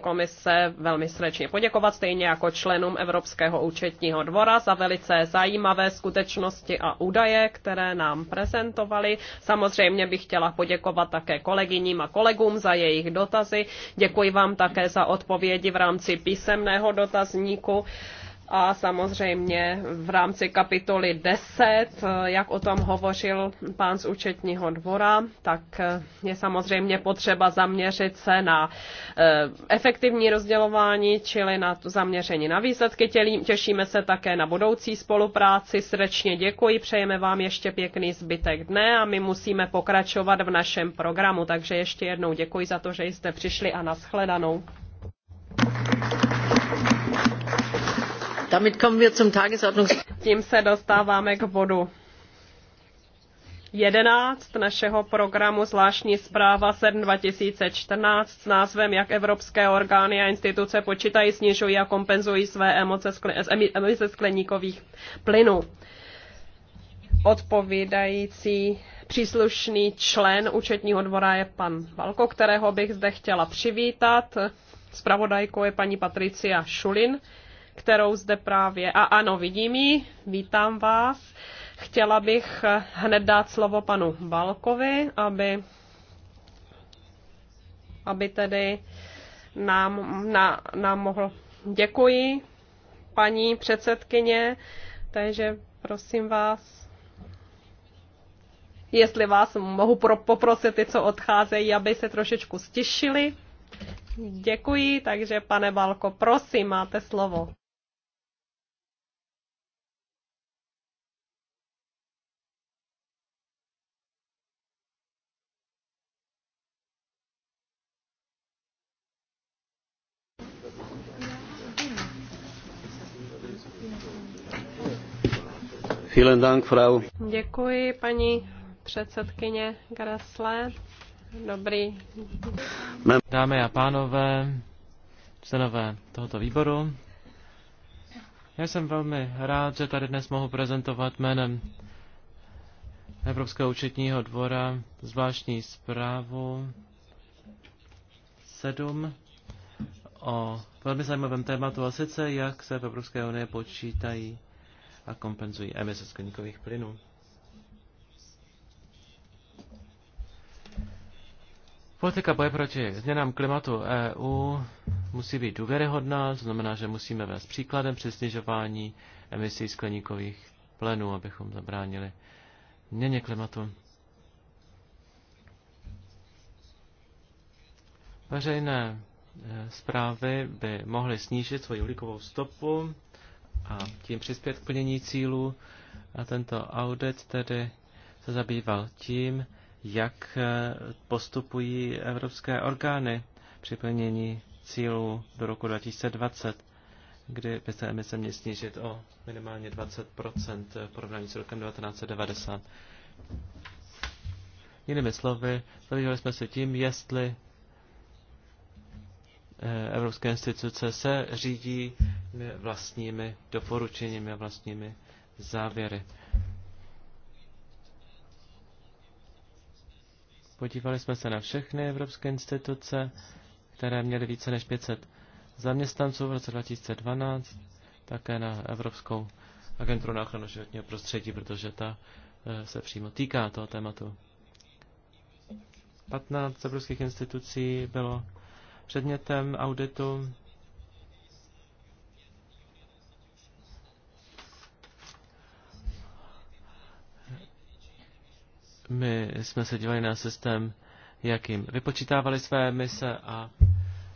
Speaker 1: komise velmi srdečně poděkovat, stejně jako členům Evropského účetního dvora za velice zajímavé skutečnosti a údaje, které nám prezentovali. Samozřejmě bych chtěla poděkovat také kolegyním a kolegům za jejich dotazy. Děkuji vám také za odpovědi v rámci písemného dotazníku a samozřejmě v rámci kapitoly 10, jak o tom hovořil pán z účetního dvora, tak je samozřejmě potřeba zaměřit se na eh, efektivní rozdělování, čili na zaměření na výsledky. Těšíme se také na budoucí spolupráci. Srdečně děkuji, přejeme vám ještě pěkný zbytek dne a my musíme pokračovat v našem programu. Takže ještě jednou děkuji za to, že jste přišli a nashledanou. Tím se dostáváme k bodu 11 našeho programu zvláštní zpráva 7 2014 s názvem Jak evropské orgány a instituce počítají, snižují a kompenzují své emoce emise skleníkových plynů. Odpovídající příslušný člen účetního dvora je pan Valko, kterého bych zde chtěla přivítat. Spravodajkou je paní Patricia Šulin kterou zde právě... A ano, vidím ji, vítám vás. Chtěla bych hned dát slovo panu Balkovi, aby, aby tedy nám, na, nám mohl... Děkuji, paní předsedkyně, takže prosím vás, jestli vás mohu pro, poprosit ty, co odcházejí, aby se trošičku stišili. Děkuji, takže pane Balko, prosím, máte slovo. Děkuji, paní předsedkyně Gressle. Dobrý.
Speaker 2: Dámy a pánové, členové tohoto výboru, já jsem velmi rád, že tady dnes mohu prezentovat jménem Evropského účetního dvora zvláštní zprávu 7 o velmi zajímavém tématu a sice jak se v Evropské unii počítají a kompenzují emise skleníkových plynů. Politika boje proti změnám klimatu EU musí být důvěryhodná, to znamená, že musíme vést příkladem při snižování emisí skleníkových plynů, abychom zabránili měně klimatu. Veřejné e, zprávy by mohly snížit svoji uhlíkovou stopu a tím přispět k plnění cílů. A tento audit tedy se zabýval tím, jak eh, postupují evropské orgány při plnění cílů do roku 2020, kdy by se emise měly snížit o minimálně 20 v porovnání s rokem 1990. Jinými slovy, zabývali jsme se tím, jestli eh, evropské instituce se řídí vlastními doporučeními a vlastními závěry. Podívali jsme se na všechny evropské instituce, které měly více než 500 zaměstnanců v roce 2012, také na Evropskou agenturu na ochranu životního prostředí, protože ta eh, se přímo týká toho tématu. 15 evropských institucí bylo předmětem auditu My jsme se dívali na systém, jakým vypočítávali své mise a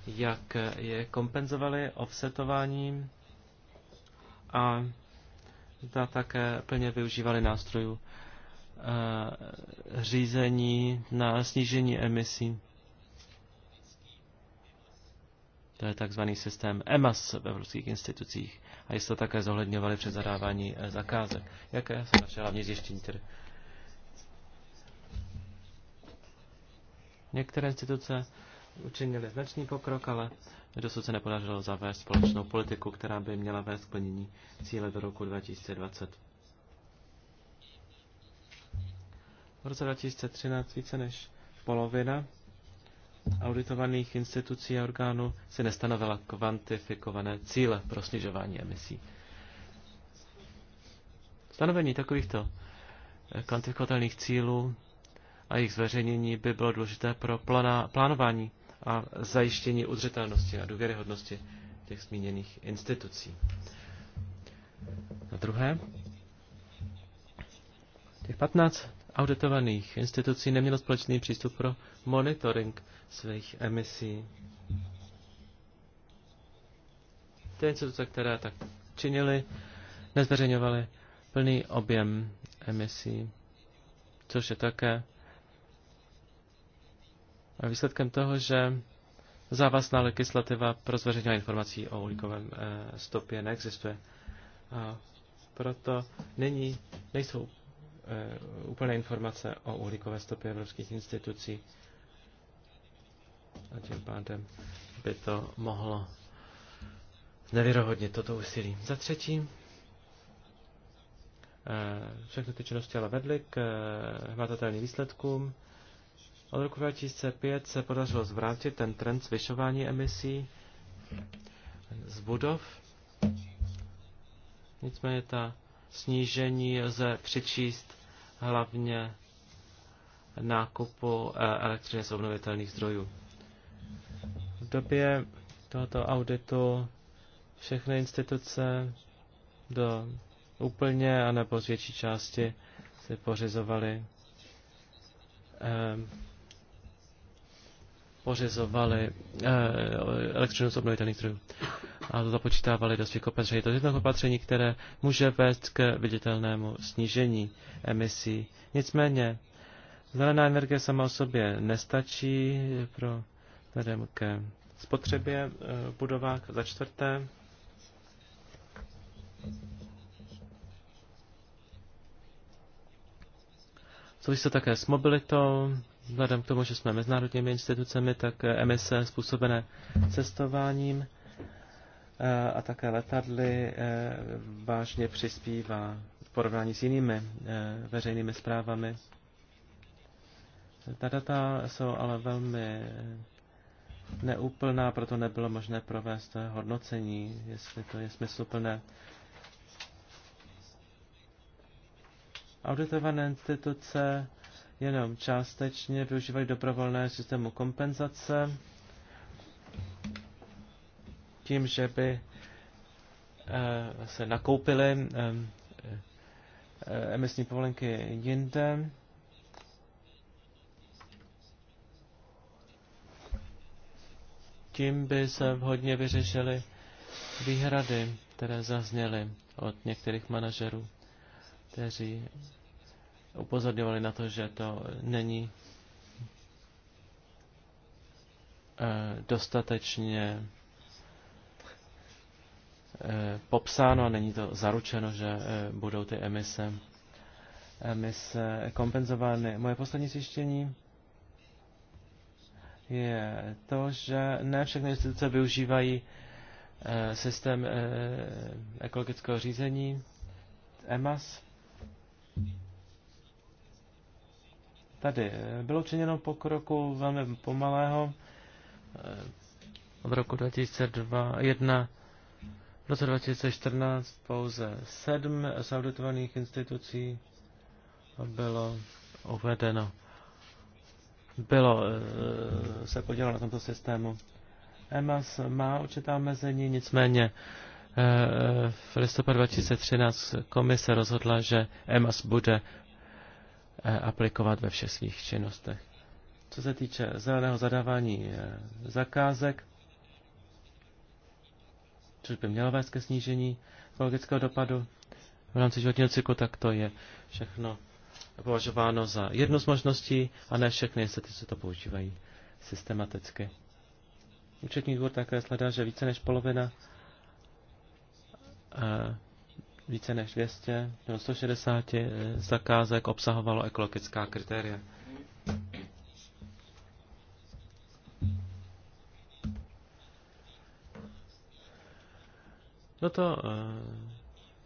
Speaker 2: jak je kompenzovali offsetováním a zda také plně využívali nástrojů eh, řízení na snížení emisí. To je takzvaný systém EMAS v evropských institucích a to také zohledňovali při zadávání eh, zakázek. Jaké jsou naše hlavní zjištění tedy? Některé instituce učinily značný pokrok, ale dosud se nepodařilo zavést společnou politiku, která by měla vést k plnění cíle do roku 2020. V roce 2013 více než polovina auditovaných institucí a orgánů si nestanovila kvantifikované cíle pro snižování emisí. Stanovení takovýchto kvantifikovatelných cílů a jejich zveřejnění by bylo důležité pro plánování a zajištění udržitelnosti a důvěryhodnosti těch zmíněných institucí. Na druhé, těch 15 auditovaných institucí nemělo společný přístup pro monitoring svých emisí. Ty instituce, které tak činili, nezveřejňovaly plný objem emisí, což je také výsledkem toho, že závazná legislativa pro zveřejňování informací o uhlíkovém eh, stopě neexistuje. A proto není, nejsou eh, úplné informace o uhlíkové stopě evropských institucí. A tím pádem by to mohlo nevyrohodnit toto úsilí. Za třetí, eh, všechny ty činnosti ale vedly k hmatatelným výsledkům. Od roku 2005 se podařilo zvrátit ten trend zvyšování emisí z budov. Nicméně ta snížení lze přičíst hlavně nákupu eh, elektřiny z obnovitelných zdrojů. V době tohoto auditu všechny instituce do úplně nebo z větší části si pořizovali eh, pořizovali eh, elektřinu z obnovitelných zdrojů a to započítávali do svých opatření. To je jedno opatření, které může vést k viditelnému snížení emisí. Nicméně zelená energie sama o sobě nestačí pro vzhledem ke spotřebě uh, budovák za čtvrté. Souvisí to také s mobilitou, vzhledem k tomu, že jsme mezinárodními institucemi, tak emise způsobené cestováním eh, a také letadly eh, vážně přispívá v porovnání s jinými eh, veřejnými zprávami. Ta data jsou ale velmi neúplná, proto nebylo možné provést hodnocení, jestli to je smysluplné. Auditované instituce jenom částečně využívají dobrovolné systému kompenzace tím, že by eh, se nakoupily eh, eh, emisní povolenky jinde. Tím by se vhodně vyřešily výhrady, které zazněly od některých manažerů, kteří upozorňovali na to, že to není eh, dostatečně eh, popsáno a není to zaručeno, že eh, budou ty emise, emise kompenzovány. Moje poslední zjištění je to, že ne všechny instituce využívají systém ekologického řízení EMAS Tady eh, bylo činěno pokroku velmi pomalého. Eh, od roku 2001 v roce 2014 pouze sedm zauditovaných institucí bylo uvedeno. Bylo, eh, se podílelo na tomto systému. EMAS má určitá mezení, nicméně v listopadu 2013 komise rozhodla, že EMAS bude Eh, aplikovat ve všech svých činnostech. Co se týče zeleného zadávání eh, zakázek, což by mělo vést ke snížení ekologického dopadu v rámci životního cyklu, tak to je všechno považováno za jednu z možností a ne všechny instituce to používají systematicky. Účetní dvůr také sledá, že více než polovina eh, více než 200 nebo 160 eh, zakázek obsahovalo ekologická kritéria. Toto eh,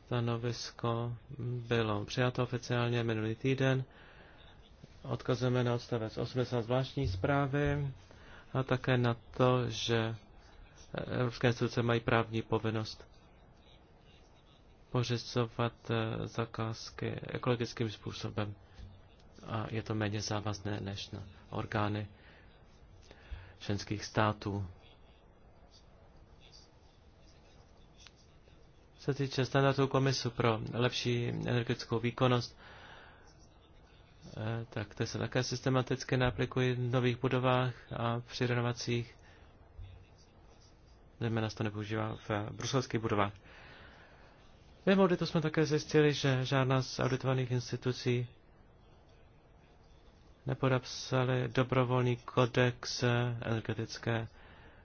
Speaker 2: stanovisko bylo přijato oficiálně minulý týden. Odkazujeme na odstavec 80 zvláštní zprávy a také na to, že eh, Evropské instituce mají právní povinnost pořizovat eh, zakázky ekologickým způsobem a je to méně závazné než na orgány členských států. Se týče standardů komisu pro lepší energetickou výkonnost, eh, tak ty se také systematicky naplikují v nových budovách a při renovacích. Zejména se to nepoužívá v bruselských budovách. Mimo auditu jsme také zjistili, že žádná z auditovaných institucí nepodepsali dobrovolný kodex energetické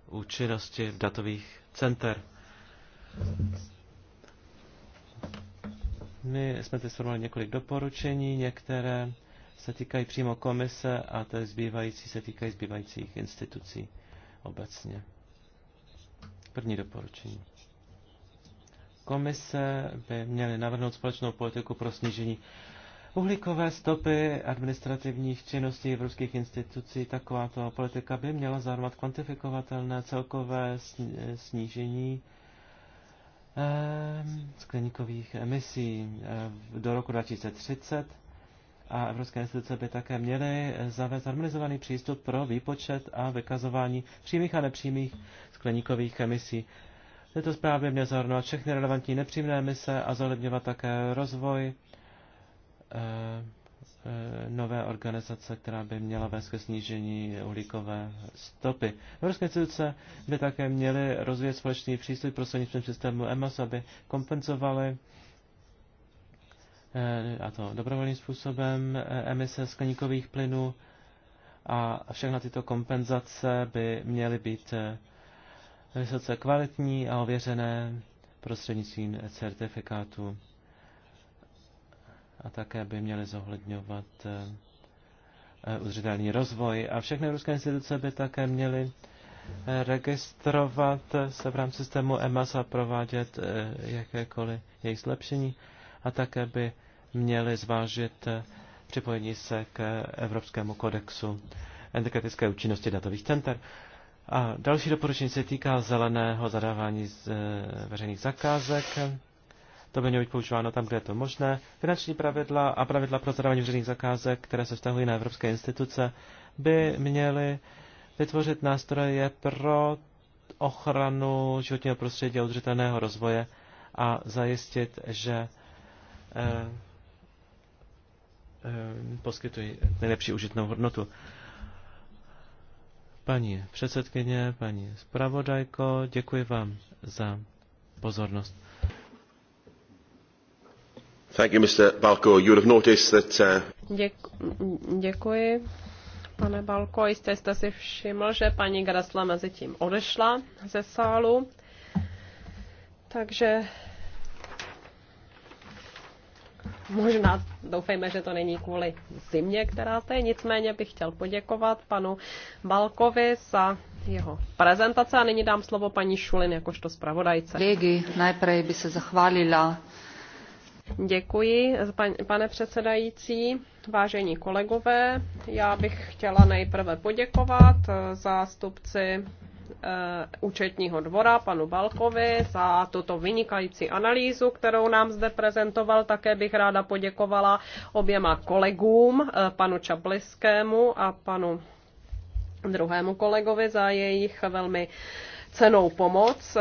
Speaker 2: účinnosti datových center. My jsme teď sformovali několik doporučení, některé se týkají přímo komise a ty zbývající se týkají zbývajících institucí obecně. První doporučení komise by měly navrhnout společnou politiku pro snížení uhlíkové stopy administrativních činností evropských institucí. Takováto politika by měla zahrnovat kvantifikovatelné celkové snížení ehm, skleníkových emisí ehm, do roku 2030 a evropské instituce by také měly zavést harmonizovaný přístup pro výpočet a vykazování přímých a nepřímých skleníkových emisí. Tyto zprávy měly zahrnovat všechny relevantní nepřímé mise a zohledňovat také rozvoj eh, eh, nové organizace, která by měla vést ke snížení uhlíkové stopy. Evropské instituce by také měly rozvíjet společný přístup prostřednictvím systému EMAS, aby kompenzovaly eh, a to dobrovolným způsobem emise skleníkových plynů a všechna tyto kompenzace by měly být vysoce kvalitní a ověřené prostřednictvím certifikátu a také by měly zohledňovat eh, eh, udržitelný rozvoj. A všechny ruské instituce by také měly eh, registrovat se v rámci systému EMAS a provádět jakékoliv jejich zlepšení a také by měly zvážit připojení se k Evropskému kodexu energetické účinnosti datových center. A další doporučení se týká zeleného zadávání z e, veřejných zakázek. To by mělo být používáno tam, kde je to možné. Finanční pravidla a pravidla pro zadávání veřejných zakázek, které se vztahují na evropské instituce, by měly vytvořit nástroje pro ochranu životního prostředí a udržitelného rozvoje a zajistit, že e, e, poskytují nejlepší užitnou hodnotu. Paní předsedkyně, paní zpravodajko, děkuji vám za pozornost.
Speaker 5: Thank you, Mr. Balko. You have noticed that, uh...
Speaker 1: Děku, děkuji. Pane Balko, jistě jste si všiml, že paní Grasla mezi tím odešla ze sálu. Takže Možná doufejme, že to není kvůli zimě, která to je. Nicméně bych chtěl poděkovat panu Balkovi za jeho prezentace a nyní dám slovo paní Šulin jakožto zpravodajce. Kolegy, najprve by se zachválila. Děkuji, pane předsedající, vážení kolegové. Já bych chtěla nejprve poděkovat eh, zástupci Eh, účetního dvora panu Balkovi za tuto vynikající analýzu, kterou nám zde prezentoval. Také bych ráda poděkovala oběma kolegům, eh, panu Čabliskému a panu druhému kolegovi za jejich velmi cenou pomoc.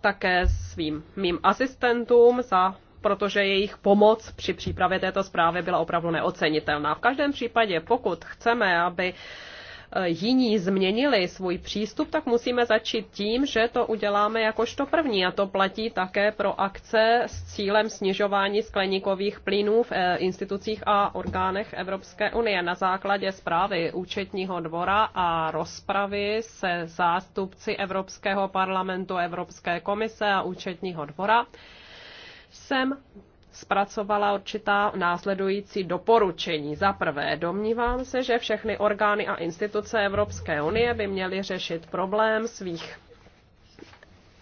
Speaker 1: Také svým mým asistentům za protože jejich pomoc při přípravě této zprávy byla opravdu neocenitelná. V každém případě, pokud chceme, aby uh, Eh, jiní změnili svůj přístup, tak musíme začít tím, že to uděláme jakožto první. A to platí také pro akce s cílem snižování skleníkových plynů v eh, institucích a orgánech Evropské unie. Na základě zprávy účetního dvora a rozpravy se zástupci Evropského parlamentu, Evropské komise a účetního dvora jsem zpracovala určitá následující doporučení. Za prvé, domnívám se, že všechny orgány a instituce Evropské unie by měly řešit problém svých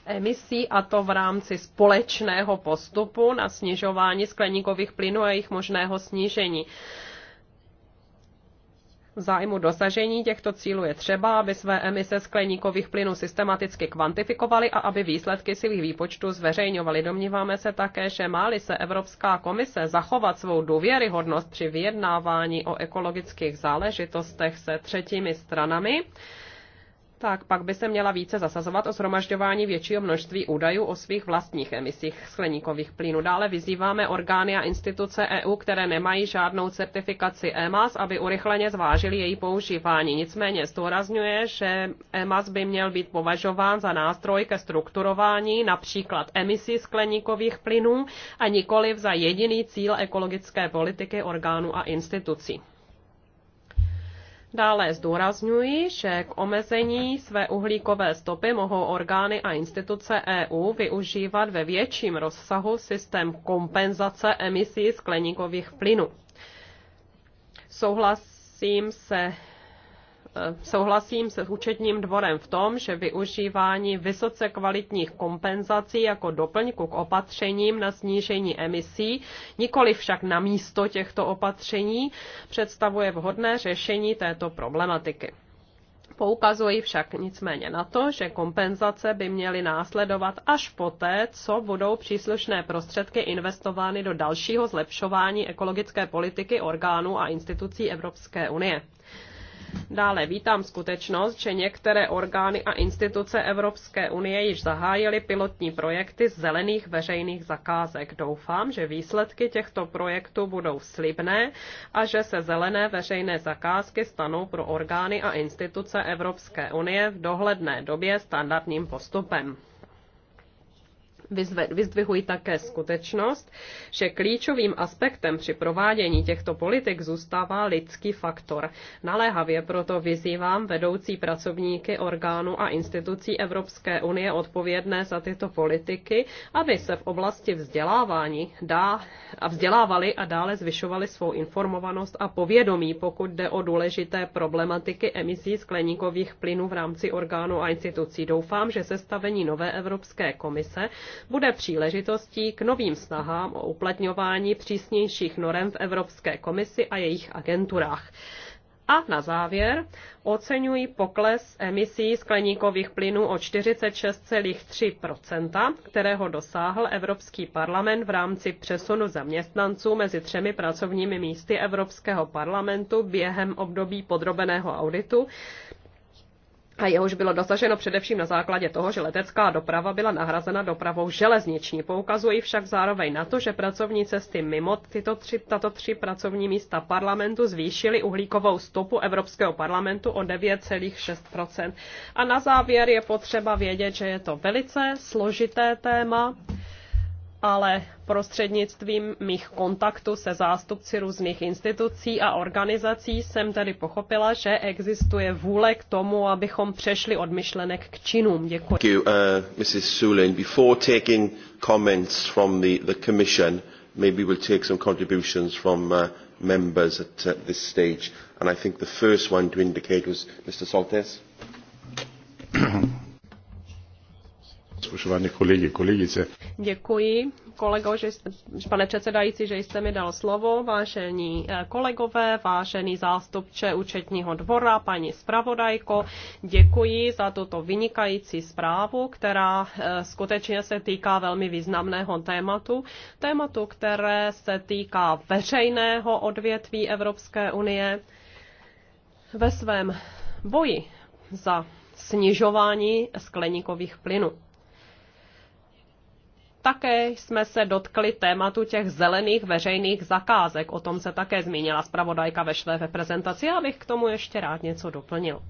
Speaker 1: emisí, a to v rámci společného postupu na snižování skleníkových plynů a jejich možného snížení zájmu dosažení těchto cílů je třeba, aby své emise skleníkových plynů systematicky kvantifikovaly a aby výsledky svých výpočtů zveřejňovaly. Domníváme se také, že máli se Evropská komise zachovat svou důvěryhodnost při vyjednávání o ekologických záležitostech se třetími stranami, tak pak by se měla více zasazovat o zhromažďování většího množství údajů o svých vlastních emisích skleníkových plynů. Dále vyzýváme orgány a instituce EU, které nemají žádnou certifikaci EMAS, aby urychleně zvážili její používání. Nicméně zdůrazňuje, že EMAS by měl být považován za nástroj ke strukturování například emisí skleníkových plynů a nikoliv za jediný cíl ekologické politiky orgánů a institucí. Dále zdůrazňuji, že k omezení své uhlíkové stopy mohou orgány a instituce EU využívat ve větším rozsahu systém kompenzace emisí skleníkových plynů. Souhlasím se Souhlasím se s účetním dvorem v tom, že využívání vysoce kvalitních kompenzací jako doplňku k opatřením na snížení emisí, nikoli však na místo těchto opatření, představuje vhodné řešení této problematiky. Poukazují však nicméně na to, že kompenzace by měly následovat až poté, co budou příslušné prostředky investovány do dalšího zlepšování ekologické politiky orgánů a institucí Evropské unie. Dále vítám skutečnost, že některé orgány a instituce Evropské unie již zahájily pilotní projekty z zelených veřejných zakázek. Doufám, že výsledky těchto projektů budou slibné a že se zelené veřejné zakázky stanou pro orgány a instituce Evropské unie v dohledné době standardním postupem. Vyzdvihuji také skutečnost, že klíčovým aspektem při provádění těchto politik zůstává lidský faktor. Naléhavě proto vyzývám vedoucí pracovníky orgánů a institucí Evropské unie odpovědné za tyto politiky, aby se v oblasti vzdělávání dá a vzdělávali a dále zvyšovali svou informovanost a povědomí, pokud jde o důležité problematiky emisí skleníkových plynů v rámci orgánů a institucí. Doufám, že sestavení nové Evropské komise bude příležitostí k novým snahám o uplatňování přísnějších norem v Evropské komisi a jejich agenturách. A na závěr oceňují pokles emisí skleníkových plynů o 46,3 kterého dosáhl Evropský parlament v rámci přesunu zaměstnanců mezi třemi pracovními místy Evropského parlamentu během období podrobeného auditu a jehož bylo dosaženo především na základě toho, že letecká doprava byla nahrazena dopravou železniční. Poukazují však zároveň na to, že pracovní cesty mimo tyto tři, tato tři pracovní místa parlamentu zvýšily uhlíkovou stopu Evropského parlamentu o 9,6 A na závěr je potřeba vědět, že je to velice složité téma ale prostřednictvím mých kontaktů se zástupci různých institucí a organizací jsem tedy pochopila, že existuje vůle k tomu, abychom přešli od myšlenek k činům. Děkuji.
Speaker 5: Thank uh, Mrs. Sulin. Before taking comments from the, the Commission, maybe we'll take some contributions from uh, members at uh, this stage. And I think the first one to indicate was Mr. Soltes. *clears throat*
Speaker 3: Spoštovani kolegi, kolegice.
Speaker 1: Děkuji, kolego, že jste, pane předsedající, že jste mi dal slovo. Vážení eh, kolegové, vážený zástupče účetního dvora, paní zpravodajko, děkuji za tuto vynikající zprávu, která eh, skutečně se týká velmi významného tématu. Tématu, které se týká veřejného odvětví Evropské unie. Ve svém boji za snižování skleníkových plynů. Také jsme se dotkli tématu těch zelených veřejných zakázek. O tom se také zmínila zpravodajka ve své prezentaci. Já bych k tomu ještě rád něco doplnil.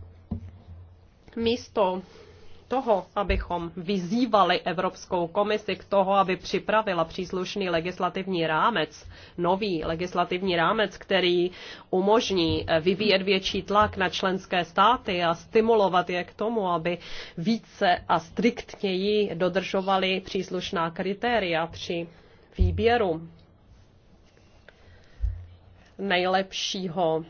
Speaker 1: Místo toho, abychom vyzývali Evropskou komisi k toho, aby připravila příslušný legislativní rámec, nový legislativní rámec, který umožní eh, vyvíjet větší tlak na členské státy a stimulovat je k tomu, aby více a striktněji dodržovali příslušná kritéria při výběru nejlepšího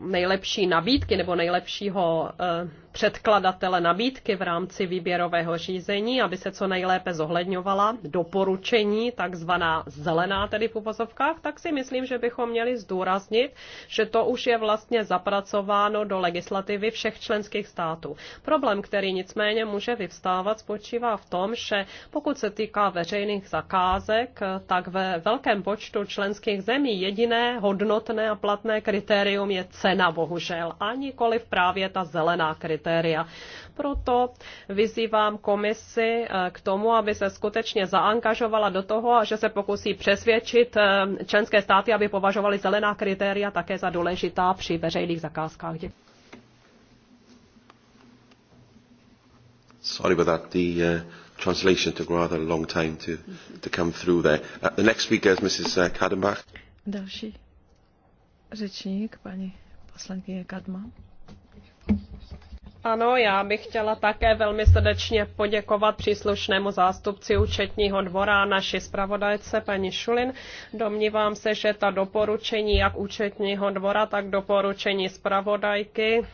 Speaker 1: nejlepší nabídky nebo nejlepšího eh, předkladatele nabídky v rámci výběrového řízení, aby se co nejlépe zohledňovala doporučení, takzvaná zelená tedy v uvozovkách, tak si myslím, že bychom měli zdůraznit, že to už je vlastně zapracováno do legislativy všech členských států. Problém, který nicméně může vyvstávat, spočívá v tom, že pokud se týká veřejných zakázek, tak ve velkém počtu členských zemí jediné hodnotné a platné kritérium je cena, bohužel, a nikoli právě ta zelená kritéria kritéria. Proto vyzývám komisi eh, k tomu, aby se skutečně zaangažovala do toho a že se pokusí přesvědčit eh, členské státy, aby považovali zelená kritéria také za důležitá při veřejných zakázkách.
Speaker 2: Sorry about that. The uh,
Speaker 5: translation took rather a long time to, to come through there. Uh, the next speaker is Mrs. Uh, Kadenbach.
Speaker 4: Další řečník, paní poslankyně Kadma.
Speaker 1: Ano, já bych chtěla také velmi srdečně poděkovat příslušnému zástupci účetního dvora naší zpravodajce paní Šulin. Domnívám se, že ta doporučení jak účetního dvora, tak doporučení zpravodajky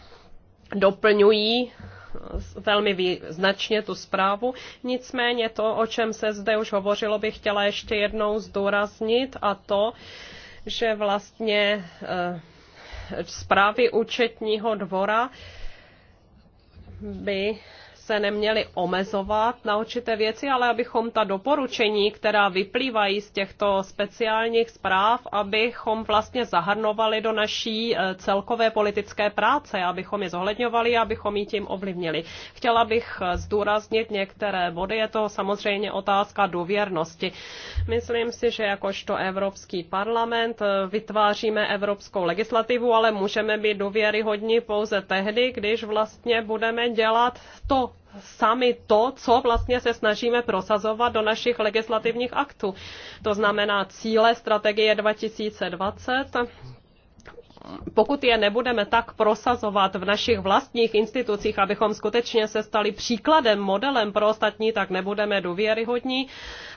Speaker 1: doplňují velmi značně tu zprávu. Nicméně to, o čem se zde už hovořilo, bych chtěla ještě jednou zdůraznit a to, že vlastně e, zprávy účetního dvora e, by se neměli omezovat na určité věci, ale abychom ta doporučení, která vyplývají z těchto speciálních zpráv, abychom vlastně zahrnovali do naší e, celkové politické práce, abychom je zohledňovali, abychom ji tím ovlivnili. Chtěla bych e, zdůraznit některé body, je to samozřejmě otázka důvěrnosti. Myslím si, že jakožto Evropský parlament e, vytváříme evropskou legislativu, ale můžeme být důvěryhodní pouze tehdy, když vlastně budeme dělat to, sami to, co vlastně se snažíme prosazovat do našich legislativních aktů. To znamená cíle strategie 2020, pokud je nebudeme tak prosazovat v našich vlastních institucích, abychom skutečně se stali příkladem, modelem pro ostatní, tak nebudeme důvěryhodní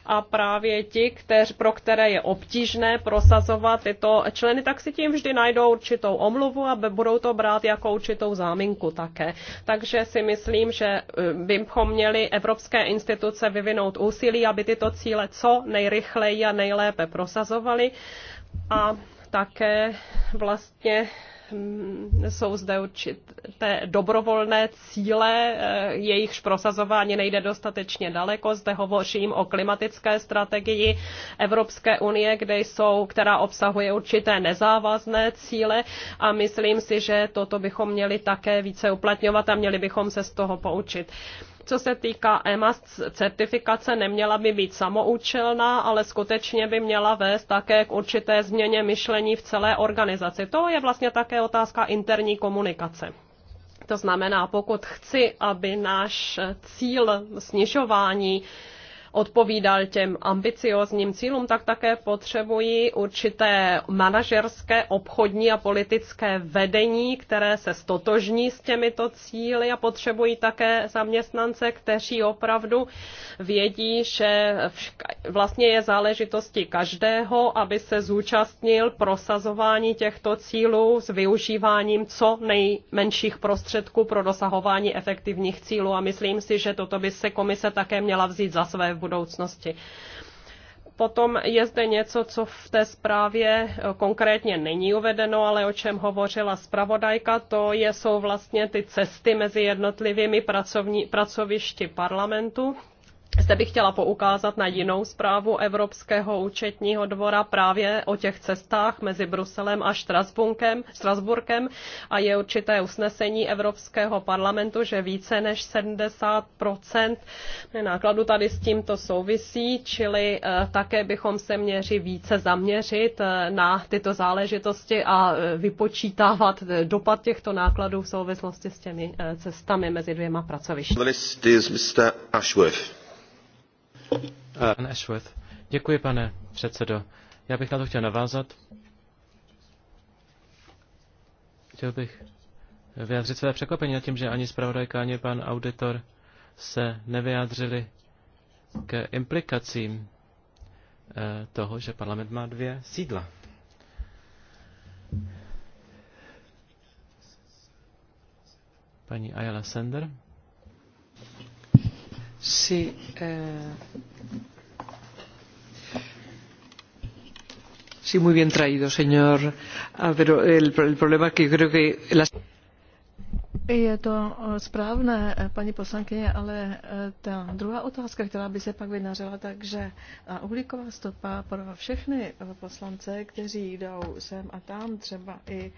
Speaker 1: a právě ti, kteř, pro které je obtížné prosazovat tyto členy, tak si tím vždy najdou určitou omluvu a budou to brát jako určitou záminku také. Takže si myslím, že eh, bychom měli evropské instituce vyvinout úsilí, aby tyto cíle co nejrychleji a nejlépe prosazovaly. A také vlastně mm, jsou zde určité dobrovolné cíle, eh, jejichž prosazování nejde dostatečně daleko. Zde hovořím o klimatické strategii Evropské unie, kde jsou, která obsahuje určité nezávazné cíle a myslím si, že toto bychom měli také více uplatňovat a měli bychom se z toho poučit. Co se týká EMA, certifikace neměla by být samoučelná, ale skutečně by měla vést také k určité změně myšlení v celé organizaci. To je vlastně také otázka interní komunikace. To znamená, pokud chci, aby náš cíl snižování odpovídal těm ambiciozním cílům, tak také potřebují určité manažerské, obchodní a politické vedení, které se stotožní s těmito cíly a potřebují také zaměstnance, kteří opravdu vědí, že vlastně je záležitosti každého, aby se zúčastnil prosazování těchto cílů s využíváním co nejmenších prostředků pro dosahování efektivních cílů a myslím si, že toto by se komise také měla vzít za své budoucnosti. Potom je zde něco, co v té zprávě eh, konkrétně není uvedeno, ale o čem hovořila zpravodajka, to je, jsou vlastně ty cesty mezi jednotlivými pracovní, pracovišti parlamentu. Zde bych chtěla poukázat na jinou zprávu Evropského účetního dvora právě o těch cestách mezi Bruselem a Štrasburkem, a je určité usnesení Evropského parlamentu, že více než 70 nákladu tady s tímto souvisí, čili eh, také bychom se měli více zaměřit eh, na tyto záležitosti a eh, vypočítávat dopad těchto nákladů v souvislosti s těmi cestami mezi dvěma pracovišti.
Speaker 5: Ashworth.
Speaker 2: Děkuji, pane předsedo. Já bych na to chtěl navázat. Chtěl bych vyjádřit své překvapení nad tím, že ani zpravodajka, ani pan auditor se nevyjádřili k implikacím eh, toho, že parlament má dvě sídla. Paní Ayala Sender.
Speaker 5: Sí. Eh... Sí, muy
Speaker 4: bien traído, señor. Ah, pero el, el problema es que creo que las... Je to správné, paní poslankyně, ale eh, ta druhá otázka, která by se pak vynařila, takže eh, uhlíková stopa pro všechny eh, poslance, kteří jdou sem a tam, třeba i uh,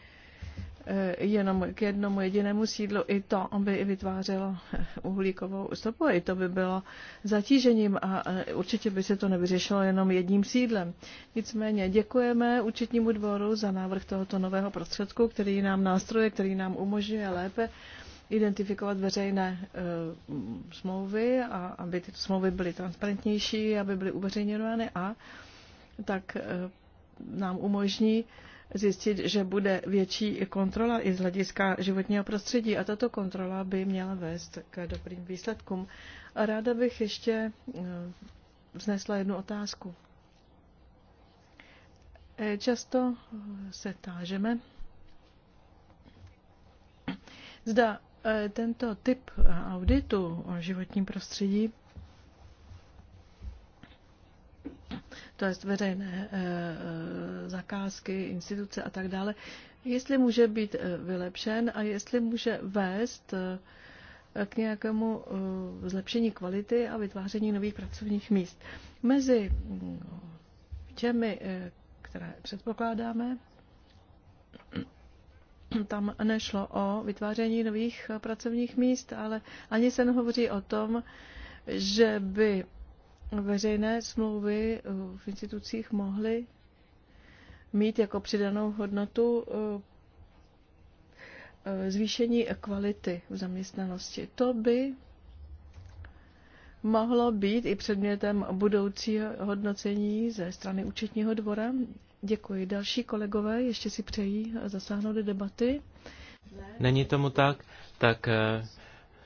Speaker 4: Eh, jenom k jednomu jedinému sídlu, i to by i vytvářelo *laughs* uhlíkovou stopu, i to by bylo zatížením a eh, určitě by se to nevyřešilo jenom jedním sídlem. Nicméně děkujeme účetnímu dvoru za návrh tohoto nového prostředku, který nám nástroje, který nám umožňuje lépe identifikovat veřejné e, smlouvy a aby ty smlouvy byly transparentnější, aby byly uveřejňovány a tak e, nám umožní e, zjistit, že bude větší kontrola i z hlediska životního prostředí a tato kontrola by měla vést k dobrým výsledkům. A ráda bych ještě eh, vznesla jednu otázku. Eh, často se tážeme, zda eh, tento typ auditu o životním prostředí to je veřejné eh, eh, zakázky, instituce a tak dále, jestli může být eh, vylepšen a jestli může vést k nějakému zlepšení kvality a vytváření nových pracovních míst. Mezi mm, těmi, které předpokládáme, *clears throat* tam nešlo o vytváření nových pracovních míst, ale ani se nehovoří o tom, že by veřejné smlouvy eh, v institucích mohly mít jako přidanou hodnotu eh, zvýšení kvality v zaměstnanosti. To by mohlo být i předmětem budoucího hodnocení ze strany účetního dvora. Děkuji. Další kolegové ještě si přejí zasáhnout do debaty.
Speaker 2: Není tomu tak, tak eh,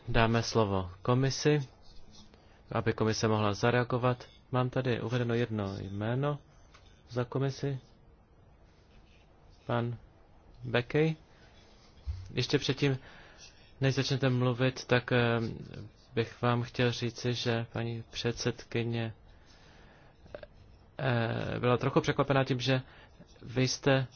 Speaker 2: dáme slovo komisi aby komise mohla zareagovat. Mám tady uvedeno jedno jméno za komisi. Pan Bekej. Ještě předtím, než začnete mluvit, tak eh, bych vám chtěl říci, že paní předsedkyně eh, byla trochu překvapená tím, že vy jste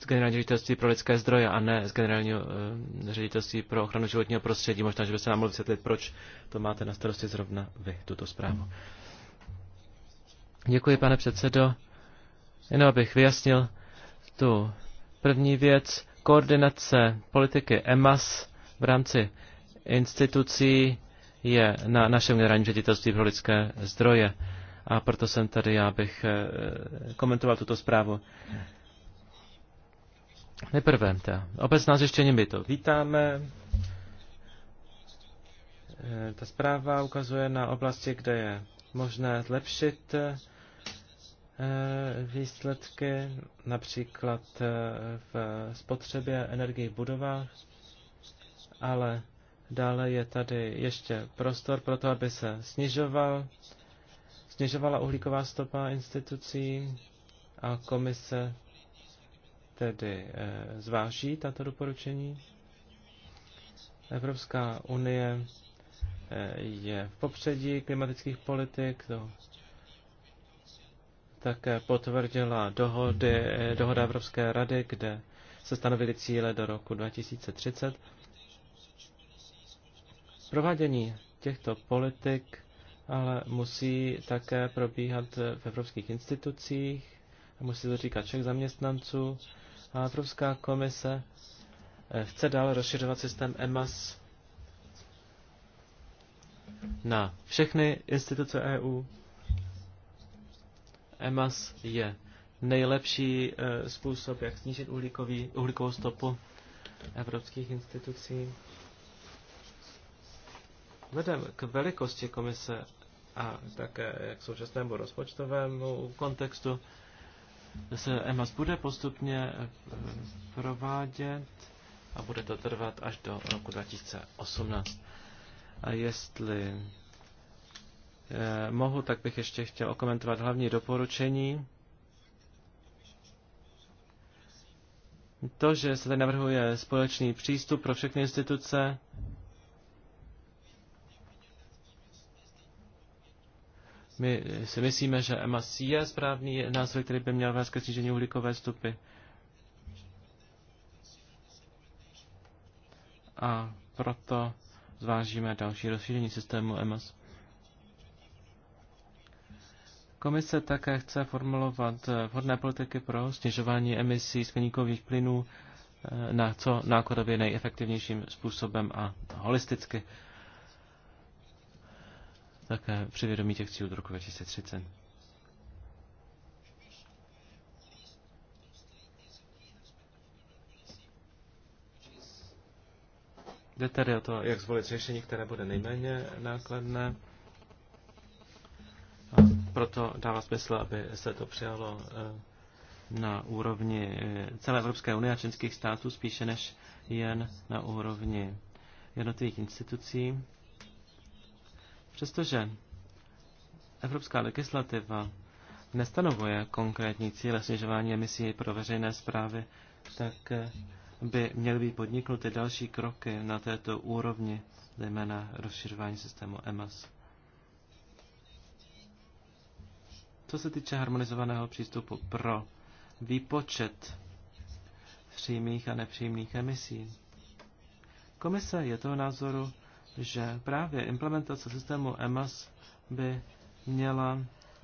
Speaker 2: z generálního ředitelství pro lidské zdroje a ne z generálního eh, ředitelství pro ochranu životního prostředí. Možná, že byste nám mohli vysvětlit, proč to máte na starosti zrovna vy, tuto zprávu. Děkuji, pane předsedo. Jenom abych vyjasnil tu první věc. Koordinace politiky EMAS v rámci institucí je na našem generálním ředitelství pro lidské zdroje. A proto jsem tady, já bych eh, komentoval tuto zprávu. Nejprve, ta obecná zjištění by to vítáme. Eh, ta zpráva ukazuje na oblasti, kde je možné zlepšit eh, výsledky, například eh, v spotřebě energie v budovách, ale dále je tady ještě prostor pro to, aby se snižoval, snižovala uhlíková stopa institucí a komise tedy eh, zváží tato doporučení. Evropská unie eh, je v popředí klimatických politik, to také potvrdila dohody, eh, dohoda Evropské rady, kde se stanovily cíle do roku 2030. Provádění těchto politik ale musí také probíhat v evropských institucích, musí to říkat všech zaměstnanců, a Evropská komise eh, chce dále rozšiřovat systém EMAS na všechny instituce EU. EMAS je nejlepší eh, způsob, jak snížit uhlíkový, uhlíkovou stopu evropských institucí. Vzhledem k velikosti komise a také k současnému rozpočtovému kontextu se EMAS bude postupně eh, provádět a bude to trvat až do roku 2018. A jestli eh, mohu, tak bych ještě chtěl okomentovat hlavní doporučení. To, že se tady navrhuje společný přístup pro všechny instituce, My si myslíme, že MSC je správný nástroj, který by měl vést ke snížení uhlíkové stopy. A proto zvážíme další rozšíření systému MS. Komise také chce formulovat vhodné politiky pro snižování emisí skleníkových plynů eh, na co nákladově nejefektivnějším způsobem a holisticky také při vědomí těch cílů do roku 2030. Jde tedy o to, jak zvolit řešení, které bude nejméně nákladné. A proto dává smysl, aby se to přijalo eh, na úrovni eh, celé Evropské unie a členských států, spíše než jen na úrovni jednotlivých institucí. Přestože evropská legislativa nestanovuje konkrétní cíle snižování emisí pro veřejné zprávy, tak eh, by měly být podniknuty další kroky na této úrovni, zejména rozšiřování systému EMAS. Co se týče harmonizovaného přístupu pro výpočet přímých a nepřímých emisí, komise je toho názoru, že právě implementace systému EMAS by měla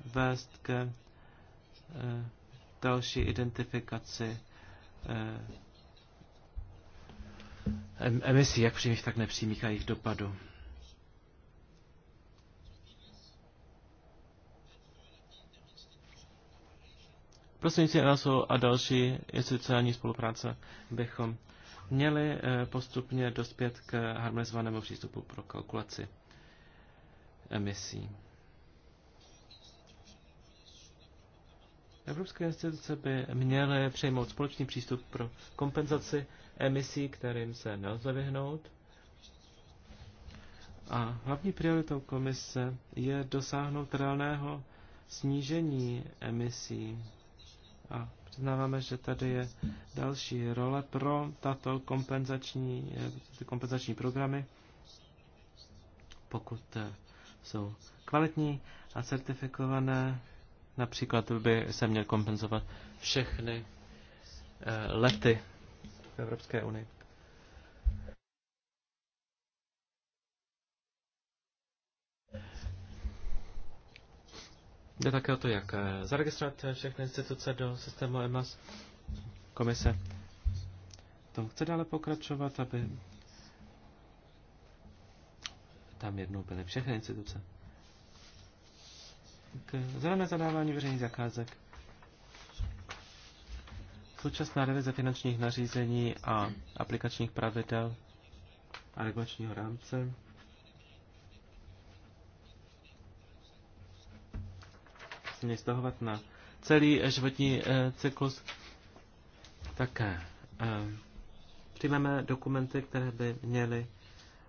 Speaker 2: vést ke eh, další identifikaci eh, emisí, jak přímých, tak nepřímých a jejich dopadů. Prosím, si a další institucionální spolupráce bychom měli eh, postupně dospět k harmonizovanému přístupu pro kalkulaci emisí. Evropské instituce by měly přejmout společný přístup pro kompenzaci emisí, kterým se nelze vyhnout. A hlavní prioritou komise je dosáhnout reálného snížení emisí a Uznáváme, že tady je další role pro tato kompenzační, eh, kompenzační programy, pokud eh, jsou kvalitní a certifikované. Například by se měl kompenzovat všechny eh, lety v Evropské unii. Jde také o to, jak eh, zaregistrovat všechny instituce do systému EMAS. Komise tom chce dále pokračovat, aby tam jednou byly všechny instituce. K zelené zadávání veřejných zakázek. Současná revize finančních nařízení a aplikačních pravidel a regulačního rámce vlastně stahovat na celý životní eh, cyklus. Také eh, přijmeme dokumenty, které by měly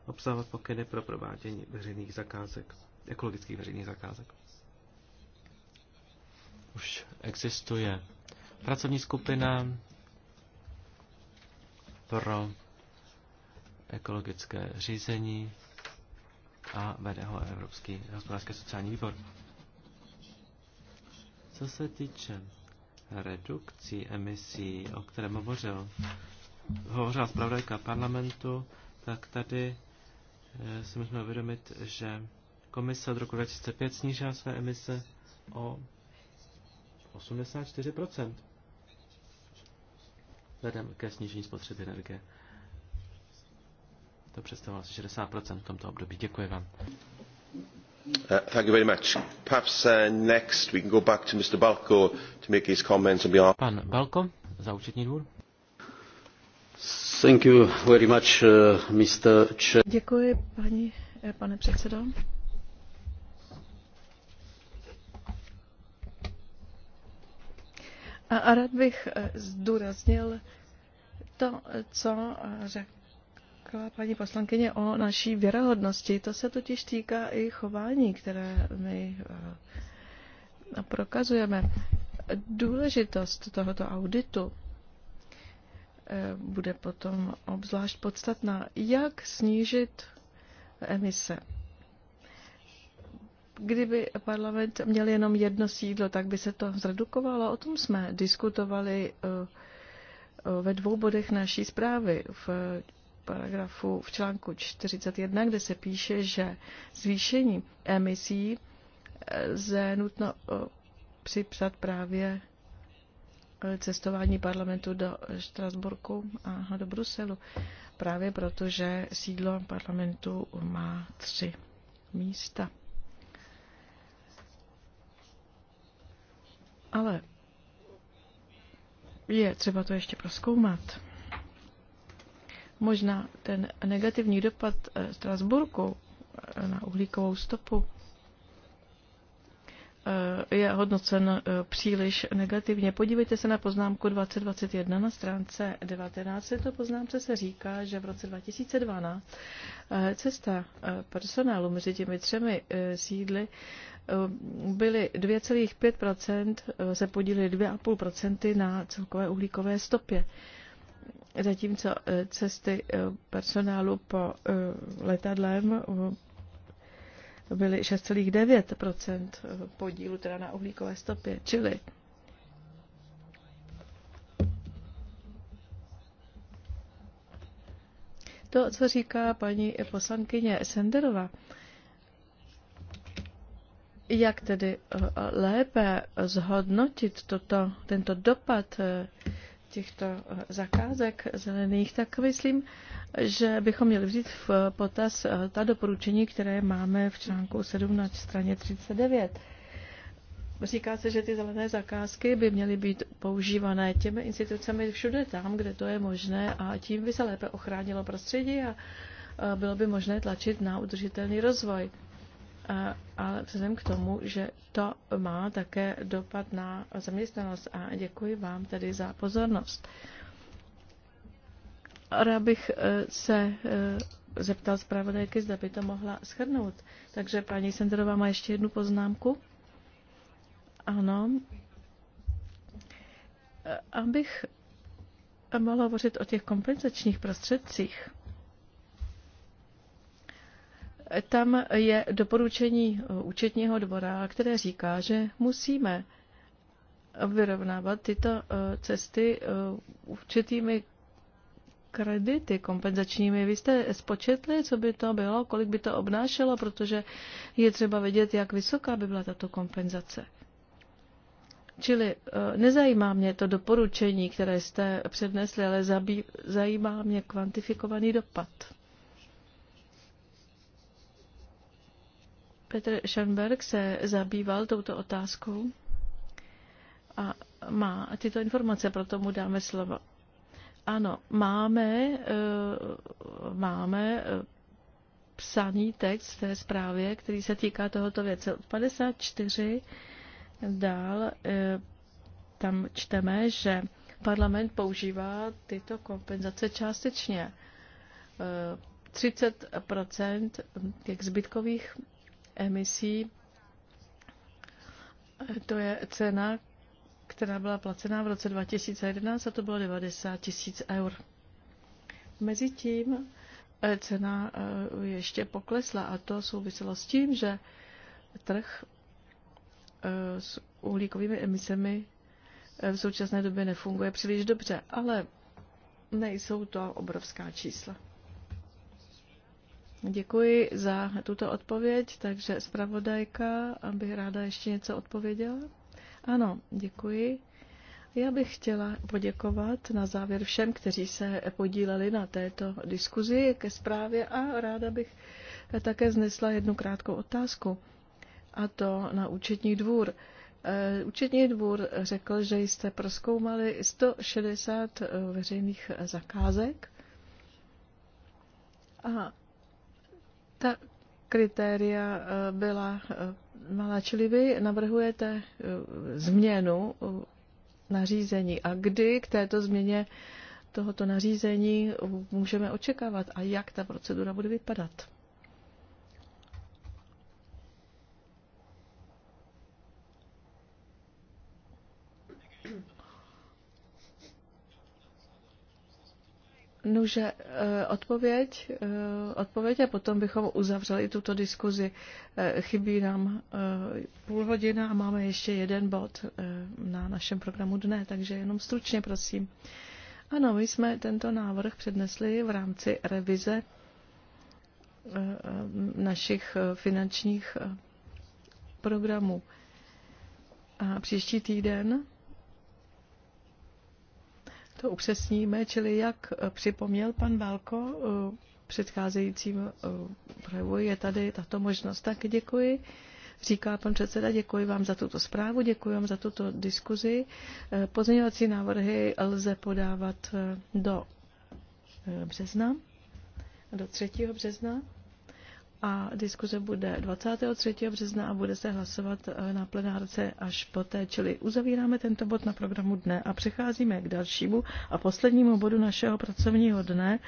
Speaker 2: obsahovat pokyny pro provádění veřejných zakázek, ekologických veřejných zakázek. Už existuje pracovní skupina pro ekologické řízení a vede ho Evropský hospodářský sociální výbor. Co se týče redukcí emisí, o kterém hovořil, hovořila zpravodajka parlamentu, tak tady eh, si musíme uvědomit, že komise od roku 2005 snížila své emise o 84% vzhledem ke snížení spotřeby energie. To představovalo asi 60% v tomto období. Děkuji vám.
Speaker 5: Uh, thank you very much. Perhaps uh, next we can go back to Mr. Balko to
Speaker 3: make his Pan
Speaker 2: Balko za účetní dvůr.
Speaker 3: Uh, Děkuji,
Speaker 4: paní, eh, pane předsedo. A, a rád bych eh, zdůraznil to, co eh, řekl říkala paní poslankyně o naší věrohodnosti. To se totiž týká i chování, které my eh, prokazujeme. Důležitost tohoto auditu eh, bude potom obzvlášť podstatná. Jak snížit emise? Kdyby parlament měl jenom jedno sídlo, tak by se to zredukovalo. O tom jsme diskutovali eh, ve dvou bodech naší zprávy v paragrafu v článku 41, kde se píše, že zvýšení emisí se eh, nutno eh, připsat právě eh, cestování parlamentu do Štrasburku a do Bruselu, právě protože sídlo parlamentu má tři místa. Ale je třeba to ještě proskoumat. Možná ten negativní dopad eh, Strasburku eh, na uhlíkovou stopu eh, je hodnocen příliš negativně. Podívejte se na poznámku 2021 na stránce 19. To poznámce se říká, že v roce 2012 cesta personálu mezi těmi třemi sídly byly 2,5%, se podílily 2,5% na celkové uhlíkové stopě zatímco eh, cesty eh, personálu po eh, letadlem byly 6,9 podílu teda na uhlíkové stopě, čili to, co říká paní poslankyně Senderova, jak tedy lépe zhodnotit toto, tento dopad těchto eh, zakázek zelených, tak myslím, že bychom měli vzít v potaz eh, ta doporučení, které máme v článku 7 na straně 39. Říká se, že ty zelené zakázky by měly být používané těmi institucemi všude tam, kde to je možné a tím by se lépe ochránilo prostředí a eh, bylo by možné tlačit na udržitelný rozvoj ale vzhledem k tomu, že to má také dopad na zaměstnanost a děkuji vám tedy za pozornost. Rád bych e, se e, zeptal zpravodajky, zda by to mohla schrnout. Takže paní Senderová má ještě jednu poznámku. Ano. E, abych mohla hovořit o těch kompenzačních prostředcích. Tam je doporučení eh, účetního dvora, které říká, že musíme vyrovnávat tyto eh, cesty eh, určitými kredity kompenzačními. Vy jste spočetli, co by to bylo, kolik by to obnášelo, protože je třeba vědět, jak vysoká by byla tato kompenzace. Čili nezajímá mě to doporučení, které jste přednesli, ale zajímá mě kvantifikovaný dopad. Petr Schoenberg se zabýval touto otázkou a má tyto informace, proto mu dáme slovo. Ano, máme, eh, máme eh, psaný text v té zprávě, který se týká tohoto věce. Od 54 dál eh, tam čteme, že parlament používá tyto kompenzace částečně. 30 těch zbytkových emisí. To je cena, která byla placená v roce 2011 a to bylo 90 tisíc eur. Mezitím eh, cena eh, ještě poklesla a to souviselo s tím, že trh eh, s uhlíkovými emisemi v současné době nefunguje příliš dobře, ale nejsou to obrovská čísla. Děkuji za tuto odpověď, takže zpravodajka by ráda ještě něco odpověděla. Ano, děkuji. Já bych chtěla poděkovat na závěr všem, kteří se podíleli na této diskuzi ke zprávě a ráda bych také znesla jednu krátkou otázku, a to na účetní dvůr. E, účetní dvůr řekl, že jste proskoumali 160 e, veřejných zakázek a ta kritéria eh, byla eh, malá, čili vy navrhujete eh, změnu nařízení a kdy k této změně tohoto nařízení můžeme očekávat a jak ta procedura bude vypadat. Nože eh, odpověď, eh, odpověď a potom bychom uzavřeli tuto diskuzi. Eh, chybí nám půl hodina a máme ještě jeden bod na našem programu dne, takže jenom stručně prosím. Ano, my jsme tento návrh přednesli v rámci revize našich finančních programů. A příští týden to upřesníme, čili jak eh, připomněl pan Válko eh, předcházejícím eh, projevu, je tady tato možnost. Tak děkuji. Říká pan předseda, děkuji vám za tuto zprávu, děkuji vám za tuto diskuzi. Pozměňovací návrhy lze podávat do března, do 3. března a diskuze bude 23. března a bude se hlasovat eh, na plenárce až poté, čili uzavíráme tento bod na programu dne a přecházíme k dalšímu a poslednímu bodu našeho pracovního dne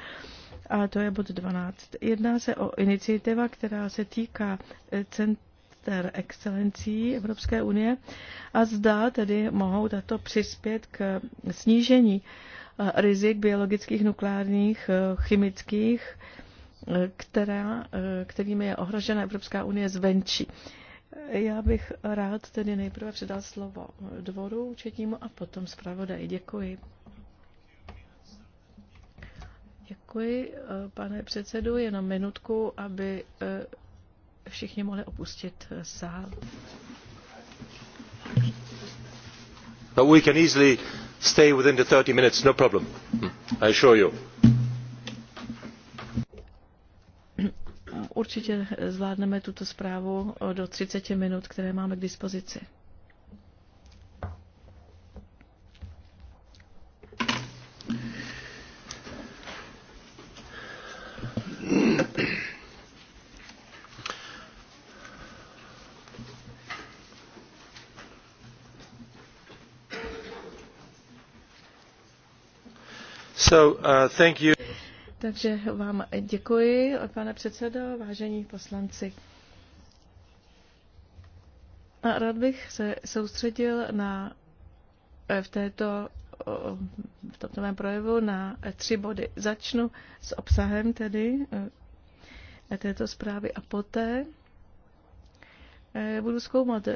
Speaker 4: a to je bod 12. Jedná se o iniciativa, která se týká eh, center excelencí Evropské unie a zda tedy mohou tato přispět k snížení eh, rizik biologických, nukleárních, chemických která, eh, kterými je ohrožena Evropská unie zvenčí. Já bych rád tedy nejprve předal slovo dvoru účetnímu a potom zpravodaji. Děkuji. Děkuji, eh, pane předsedu, jenom minutku, aby eh, všichni mohli opustit sál.
Speaker 5: But we can easily stay within the 30 minutes, no problem, hmm. I assure you.
Speaker 4: Určitě zvládneme tuto zprávu do 30 minut, které máme k dispozici.
Speaker 5: So, uh, thank you.
Speaker 4: Takže vám děkuji, pane předsedo, vážení poslanci. A rád bych se soustředil na, eh, v, této, eh, v tomto mém projevu na eh, tři body. Začnu s obsahem tedy této zprávy a poté budu zkoumat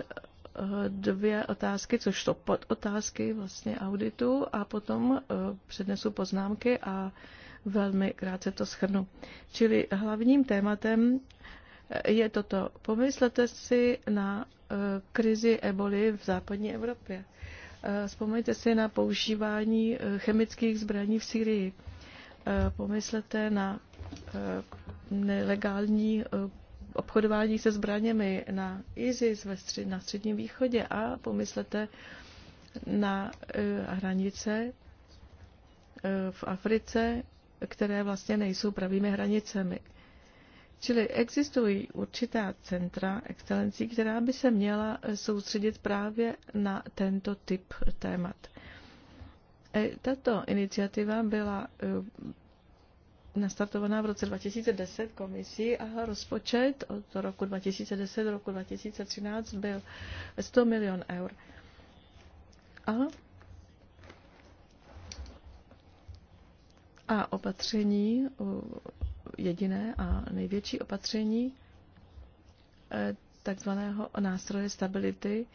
Speaker 4: dvě otázky, což to pod otázky vlastně auditu a potom přednesu poznámky a Velmi krátce to schrnu. Čili hlavním tématem je toto. Pomyslete si na eh, krizi eboli v západní Evropě. Eh, vzpomeňte si na používání eh, chemických zbraní v Syrii. Pomyslete na nelegální obchodování se zbraněmi na ISIS ve stři- na Středním východě a pomyslete na hranice v Africe které vlastně nejsou pravými hranicemi. Čili existují určitá centra excelencí, která by se měla soustředit právě na tento typ témat. E, tato iniciativa byla e, nastartovaná v roce 2010 komisí a rozpočet od roku 2010 do roku 2013 byl 100 milion eur. A A opatření, jediné a největší opatření eh, takzvaného nástroje stability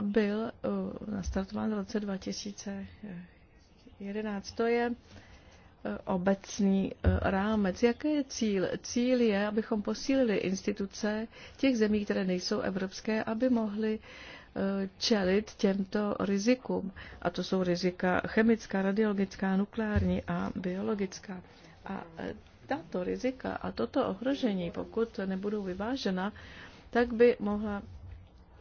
Speaker 4: byl eh, nastartován v roce 2011. To je eh, obecný rámec. Jaký je cíl? Cíl je, abychom posílili instituce těch zemí, které nejsou evropské, aby mohly čelit těmto rizikům. A to jsou rizika chemická, radiologická, nukleární a biologická. A e, tato rizika a toto ohrožení, pokud nebudou vyvážena, tak by mohla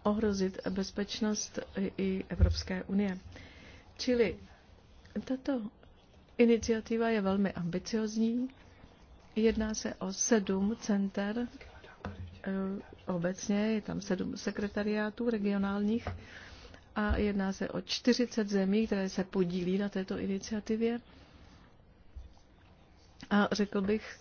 Speaker 4: ohrozit bezpečnost i Evropské unie. Čili tato iniciativa je velmi ambiciozní. Jedná se o sedm center Eh, obecně, je tam sedm sekretariátů regionálních a jedná se o 40 zemí, které se podílí na této iniciativě. A řekl bych,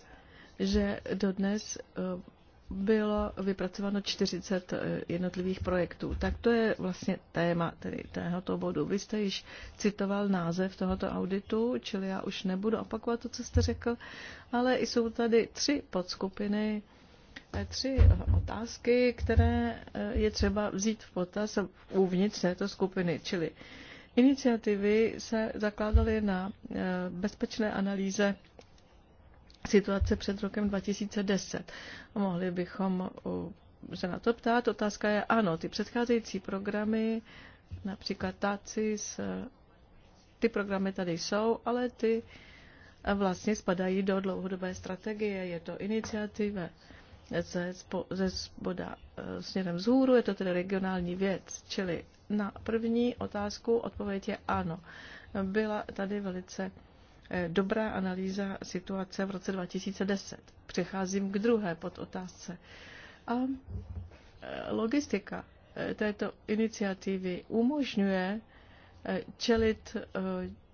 Speaker 4: že dodnes eh, bylo vypracováno 40 eh, jednotlivých projektů. Tak to je vlastně téma tedy tohoto bodu. Vy jste již citoval název tohoto auditu, čili já už nebudu opakovat to, co jste řekl, ale jsou tady tři podskupiny tři otázky, které eh, je třeba vzít v potaz uvnitř této skupiny, čili iniciativy se zakládaly na eh, bezpečné analýze situace před rokem 2010. Mohli bychom se na to ptát. Otázka je ano, ty předcházející programy, například TACIS, ty programy tady jsou, ale ty eh, vlastně spadají do dlouhodobé strategie. Je to iniciativa ze, spo, ze spoda eh, směrem vzhůru, je to tedy regionální věc. Čili na první otázku odpověď je ano. Byla tady velice eh, dobrá analýza situace v roce 2010. Přecházím k druhé podotázce. A eh, logistika této iniciativy umožňuje čelit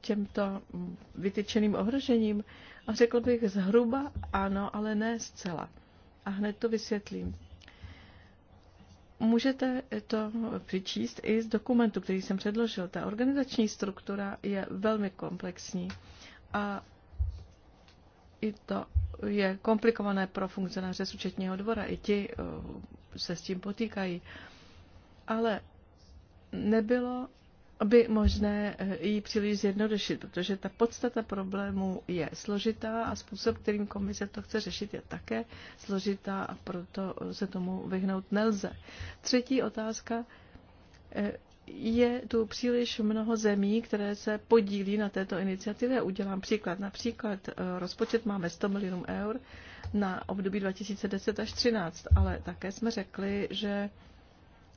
Speaker 4: těmto vytyčeným ohrožením? A řekl bych zhruba ano, ale ne zcela. A hned to vysvětlím. Můžete to přičíst i z dokumentu, který jsem předložil. Ta organizační struktura je velmi komplexní a i to je komplikované pro funkcionáře z účetního dvora. I ti eh, se s tím potýkají. Ale nebylo by možné eh, ji příliš zjednodušit, protože ta podstata problému je složitá a způsob, kterým komise to chce řešit, je také složitá a proto se tomu vyhnout nelze. Třetí otázka eh, je tu příliš mnoho zemí, které se podílí na této iniciativě. Udělám příklad. Například eh, rozpočet máme 100 milionů eur na období 2010 až 2013, ale také jsme řekli, že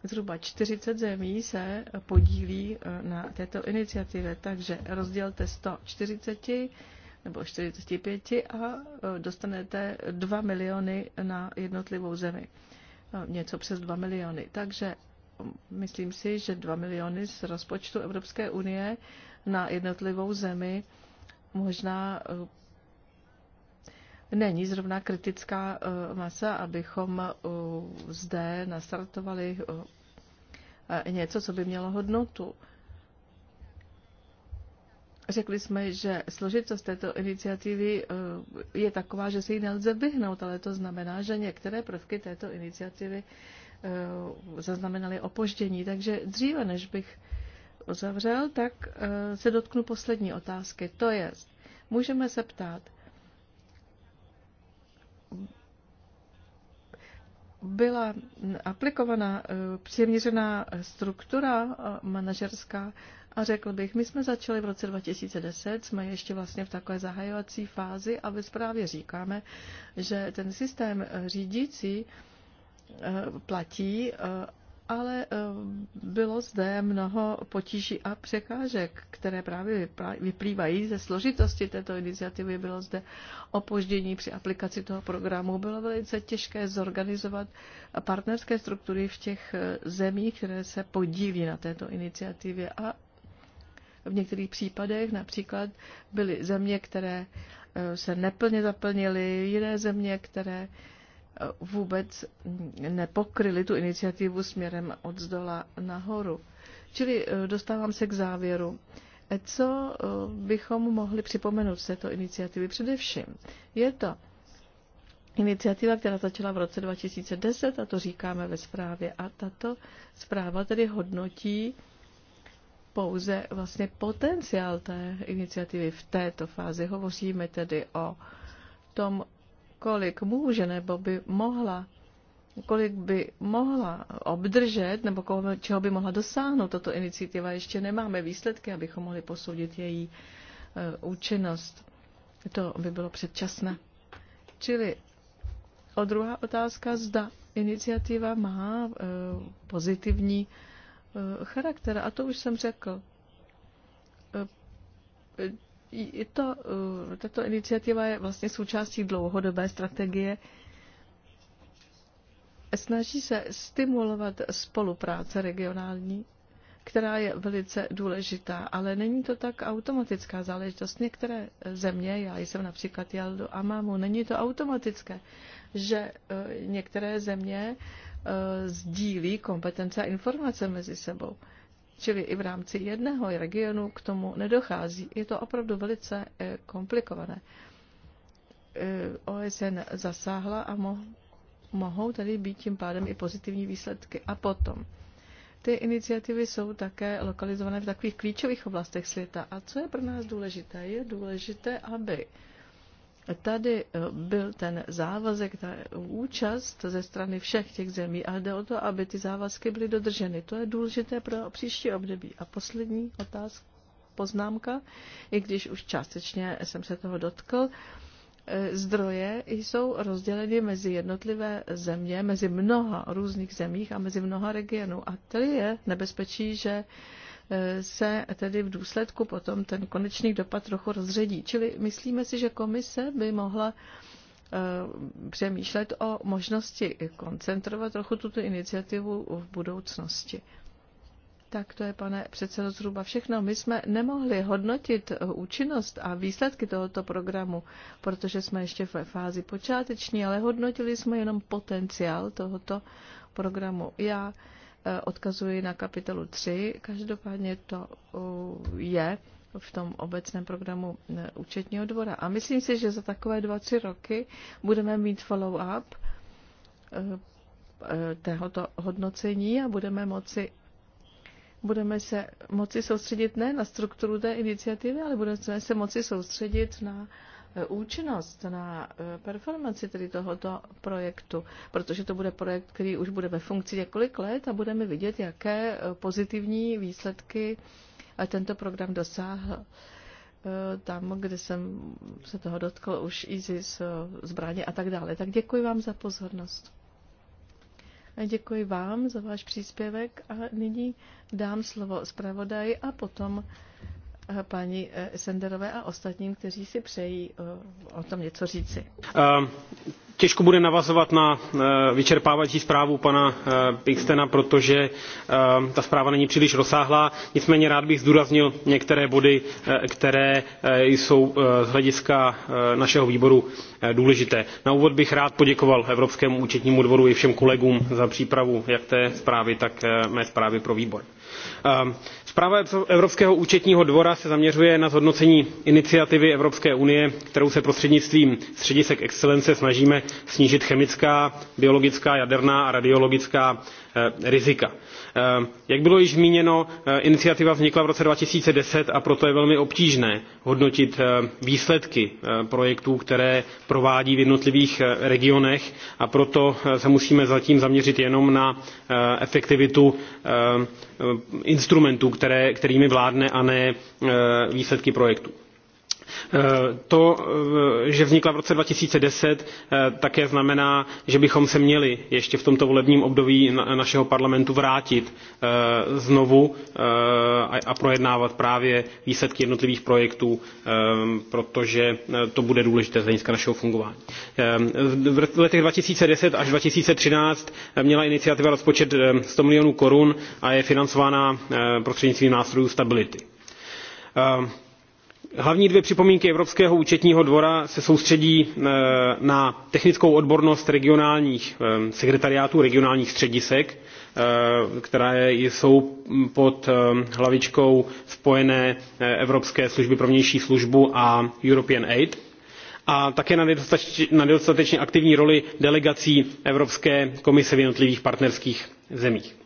Speaker 4: Zhruba 40 zemí se podílí eh, na této iniciativě, takže rozdělte 140 nebo 45 a eh, dostanete 2 miliony na jednotlivou zemi. Eh, něco přes 2 miliony. Takže mm, myslím si, že 2 miliony z rozpočtu Evropské unie na jednotlivou zemi možná není zrovna kritická eh, masa, abychom eh, zde nastartovali eh, něco, co by mělo hodnotu. Řekli jsme, že složitost této iniciativy je taková, že se jí nelze vyhnout, ale to znamená, že některé prvky této iniciativy zaznamenaly opoždění. Takže dříve, než bych uzavřel, tak se dotknu poslední otázky. To je, můžeme se ptát, byla aplikovaná eh, přiměřená struktura eh, manažerská a řekl bych, my jsme začali v roce 2010, jsme ještě vlastně v takové zahajovací fázi a ve zprávě říkáme, že ten systém eh, řídící platí ale eh, bylo zde mnoho potíží a překážek, které právě vyplývají ze složitosti této iniciativy. Bylo zde opoždění při aplikaci toho programu. Bylo velice těžké zorganizovat partnerské struktury v těch eh, zemích, které se podílí na této iniciativě a v některých případech například byly země, které eh, se neplně zaplnily, jiné země, které vůbec nepokryly tu iniciativu směrem od zdola nahoru. Čili eh, dostávám se k závěru. Eh, co eh, bychom mohli připomenout z této iniciativy především? Je to iniciativa, která začala v roce 2010, a to říkáme ve zprávě, a tato zpráva tedy hodnotí pouze vlastně potenciál té iniciativy v této fázi. Hovoříme tedy o tom kolik může nebo by mohla, kolik by mohla obdržet nebo čeho by mohla dosáhnout toto iniciativa. Ještě nemáme výsledky, abychom mohli posoudit její eh, účinnost. To by bylo předčasné. Čili o druhá otázka, zda iniciativa má eh, pozitivní eh, charakter. A to už jsem řekl je to, eh, tato iniciativa je vlastně součástí dlouhodobé strategie. Snaží se stimulovat spolupráce regionální, která je velice důležitá, ale není to tak automatická záležitost. Některé eh, země, já jsem například jel do Amamu, není to automatické, že eh, některé země sdílí kompetence a informace mezi sebou. Čili i v rámci jedného regionu k tomu nedochází. Je to opravdu velice eh, komplikované. Eh, OSN zasáhla a mohou tady být tím pádem i pozitivní výsledky. A potom. Ty iniciativy jsou také lokalizované v takových klíčových oblastech světa. A co je pro nás důležité? Je důležité, aby Tady eh, byl ten závazek, ta účast ze strany všech těch zemí a jde o to, aby ty závazky byly dodrženy. To je důležité pro příští období. A poslední otázka, poznámka, i když už částečně jsem se toho dotkl, eh, zdroje jsou rozděleny mezi jednotlivé země, mezi mnoha různých zemích a mezi mnoha regionů. A tady je nebezpečí, že se tedy v důsledku potom ten konečný dopad trochu rozředí. Čili myslíme si, že komise by mohla eh, přemýšlet o možnosti koncentrovat trochu tuto iniciativu v budoucnosti. Tak to je, pane předsedo, zhruba všechno. My jsme nemohli hodnotit účinnost a výsledky tohoto programu, protože jsme ještě ve fázi počáteční, ale hodnotili jsme jenom potenciál tohoto programu. Já Eh, odkazuji na kapitolu 3. Každopádně to eh, je v tom obecném programu eh, účetního dvora. A myslím si, že za takové dva, tři roky budeme mít follow-up tohoto hodnocení a budeme moci budeme se moci soustředit ne na strukturu té iniciativy, ale budeme se moci soustředit na účinnost na eh, performanci tedy tohoto projektu, protože to bude projekt, který už bude ve funkci několik let a budeme vidět, jaké eh, pozitivní výsledky eh, tento program dosáhl. Tam, kde jsem se toho dotkl, už ISIS, zbraně a tak dále. Tak děkuji vám za pozornost. A děkuji vám za váš příspěvek a nyní dám slovo zpravodaj a potom Eh, paní eh, Senderové a ostatním, kteří si přejí eh, o tom něco říci.
Speaker 3: Ehm, těžko bude navazovat na vyčerpávající zprávu pana Pixtena, protože ehm, ta zpráva není příliš rozsáhlá. Nicméně rád bych zdůraznil některé body, které jsou z hlediska našeho výboru důležité. Na úvod bych rád poděkoval Evropskému účetnímu dvoru i všem kolegům za přípravu jak té zprávy, tak mé zprávy pro výbor ehm, zpráva evropského účetního dvora se zaměřuje na zhodnocení iniciativy evropské unie kterou se prostřednictvím středisek excelence snažíme snížit chemická biologická jaderná a radiologická Eh, rizika. Eh, jak bylo již zmíněno eh, iniciativa vznikla v roce two thousand and ten a proto je velmi obtížné hodnotit výsledky projektů které provádí v jednotlivých regionech a proto se musíme zatím zaměřit jenom na efektivitu instrumentů které, kterými vládne a ne výsledky projektů Eh, to, eh, že vznikla v roce 2010, eh, také znamená, že bychom se měli ještě v tomto volebním období našeho parlamentu vrátit znovu a projednávat právě výsledky jednotlivých projektů, protože to bude důležité z hlediska našeho fungování. V letech 2010 až 2013 měla iniciativa rozpočet 100 milionů korun a je financována prostřednictvím nástrojů stability hlavní dvě připomínky evropského účetního dvora se soustředí eh, na technickou odbornost regionálních eh, sekretariátů regionálních středisek eh, které jsou pod hlavičkou spojené evropské služby pro vnější službu a european aid a také na nedostatečně aktivní roli delegací evropské komise v jednotlivých partnerských zemích.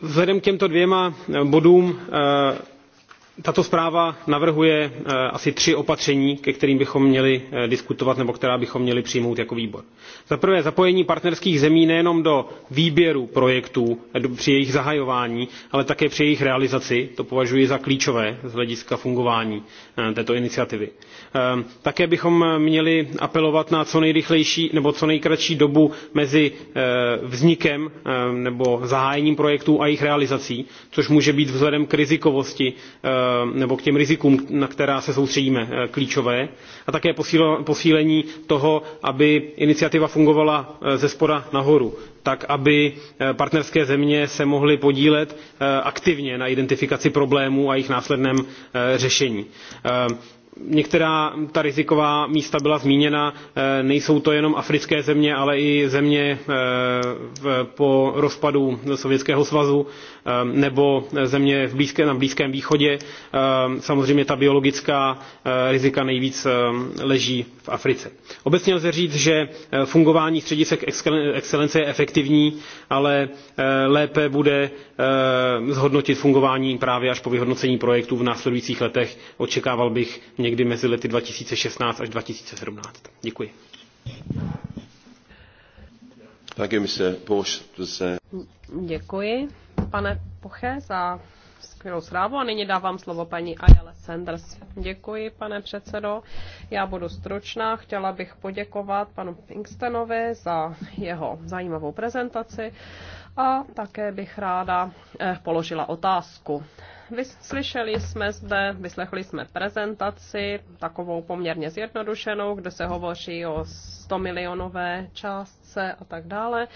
Speaker 3: vzhledem k těmto dvěma bodům tato zpráva navrhuje eh, asi tři opatření ke kterým bychom měli eh, diskutovat nebo která bychom měli přijmout jako výbor. za prvé zapojení partnerských zemí nejenom do výběru projektů eh, při jejich zahajování ale také při jejich realizaci to považuji za klíčové z hlediska fungování Eh, této iniciativy. Ehm, také bychom měli apelovat na co nejrychlejší nebo co nejkratší dobu mezi eh, vznikem ehm, nebo zahájením projektů a jejich realizací, což může být vzhledem k rizikovosti ehm, nebo k těm rizikům, na která se soustředíme, eh, klíčové. A také posílení toho, aby iniciativa fungovala ze spoda nahoru, tak aby partnerské země se mohly podílet aktivně na identifikaci problémů a jejich následném řešení. Eh, některá ta riziková místa byla zmíněna eh, nejsou to jenom africké země ale i země eh, po rozpadu sovětského svazu Ehm, nebo země v blízké, na Blízkém východě. Ehm, samozřejmě ta biologická eh, rizika nejvíc ehm, leží v Africe. Obecně lze říct, že eh, fungování středisek excelence je efektivní, ale eh, lépe bude zhodnotit fungování právě až po vyhodnocení projektů v následujících letech. Očekával bych někdy mezi lety 2016 až 2017. Děkuji.
Speaker 1: Děkuji, pane Poche, za skvělou zprávu a nyní dávám slovo paní Ayala Sanders. Děkuji, pane předsedo. Já budu stručná. Chtěla bych poděkovat panu Pinkstenovi za jeho zajímavou prezentaci a také bych ráda eh, položila otázku. Slyšeli jsme zde, vyslechli jsme prezentaci, takovou poměrně zjednodušenou, kde se hovoří o 100 milionové částce korupce a tak dále.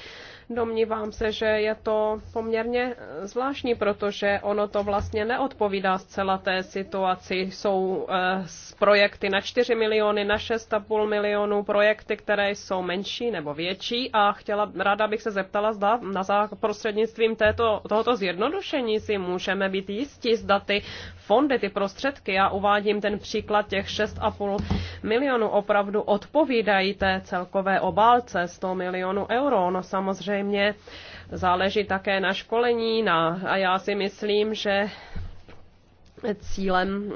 Speaker 1: Domnívám se, že je to poměrně zvláštní, protože ono to vlastně neodpovídá zcela té situaci. Jsou z eh, projekty na 4 miliony, na 6,5 milionů, projekty, které jsou menší nebo větší a chtěla, ráda bych se zeptala, zda na prostřednictvím této, tohoto zjednodušení si můžeme být jistí, zda ty fondy, ty prostředky, já uvádím ten příklad těch 6,5 milionů opravdu odpovídají té celkové obálce 100 milionů milionů euro. No samozřejmě záleží také na školení na, a já si myslím, že cílem,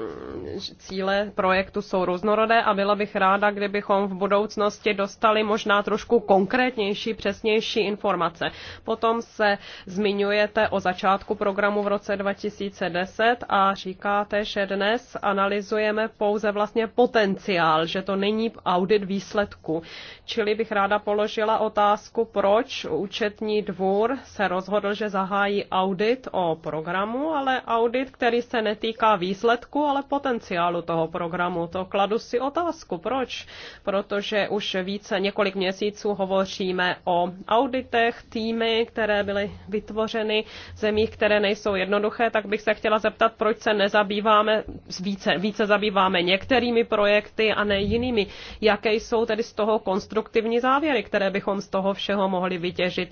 Speaker 1: cíle projektu jsou různorodé a byla bych ráda, kdybychom v budoucnosti dostali možná trošku konkrétnější, přesnější informace. Potom se zmiňujete o začátku programu v roce 2010 a říkáte, že dnes analyzujeme pouze vlastně potenciál, že to není audit výsledku. Čili bych ráda položila otázku, proč účetní dvůr se rozhodl, že zahájí audit o programu, ale audit, který se netýká týká výsledku, ale potenciálu toho programu. To kladu si otázku. Proč? Protože už více několik měsíců hovoříme o auditech, týmy, které byly vytvořeny v zemích, které nejsou jednoduché, tak bych se chtěla zeptat, proč se nezabýváme více, více zabýváme některými projekty a ne jinými. Jaké jsou tedy z toho konstruktivní závěry, které bychom z toho všeho mohli vytěžit?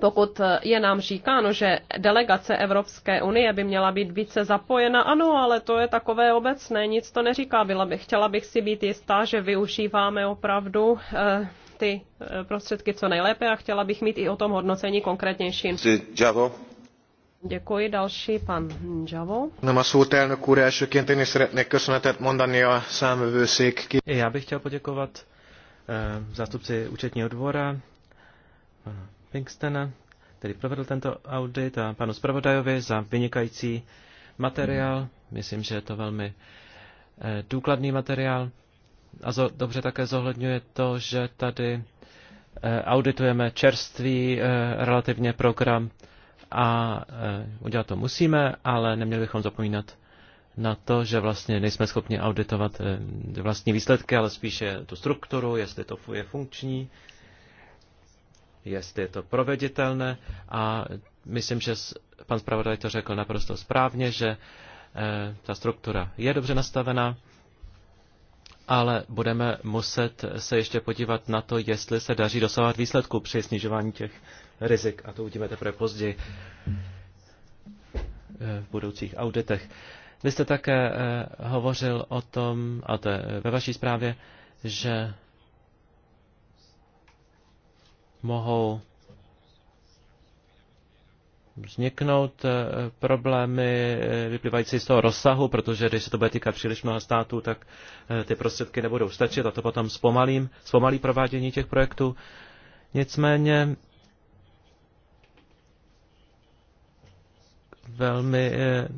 Speaker 1: pokud je nám říkáno, že delegace Evropské unie by měla být více zapojena, ano, ale to je takové obecné, nic to neříká. Byla bych, chtěla bych si být jistá, že využíváme opravdu eh, ty eh, prostředky co nejlépe a chtěla bych mít i o tom hodnocení konkrétnější. Javo. Děkuji, další pan Javo.
Speaker 2: Nem a szót, elnök úr, elsőként én is szeretnék köszönetet mondani a Já bych chtěl poděkovat eh, zástupci účetního dvora, Pinkstena, který provedl tento audit, a panu Spravodajovi za vynikající materiál. Myslím, že je to velmi eh, důkladný materiál a zo, dobře také zohledňuje to, že tady eh, auditujeme čerstvý eh, relativně program a udělat to musíme, ale neměli bychom zapomínat na to, že vlastně nejsme schopni auditovat vlastní výsledky, ale spíše tu strukturu, jestli to je funkční, jestli je to proveditelné a myslím, že pan zpravodaj to řekl naprosto správně, že eh, ta struktura je dobře nastavená, ale budeme muset se ještě podívat na to, jestli se daří dosahovat výsledků při snižování těch rizik a to uvidíme teprve později eh, v budoucích auditech. Vy jste také eh, hovořil o tom, a to je ve vaší zprávě, že mohou vzniknout eh, problémy eh, vyplývající z toho rozsahu, protože když se to bude týkat příliš mnoha států, tak eh, ty prostředky nebudou stačit a to potom zpomalí, zpomalí provádění těch projektů. Nicméně velmi eh,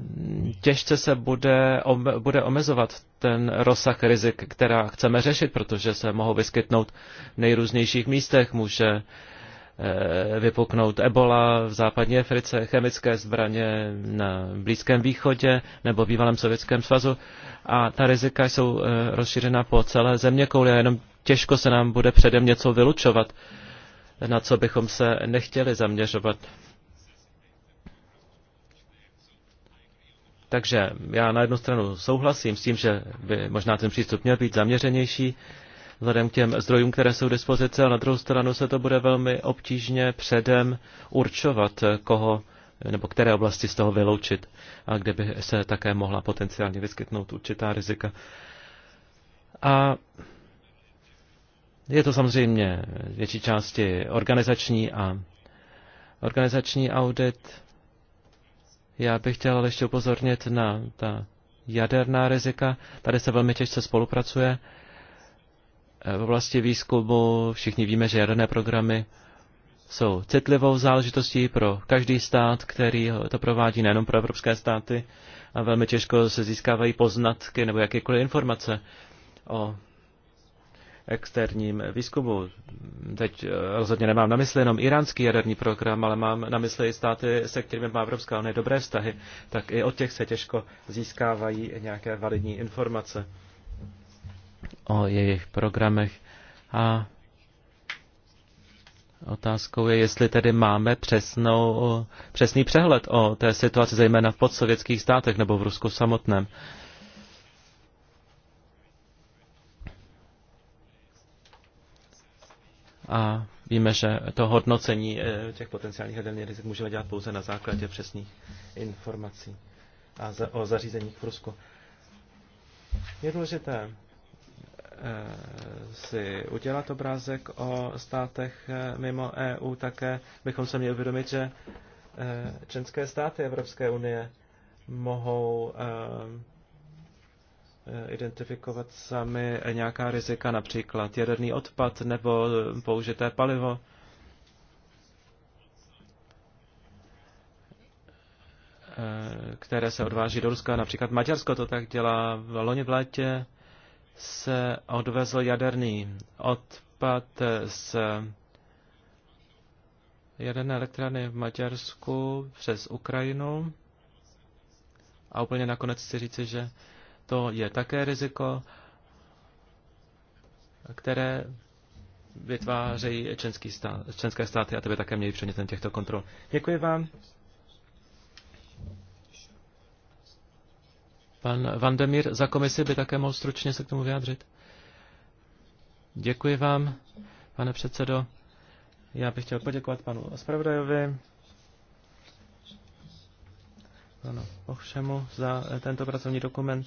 Speaker 2: těžce se bude, bude omezovat ten rozsah rizik, která chceme řešit, protože se mohou vyskytnout v nejrůznějších místech. Může eh, vypuknout ebola v západní Africe, chemické zbraně na Blízkém východě nebo bývalém Sovětském svazu. A ta rizika jsou eh, rozšířena po celé země kouli a jenom těžko se nám bude předem něco vylučovat, na co bychom se nechtěli zaměřovat. Takže já na jednu stranu souhlasím s tím, že by možná ten přístup měl být zaměřenější vzhledem k těm zdrojům, které jsou k dispozici, a na druhou stranu se to bude velmi obtížně předem určovat, koho nebo které oblasti z toho vyloučit a kde by se také mohla potenciálně vyskytnout určitá rizika. A je to samozřejmě větší části organizační a organizační audit já bych chtěl ale ještě upozornit na ta jaderná rizika. Tady se velmi těžce spolupracuje. Eh, v oblasti výzkumu všichni víme, že jaderné programy jsou citlivou záležitostí pro každý stát, který to provádí, nejenom pro evropské státy. A velmi těžko se získávají poznatky nebo jakékoliv informace o externím výzkumu. Teď eh, rozhodně nemám na mysli jenom iránský jaderný program, ale mám na mysli i státy, se kterými má Evropská unie dobré vztahy, tak i od těch se těžko získávají nějaké validní informace o jejich programech. A Otázkou je, jestli tedy máme přesnou, eh, přesný přehled o té situaci, zejména v podsovětských státech nebo v Rusku samotném. a víme, že to hodnocení eh, těch potenciálních jaderných rizik můžeme dělat pouze na základě přesných informací a o zařízeních v Rusku. Je důležité eh, si udělat obrázek o státech eh, mimo EU, také bychom se měli uvědomit, že členské státy Evropské unie mohou Eh, identifikovat sami nějaká rizika, například jaderný odpad nebo použité palivo. Eh, které se odváží do Ruska. Například Maďarsko to tak dělá. V loni v létě se odvezl jaderný odpad z jaderné elektrárny v Maďarsku přes Ukrajinu. A úplně nakonec chci říci, že to je také riziko, které vytvářejí členský stát, členské státy a to by také měly předmětem těchto kontrol. Děkuji vám. Pan Vandemír za komisi by také mohl stručně se k tomu vyjádřit. Děkuji vám, pane předsedo. Já bych chtěl poděkovat panu Spravodajovi, panu Ochšemu za tento pracovní dokument.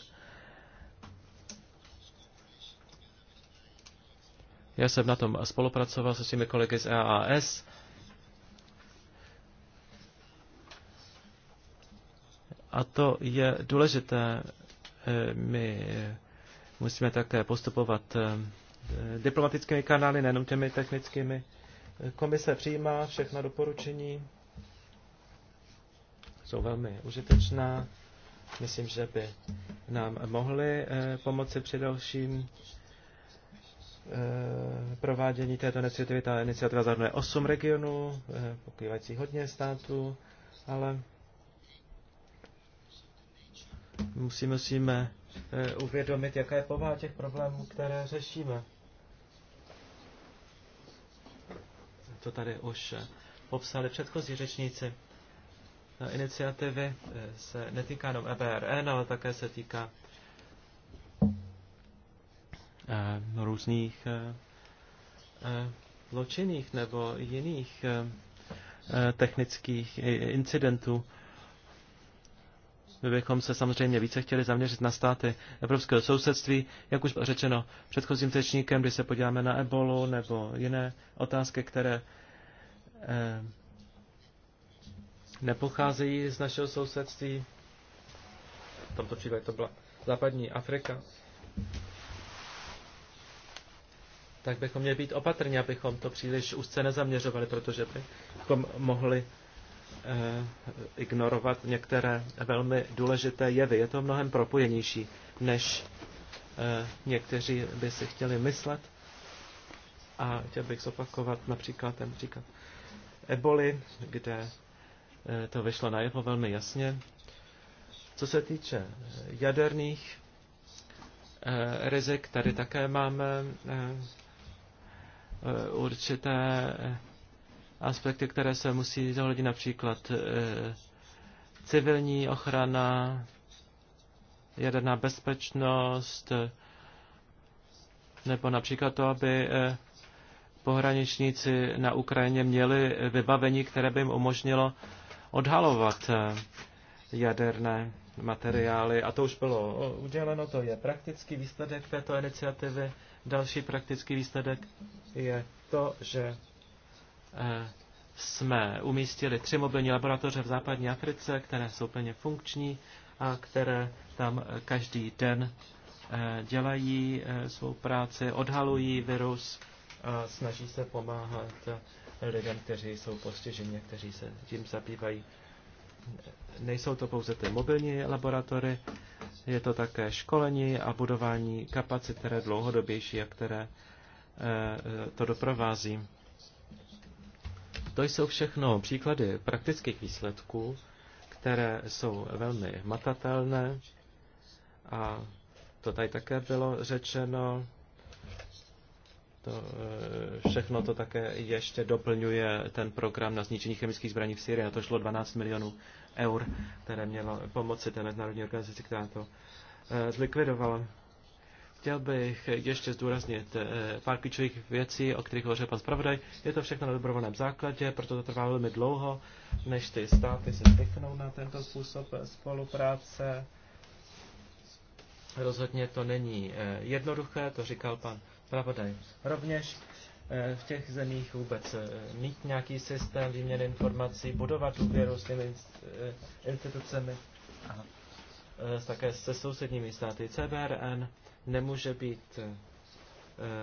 Speaker 2: Já jsem na tom spolupracoval se svými kolegy z EAS. A to je důležité. Eh, my musíme také postupovat eh, diplomatickými kanály, nejenom těmi technickými. Komise přijímá všechna doporučení, jsou velmi užitečná. Myslím, že by nám mohly eh, pomoci při dalším Eh, provádění této iniciativy. Ta iniciativa zahrnuje 8 regionů, eh, pokývající hodně států, ale musí, musíme eh, uvědomit, jaká je povaha těch problémů, které řešíme. To tady už popsali předchozí řečníci. Iniciativy se netýká jenom EBRN, ale také se týká Eh, různých eh, eh, zločinných nebo jiných technických incidentů. My bychom se samozřejmě více chtěli zaměřit na státy evropského sousedství, jak už bylo řečeno předchozím řečníkem, když se podíváme na ebolu nebo jiné otázky, které eh, nepocházejí z našeho sousedství. V tomto případě to byla západní Afrika tak bychom měli být opatrní, abychom to příliš úzce nezaměřovali, protože bychom mohli eh, ignorovat některé velmi důležité jevy. Je to mnohem propojenější, než eh, někteří by si chtěli myslet. A chtěl bych zopakovat například ten příklad eboli, kde eh, to vyšlo najevo velmi jasně. Co se týče jaderných eh, rizik, tady také máme eh, Eh, určité eh, aspekty, které se musí zohlednit, například eh, civilní ochrana, jaderná bezpečnost, nebo například to, aby pohraničníci na Ukrajině měli vybavení, které by jim umožnilo odhalovat jaderné materiály a to už bylo uděleno, to je praktický výsledek této iniciativy. Další praktický výsledek je to, že eh, jsme umístili tři mobilní laboratoře v západní Africe, které jsou plně funkční a které tam eh, každý den eh, dělají svou práci, odhalují virus a snaží se pomáhat lidem, kteří jsou postiženi, kteří se tím zabývají. Nejsou to pouze ty mobilní laboratory, je to také školení a budování kapacit, které dlouhodobější a které eh, eh, to doprovází. To jsou všechno příklady praktických výsledků, které jsou velmi matatelné a to tady také bylo řečeno. To eh, všechno to také ještě doplňuje ten program na zničení chemických zbraní v Syrii. Na to šlo 12 milionů eur, které mělo pomoci té mezinárodní organizaci, která to eh, zlikvidovala. Chtěl bych ještě zdůraznit eh, pár klíčových věcí, o kterých hovořil pan zpravodaj. Je to všechno na dobrovolném základě, proto to trvá velmi dlouho, než ty státy se zvyknou na tento způsob spolupráce. Rozhodně to není jednoduché, to říkal pan Rovněž eh, v těch zemích vůbec eh, mít nějaký systém výměny informací, budovat důvěru s těmi eh, institucemi a také se sousedními státy. CBRN nemůže být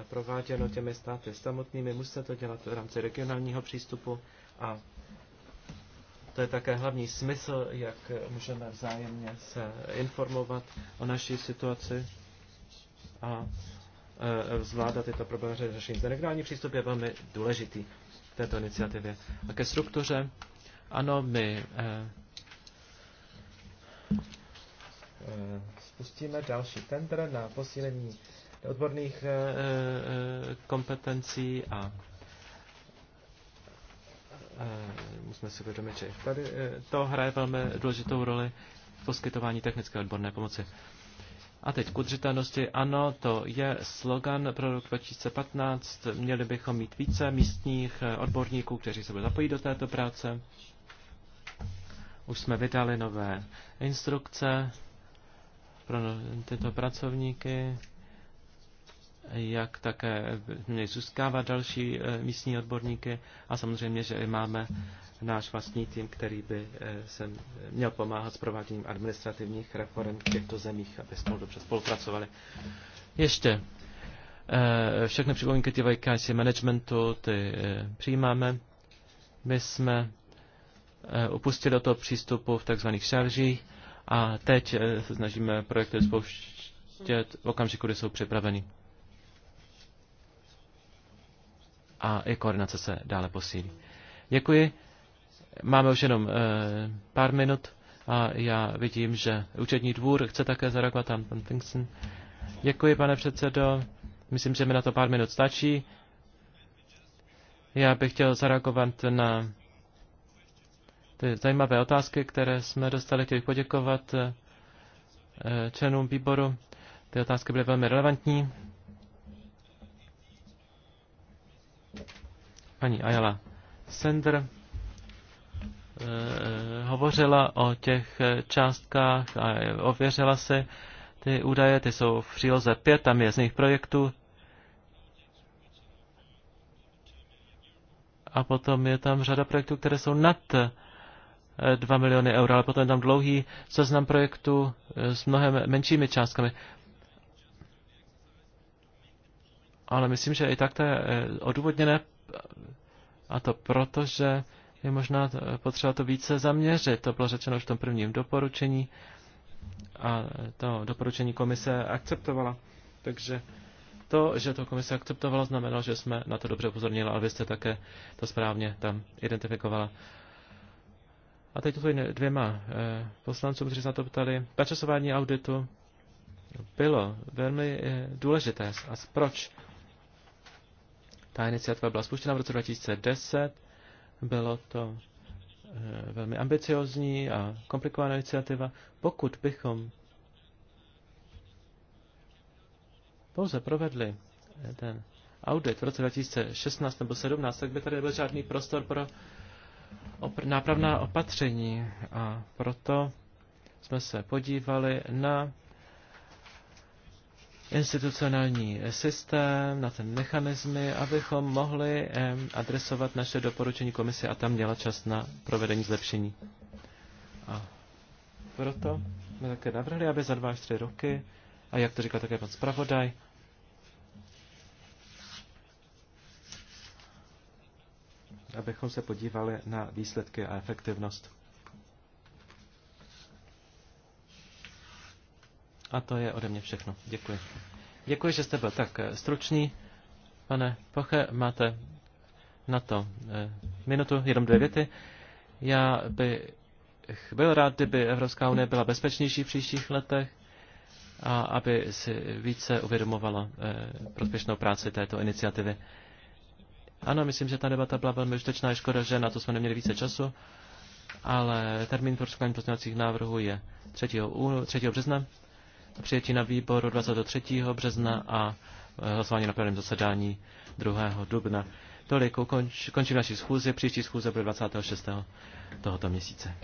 Speaker 2: prováděno těmi státy samotnými, musí se to dělat v rámci regionálního přístupu a to je také hlavní smysl, jak můžeme vzájemně se informovat o naší situaci a Eh, zvládat tyto problémy řešení. Ten regionální přístup je velmi důležitý v této iniciativě. A ke struktuře, ano, my eh, eh, spustíme další tender na posílení odborných kompetencí a musíme si uvědomit, že tady to hraje velmi důležitou roli v poskytování technické odborné pomoci. A teď k udržitelnosti. Ano, to je slogan pro rok 2015. Měli bychom mít více místních eh, odborníků, kteří se budou zapojit do této práce. Už jsme vydali nové instrukce pro no, tyto pracovníky, jak také měli zůstávat další eh, místní odborníky a samozřejmě, že i máme náš vlastní tým, který by eh, se měl pomáhat s prováděním administrativních reform v těchto zemích, aby spolu dobře spolupracovali. Ještě eh, všechny připomínky ty se managementu, ty eh, přijímáme. My jsme upustili do toho přístupu v tzv. šaržích a teď se snažíme projekty spouštět v okamžiku, kdy jsou připraveny. A i koordinace se dále posílí. Děkuji. Máme už jenom eh, pár minut a já vidím, že účetní dvůr chce také zareagovat tam pan Tinkson. Děkuji, pane předsedo. Myslím, že mi na to pár minut stačí. Já bych chtěl zareagovat na ty zajímavé otázky, které jsme dostali. Chtěl bych poděkovat eh, členům výboru. Ty otázky byly velmi relevantní. Paní Ayala Sender Eh, hovořila o těch eh, částkách a ověřila se ty údaje, ty jsou v příloze 5, tam je z nich projektů. A potom je tam řada projektů, které jsou nad 2 eh, miliony eur, ale potom je tam dlouhý seznam projektů s mnohem menšími částkami. Ale myslím, že i tak to je odůvodněné, a to proto, že je možná eh, potřeba to více zaměřit. To bylo řečeno už v tom prvním doporučení a to doporučení komise akceptovala. Takže to, že to komise akceptovala, znamenalo, že jsme na to dobře upozornili, ale vy jste také to správně tam identifikovala. A teď to dvěma eh, poslancům, kteří se na to ptali. Načasování auditu bylo velmi eh, důležité. A proč? Ta iniciativa byla spuštěna v roce 2010 bylo to eh, velmi ambiciozní a komplikovaná iniciativa. Pokud bychom pouze provedli eh, ten audit v roce 2016 nebo 2017, tak by tady byl žádný prostor pro opr- nápravná opatření. A proto jsme se podívali na institucionální systém, na ten mechanismy, abychom mohli adresovat naše doporučení komise a tam měla čas na provedení zlepšení. A proto jsme také navrhli, aby za dva až tři roky, a jak to říká také pan zpravodaj, abychom se podívali na výsledky a efektivnost. A to je ode mě všechno. Děkuji. Děkuji, že jste byl tak eh, stručný. Pane Poche, máte na to eh, minutu, jenom dvě věty. Já bych byl rád, kdyby Evropská unie byla bezpečnější v příštích letech a aby si více uvědomovala eh, prospěšnou práci této iniciativy. Ano, myslím, že ta debata byla velmi užitečná, škoda, že na to jsme neměli více času, ale termín pro předkládání pozměňovacích návrhů je 3. Úru, 3. března přijetí na výboru 23. března a e, hlasování na prvním zasedání 2. dubna. Tolik končí naši schůzi, příští schůze bude 26. tohoto měsíce.